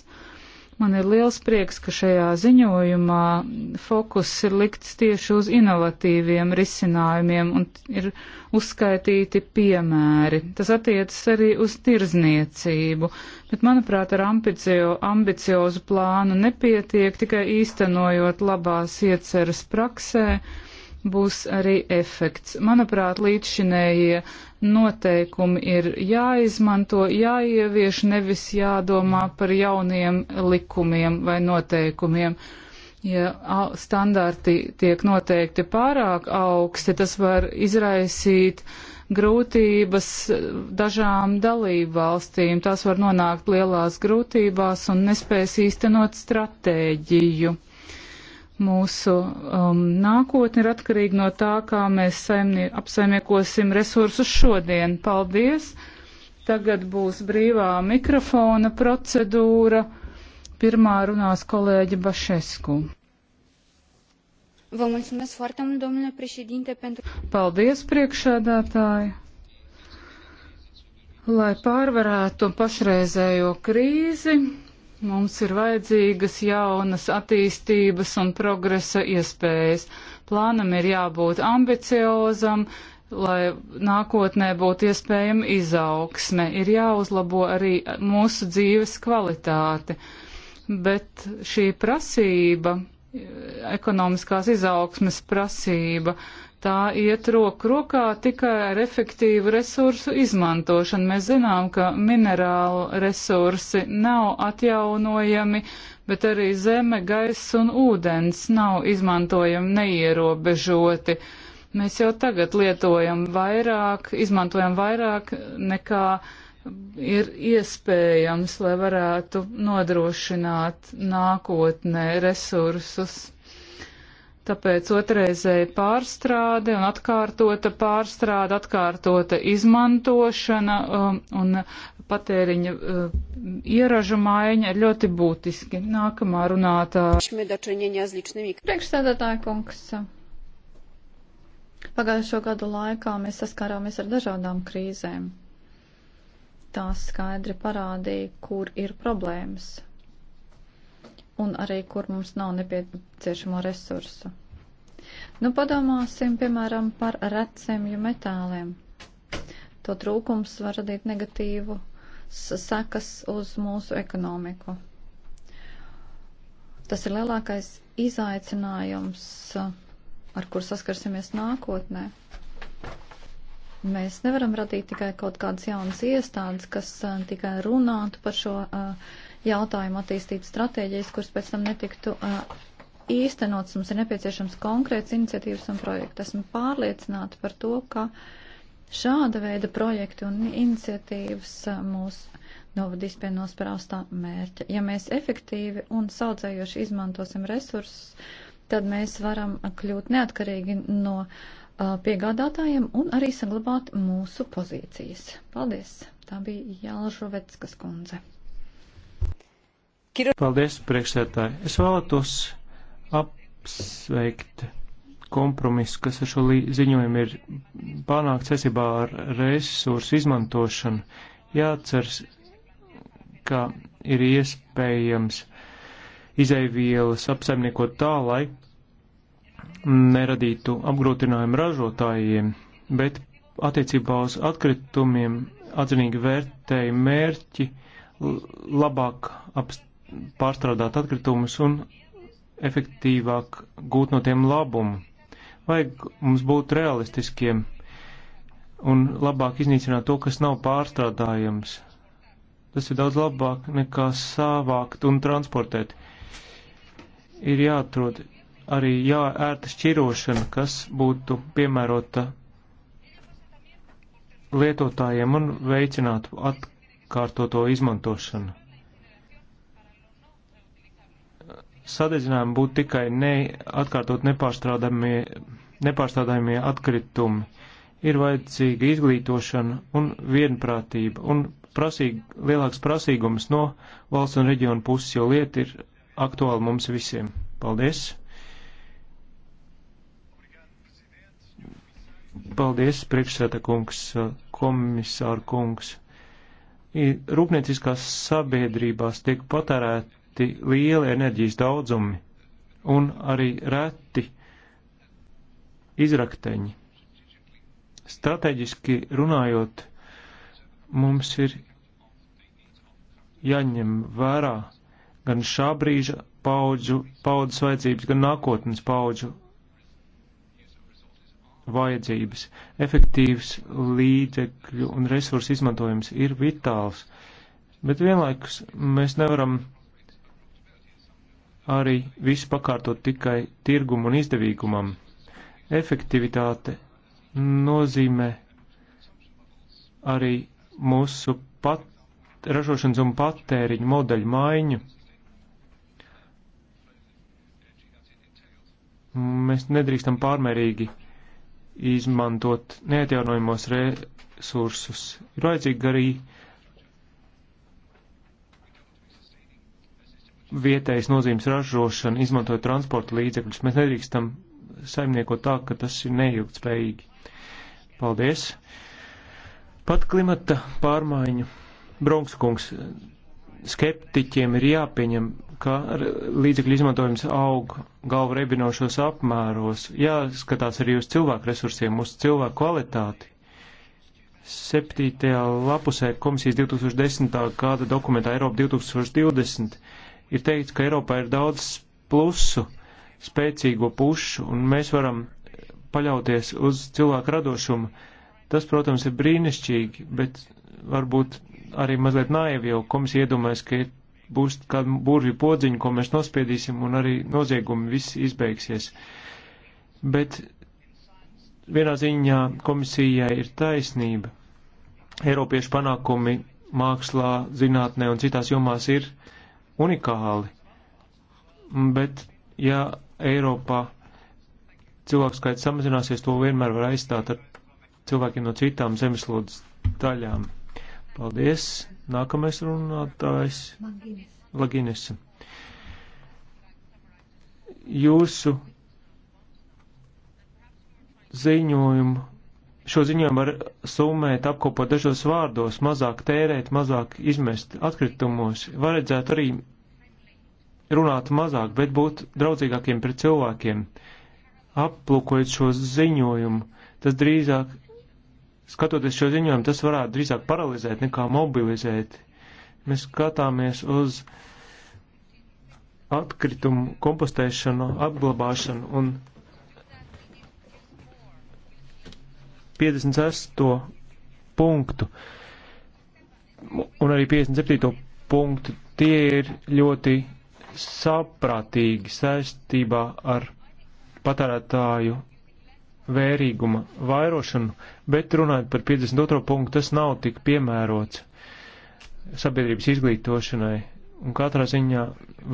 Man ir liels prieks, ka šajā ziņojumā fokus ir likts tieši uz inovatīviem risinājumiem un ir uzskaitīti piemēri. Tas attiecas arī uz tirzniecību, bet manuprāt ar ambicio, ambiciozu plānu nepietiek tikai īstenojot labās ieceras praksē būs arī efekts. Manuprāt, līdzšinējie noteikumi ir jāizmanto, jāievieš, nevis jādomā par jauniem likumiem vai noteikumiem. Ja standarti tiek noteikti pārāk augsti, tas var izraisīt grūtības dažām dalību valstīm. Tās var nonākt lielās grūtībās un nespēs īstenot stratēģiju. Mūsu um, nākotne ir atkarīga no tā, kā mēs saimnie, apsaimniekosim resursus šodien. Paldies! Tagad būs brīvā mikrofona procedūra. Pirmā runās kolēģi Bašesku. Vă mulțumesc foarte mult, domnule președinte, pentru... Paldies, priekšādātāji! Lai pārvarētu pašreizējo krīzi, Mums ir vajadzīgas jaunas attīstības un progresa iespējas. Plānam ir jābūt ambiciozam, lai nākotnē būtu iespējama izaugsme. Ir jāuzlabo arī mūsu dzīves kvalitāte. Bet šī prasība, ekonomiskās izaugsmes prasība, tā iet roku rokā tikai ar efektīvu resursu izmantošanu. Mēs zinām, ka minerālu resursi nav atjaunojami, bet arī zeme, gaiss un ūdens nav izmantojami neierobežoti. Mēs jau tagad lietojam vairāk, izmantojam vairāk nekā ir iespējams, lai varētu nodrošināt nākotnē resursus tāpēc otrreizēja pārstrāde un atkārtota pārstrāde, atkārtota izmantošana um, un patēriņa uh, ieražu maiņa ir ļoti būtiski. Nākamā runātāja. Priekšsēdētāja kungs. Pagājušo gadu laikā mēs saskārāmies ar dažādām krīzēm. Tās skaidri parādīja, kur ir problēmas un arī kur mums nav nepieciešamo resursu. Nu, padomāsim, piemēram, par recemju metāliem. To trūkums var radīt negatīvu sekas uz mūsu ekonomiku. Tas ir lielākais izaicinājums, ar kur saskarsimies nākotnē. Mēs nevaram radīt tikai kaut kādas jaunas iestādes, kas eh, tikai runātu par šo uh, jautājumu attīstības stratēģijas, kuras pēc tam netiktu īstenots. Mums ir nepieciešams konkrēts iniciatīvas un projekts. Esmu pārliecināta par to, ka šāda veida projekti un iniciatīvas mūs novadīs pie nospraustā mērķa. Ja mēs efektīvi un saudzējoši izmantosim resursus, tad mēs varam kļūt neatkarīgi no piegādātājiem un arī saglabāt mūsu pozīcijas. Paldies! Tā bija Jālžovetskas kundze. Paldies, priekšsētāji. Es vēlētos apsveikt kompromisu, kas ar šo ziņojumu ir panākts esībā ar resursu izmantošanu. Jācers, ka ir iespējams izaivielas apsaimniekot tā, lai neradītu apgrūtinājumu ražotājiem, bet attiecībā uz atkritumiem atzinīgi vērtēja mērķi labāk apstāties pārstrādāt atkritumus un efektīvāk gūt no tiem labumu. Vajag mums būt realistiskiem un labāk iznīcināt to, kas nav pārstrādājams. Tas ir daudz labāk nekā savākt un transportēt. Ir jāatrod arī jāērta šķirošana, kas būtu piemērota lietotājiem un veicinātu atkārtoto izmantošanu. sadedzinājumi būtu tikai neatkārtot nepārstrādājumie atkritumi. Ir vajadzīga izglītošana un vienprātība un prasīg, lielāks prasīgums no valsts un reģionu puses, jo lieta ir aktuāla mums visiem. Paldies! Paldies, priekšsēta kungs, komisāra kungs. Rūpnieciskās sabiedrībās tiek patērēt ļoti lieli enerģijas daudzumi un arī reti izrakteņi. Strateģiski runājot, mums ir jāņem vērā gan šā brīža paudžu, paudzes vajadzības, gan nākotnes paudžu vajadzības. Efektīvs līdzekļu un resursu izmantojums ir vitāls, bet vienlaikus mēs nevaram arī visu pakārtot tikai tirgumu un izdevīgumam. Efektivitāte nozīmē arī mūsu pat, ražošanas un patēriņu modeļu maiņu. Mēs nedrīkstam pārmērīgi izmantot neatjaunojamos resursus. Ir vajadzīga arī vietējas nozīmes ražošana, izmantojot transporta līdzekļus. Mēs nedrīkstam saimniekot tā, ka tas ir neilgtspējīgi. Paldies! Pat klimata pārmaiņu Bronkskungs skeptiķiem ir jāpieņem, ka līdzekļu izmantojums aug galvu reibinošos apmēros. Jāskatās arī uz cilvēku resursiem, uz cilvēku kvalitāti. Septītajā lapusē komisijas 2010. gada dokumentā Eiropa 2020 ir teikts, ka Eiropā ir daudz plusu, spēcīgo pušu, un mēs varam paļauties uz cilvēku radošumu. Tas, protams, ir brīnišķīgi, bet varbūt arī mazliet naivi, jo komisija iedomājas, ka būs kāda burvju podziņa, ko mēs nospiedīsim, un arī noziegumi viss izbeigsies. Bet vienā ziņā komisijai ir taisnība. Eiropiešu panākumi mākslā, zinātnē un citās jomās ir unikāli, bet ja Eiropā cilvēku skaits samazināsies, to vienmēr var aizstāt ar cilvēkiem no citām zemeslodes daļām. Paldies! Nākamais runātājs Lagines. Jūsu ziņojumu šo ziņojumu var summēt, apkopot dažos vārdos, mazāk tērēt, mazāk izmest atkritumos. Varētu arī runāt mazāk, bet būt draudzīgākiem pret cilvēkiem. Aplūkojot šo ziņojumu, tas drīzāk, skatoties šo ziņojumu, tas varētu drīzāk paralizēt nekā mobilizēt. Mēs skatāmies uz atkritumu kompostēšanu, apglabāšanu un 56. punktu un arī 57. punktu. Tie ir ļoti saprātīgi saistībā ar patērētāju vērīguma vairošanu, bet runājot par 52. punktu, tas nav tik piemērots sabiedrības izglītošanai. Un katrā ziņā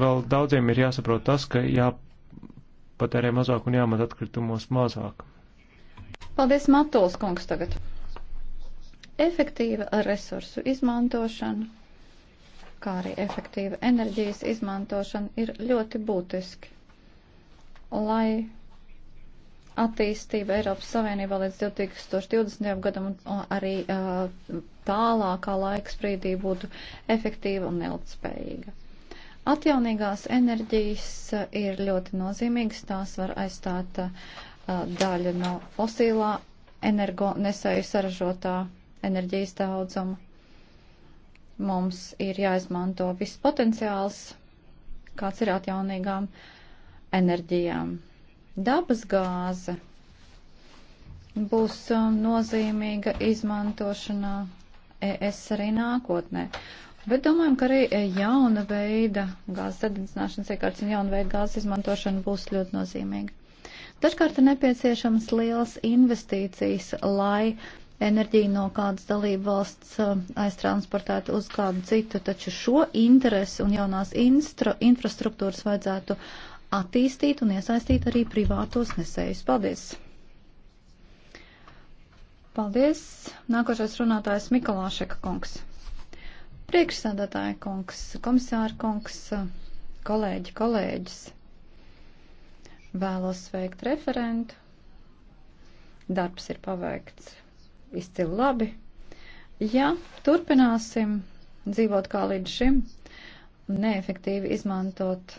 vēl daudziem ir jāsaprot tas, ka jāpatērē mazāk un jāmet atkritumos mazāk. Paldies, Matuls kungs tagad. Efektīva resursu izmantošana, kā arī efektīva enerģijas izmantošana ir ļoti būtiski, lai attīstība Eiropas Savienībā līdz 2020. gadam un arī tālākā laika sprīdī būtu efektīva un ilgtspējīga. Atjaunīgās enerģijas ir ļoti nozīmīgas, tās var aizstāt uh, Uh, daļa no fosīlā energonesēju saražotā enerģijas daudzuma. Mums ir jāizmanto viss potenciāls, kāds ir atjaunīgām enerģijām. Dabas gāze būs um, nozīmīga izmantošanā ES arī nākotnē. Bet domājam, ka arī e, jauna veida gāzes sadedzināšanas iekārtas un jauna veida gāzes izmantošana būs ļoti nozīmīga. Dažkārt ir nepieciešamas lielas investīcijas, lai enerģiju no kādas dalību valsts uh, aiztransportētu uz kādu citu, taču šo interesi un jaunās instra, infrastruktūras vajadzētu attīstīt un iesaistīt arī privātos nesējus. Paldies! Paldies! Nākošais runātājs Mikolāšeka kungs. Priekšsādātāja kungs, komisāra kungs, kolēģi, kolēģis. Vēlos sveikt referentu. Darbs ir paveikts izcili labi. Ja turpināsim dzīvot kā līdz šim, neefektīvi izmantot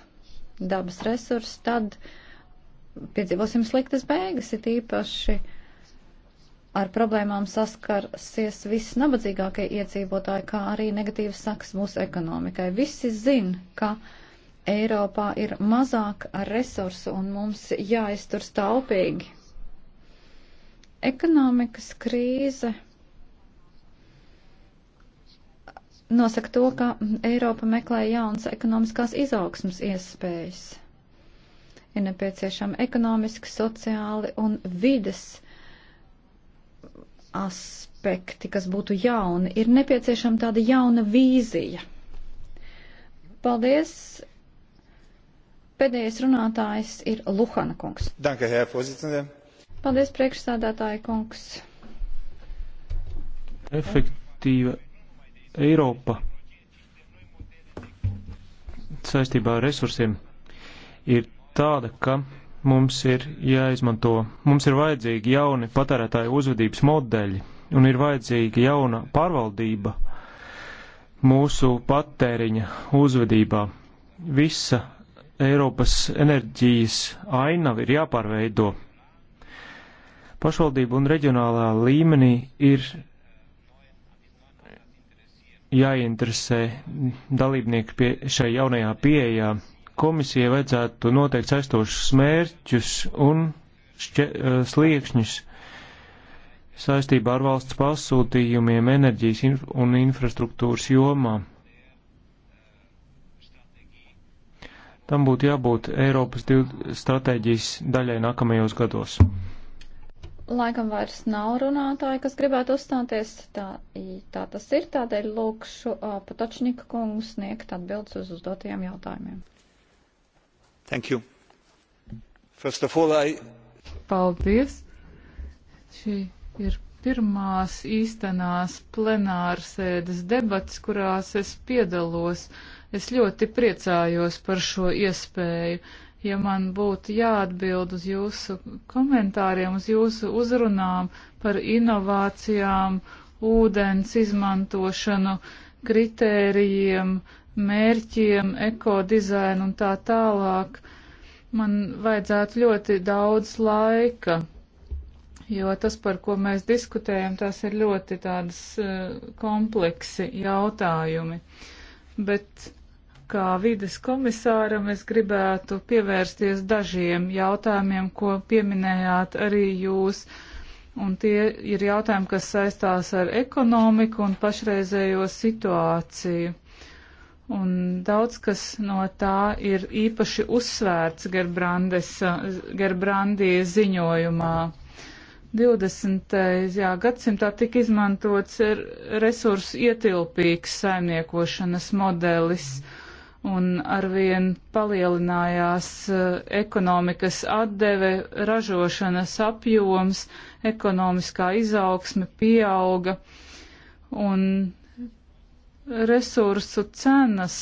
dabas resursus, tad piedzīvosim sliktas beigas, it īpaši ar problēmām saskarsies viss nabadzīgākie iedzīvotāji, kā arī negatīvas sakas mūsu ekonomikai. Visi zin, ka Eiropā ir mazāk resursu un mums jāiztur staupīgi. Ekonomikas krīze nosaka to, ka Eiropa meklē jaunas ekonomiskās izaugsmas iespējas. Ir nepieciešama ekonomiski, sociāli un vides aspekti, kas būtu jauni. Ir nepieciešama tāda jauna vīzija. Paldies! Pēdējais runātājs ir Luhana kungs. Danke, Herr Vorsitzende. Paldies, priekšsādātāja kungs. Efektīva Eiropa saistībā ar resursiem ir tāda, ka mums ir jāizmanto, mums ir vajadzīgi jauni patērētāju uzvedības modeļi un ir vajadzīga jauna pārvaldība mūsu patēriņa uzvedībā. Visa Eiropas enerģijas ainava ir jāpārveido. Pašvaldību un reģionālā līmenī ir jāinteresē dalībnieki pie šai jaunajā pieejā. Komisijai vajadzētu noteikt saistošus mērķus un šķe, eh, sliekšņus saistībā ar valsts pasūtījumiem enerģijas inf un infrastruktūras jomām. Tam būtu jābūt Eiropas stratēģijas daļai nākamajos gados. Laikam vairs nav runātāji, kas gribētu uzstāties. Tā, tā tas ir, tādēļ lūkšu uh, Patočnika kungu sniegt atbildes uz uzdotajiem jautājumiem. Thank you. First of all, I... Paldies. Šī ir pirmās īstenās plenārsēdes debats, kurās es piedalos. Uh, Es ļoti priecājos par šo iespēju. Ja man būtu jāatbild uz jūsu komentāriem, uz jūsu uzrunām par inovācijām, ūdens izmantošanu, kritērijiem, mērķiem, ekodizainu un tā tālāk, man vajadzētu ļoti daudz laika, jo tas, par ko mēs diskutējam, tas ir ļoti tādas eh, kompleksi jautājumi. Uh, bet kā vides komisāram es gribētu pievērsties dažiem jautājumiem, ko pieminējāt arī jūs. Un tie ir jautājumi, kas saistās ar ekonomiku un pašreizējo situāciju. Un daudz kas no tā ir īpaši uzsvērts Gerbrandija ziņojumā. 20. gadsimtā tika izmantots er, resursu ietilpīgs saimniekošanas modelis un arvien palielinājās e, ekonomikas atdeve, ražošanas apjoms, ekonomiskā izaugsme pieauga un resursu cenas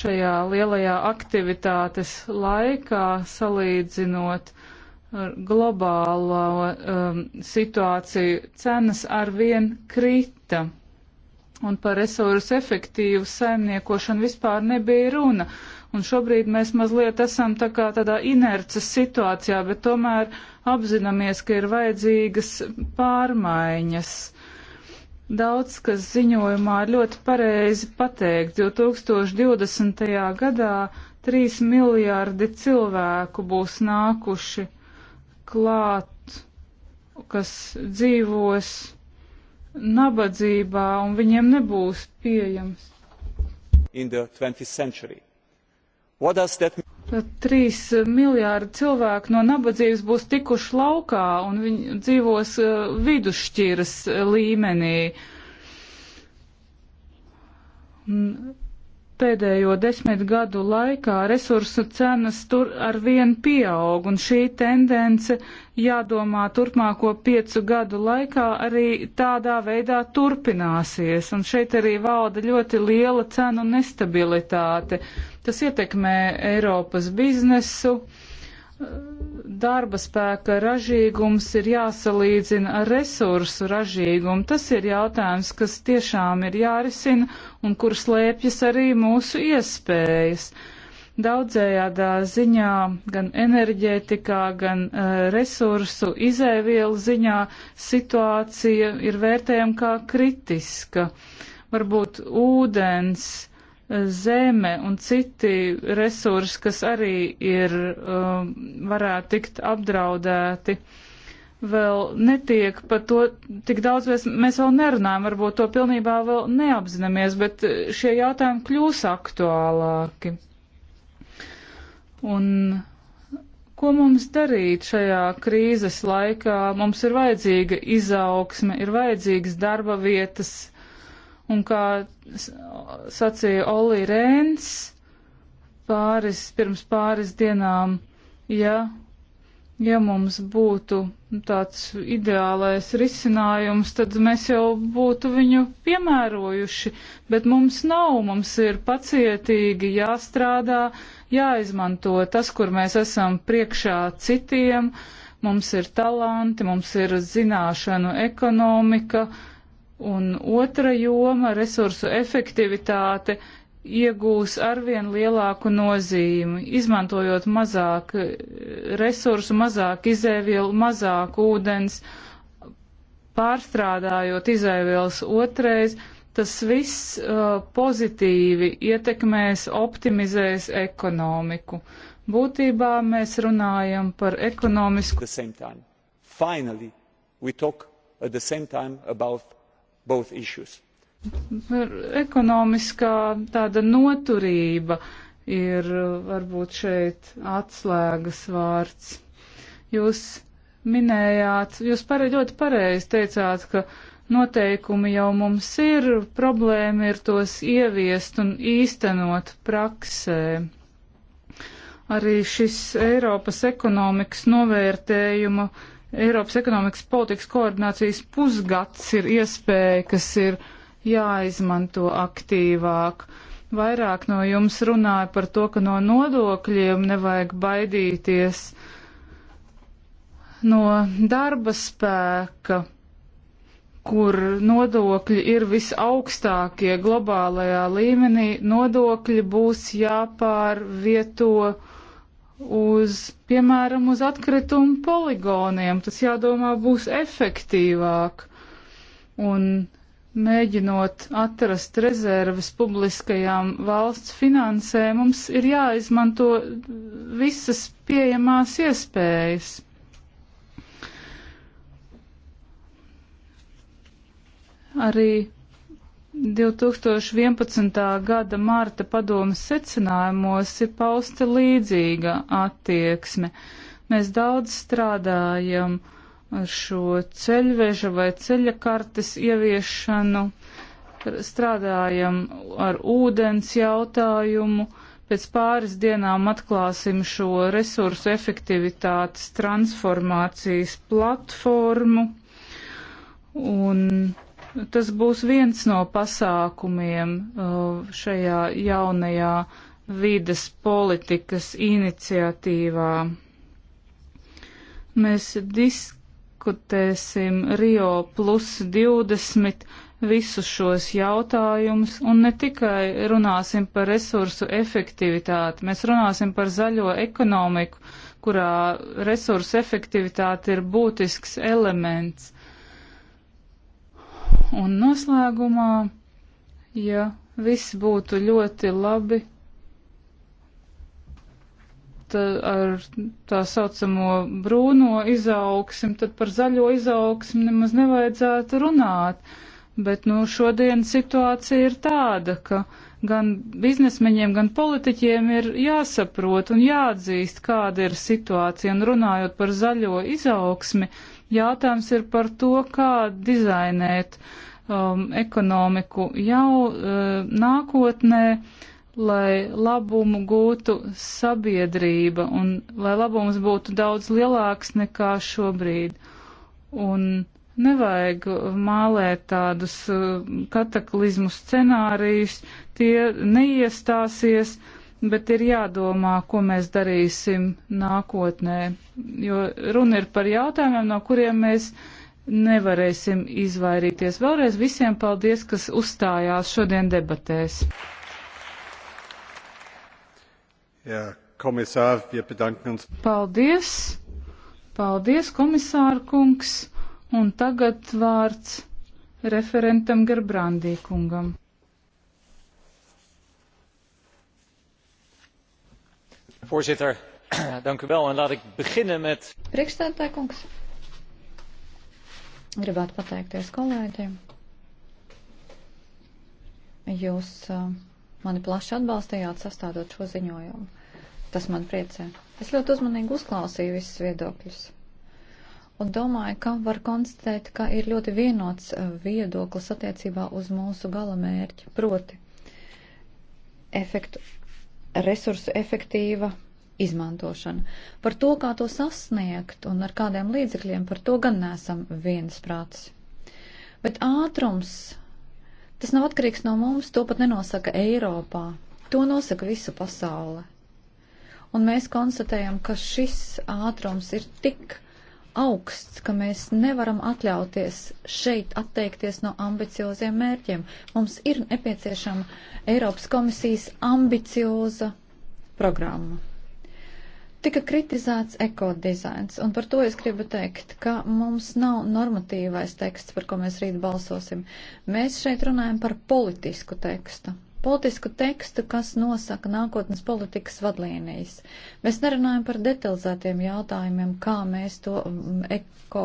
šajā lielajā aktivitātes laikā salīdzinot uh, globālo um, situāciju cenas arvien krita. Un par resursu efektīvu saimniekošanu vispār nebija runa. Un šobrīd mēs mazliet esam tā kā tādā inerces situācijā, bet tomēr apzināmies, ka ir vajadzīgas pārmaiņas. Daudz, kas ziņojumā ir ļoti pareizi pateikt, jo 2020. gadā 3 miljārdi cilvēku būs nākuši klāt, kas dzīvos nabadzībā un viņiem nebūs pieejams. Tad trīs miljārdi cilvēku no nabadzības būs tikuši laukā un viņi dzīvos uh, vidusšķiras uh, līmenī. Un pēdējo desmit gadu laikā resursu cenas tur ar vien pieaug, un šī tendence jādomā turpmāko piecu gadu laikā arī tādā veidā turpināsies, un šeit arī valda ļoti liela cenu nestabilitāte. Tas ietekmē Eiropas biznesu. Uh, darba spēka ražīgums ir jāsalīdzina ar resursu ražīgumu. Tas ir jautājums, kas tiešām ir jārisina un kur slēpjas arī mūsu iespējas. Daudzējādā ziņā, gan enerģētikā, gan uh, resursu izēvielu ziņā situācija ir vērtējama kā kritiska. Varbūt ūdens zeme un citi resursi, kas arī ir, um, varētu tikt apdraudēti. Vēl netiek par to tik daudz, mēs, mēs vēl nerunājam, varbūt to pilnībā vēl neapzināmies, bet uh, šie jautājumi kļūs aktuālāki. Un ko mums darīt šajā krīzes laikā? Mums ir vajadzīga izaugsme, ir vajadzīgas darba vietas, Un kā sacīja Olli Rēns, pāris, pirms pāris dienām, ja, ja mums būtu tāds ideālais risinājums, tad mēs jau būtu viņu piemērojuši, bet mums nav, mums ir pacietīgi jāstrādā, jāizmanto tas, kur mēs esam priekšā citiem, mums ir talanti, mums ir zināšanu ekonomika, uh, Un otra joma - resursu efektivitāte iegūs arvien lielāku nozīmi, izmantojot mazāk eh, resursu, mazāk izēvielu, mazāk ūdens, pārstrādājot izēvielas otrais, tas viss uh, pozitīvi ietekmēs, optimizēs ekonomiku. Būtībā mēs runājam par ekonomisku. Finally, we talk at the same time about both issues. Ekonomiskā tāda noturība ir varbūt šeit atslēgas vārds. Jūs minējāt, jūs pare, ļoti pareizi teicāt, ka noteikumi jau mums ir, problēma ir tos ieviest un īstenot praksē. Arī šis Eiropas ekonomikas novērtējuma Eiropas ekonomikas politikas koordinācijas pusgads ir iespēja, kas ir jāizmanto aktīvāk. Vairāk no jums runāja par to, ka no nodokļiem nevajag baidīties no darba spēka, kur nodokļi ir visaugstākie globālajā līmenī, nodokļi būs jāpārvieto uz piemēram, uz atkritumu poligoniem. Tas jādomā būs efektīvāk. Un mēģinot atrast rezerves publiskajām valsts finansē, mums ir jāizmanto visas pieejamās iespējas. Arī 2011. gada marta padomas secinājumos ir pausta līdzīga attieksme. Mēs daudz strādājam ar šo ceļveža vai ceļa kartes ieviešanu, strādājam ar ūdens jautājumu, pēc pāris dienām atklāsim šo resursu efektivitātes transformācijas platformu un tas būs viens no pasākumiem uh, šajā jaunajā vides politikas iniciatīvā. Mēs diskutēsim Rio plus 20 visus šos jautājumus un ne tikai runāsim par resursu efektivitāti, mēs runāsim par zaļo ekonomiku, kurā resursu efektivitāte ir būtisks elements. Un noslēgumā, ja viss būtu ļoti labi, ar tā saucamo brūno izaugsmu, tad par zaļo izaugsmu nemaz nevajadzētu runāt. Bet nu, šodien situācija ir tāda, ka gan biznesmeņiem, gan politiķiem ir jāsaprot un jāatzīst, kāda ir situācija. Un runājot par zaļo izaugsmi, Jautājums ir par to, kā dizainēt um, ekonomiku jau uh, nākotnē, lai labumu gūtu sabiedrība un lai labums būtu daudz lielāks nekā šobrīd. Un nevajag mālēt tādus uh, kataklizmu scenārijus, tie neiestāsies. Uh, bet ir jādomā, ko mēs darīsim nākotnē, jo runa ir par jautājumiem, no kuriem mēs nevarēsim izvairīties. Vēlreiz visiem paldies, kas uzstājās šodien debatēs. Jā, komisār, uns... Paldies, paldies, komisāra kungs, un tagad vārds referentam Gerbrandī kungam. Voorzitter, dank u wel en laat ik beginnen met. Priekšstādātāj kungs. Gribētu pateikties kolēģiem. Jūs eh, mani plaši atbalstījāt sastādot šo ziņojumu. Tas man priecē. Es ļoti uzmanīgi uzklausīju visus viedokļus. Un domāju, ka var konstatēt, ka ir ļoti vienots eh, viedoklis attiecībā uz mūsu gala mērķi, proti efektu resursu efektīva izmantošana. Par to, kā to sasniegt un ar kādiem līdzekļiem, par to gan nesam viensprātis. Bet ātrums, tas nav atkarīgs no mums, to pat nenosaka Eiropā. To nosaka visa pasaule. Un mēs konstatējam, ka šis ātrums ir tik augsts, ka mēs nevaram atļauties šeit atteikties no ambicioziem mērķiem. Mums ir nepieciešama Eiropas komisijas ambicioza programma. Tika kritizēts ekodizains, un par to es gribu teikt, ka mums nav normatīvais teksts, par ko mēs rīt balsosim. Mēs šeit runājam par politisku tekstu politisku tekstu, kas nosaka nākotnes politikas vadlīnijas. Mēs nerunājam par detalizētiem jautājumiem, kā mēs to eko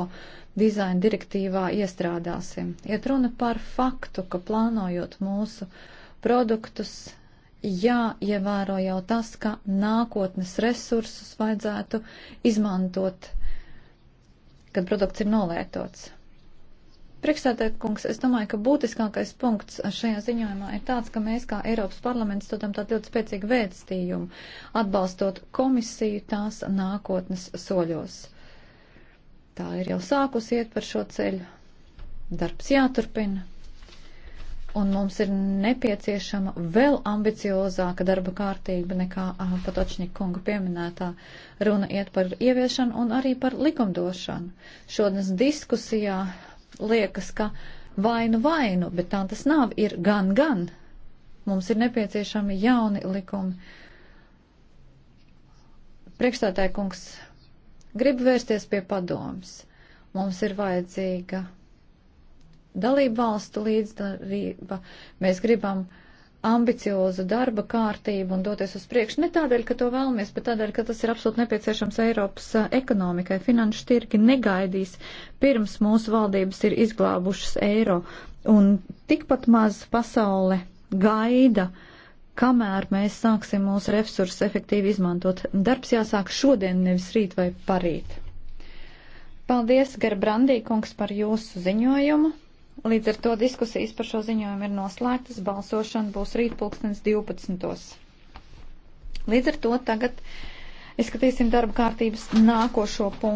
dizaina direktīvā iestrādāsim. Iet runa par faktu, ka plānojot mūsu produktus, jāievēro jau tas, ka nākotnes resursus vajadzētu izmantot, kad produkts ir nolētots. Priekšstādēkungs, es domāju, ka būtiskākais punkts šajā ziņojumā ir tāds, ka mēs kā Eiropas parlaments dodam tādu ļoti spēcīgu vēstījumu, atbalstot komisiju tās nākotnes soļos. Tā ir jau sākus iet par šo ceļu. Darbs jāturpina. Un mums ir nepieciešama vēl ambiciozāka darba kārtība nekā Patočņika kunga pieminētā. Runa iet par ieviešanu un arī par likumdošanu. Šodienas diskusijā liekas, ka vainu vainu, bet tā tas nav, ir gan gan. Mums ir nepieciešami jauni likumi. Priekšstādāja kungs grib vērsties pie padomas. Mums ir vajadzīga dalība valstu līdzdarība. Mēs gribam uh, ambiciozu darba kārtību un doties uz priekšu. Ne tādēļ, ka to vēlamies, bet tādēļ, ka tas ir absolūti nepieciešams Eiropas eh, ekonomikai. Finanšu tirgi negaidīs, pirms mūsu valdības ir izglābušas eiro. Un tikpat maz pasaule gaida, kamēr mēs sāksim mūsu resursus efektīvi izmantot. Darbs jāsāk šodien, nevis rīt vai parīt. Paldies, Gerbrandī kungs, par jūsu ziņojumu. Līdz ar to diskusijas par šo ziņojumu ir noslēgtas. Balsošana būs rīt pulkstens 12. Līdz ar to tagad izskatīsim darba kārtības nākošo punktu.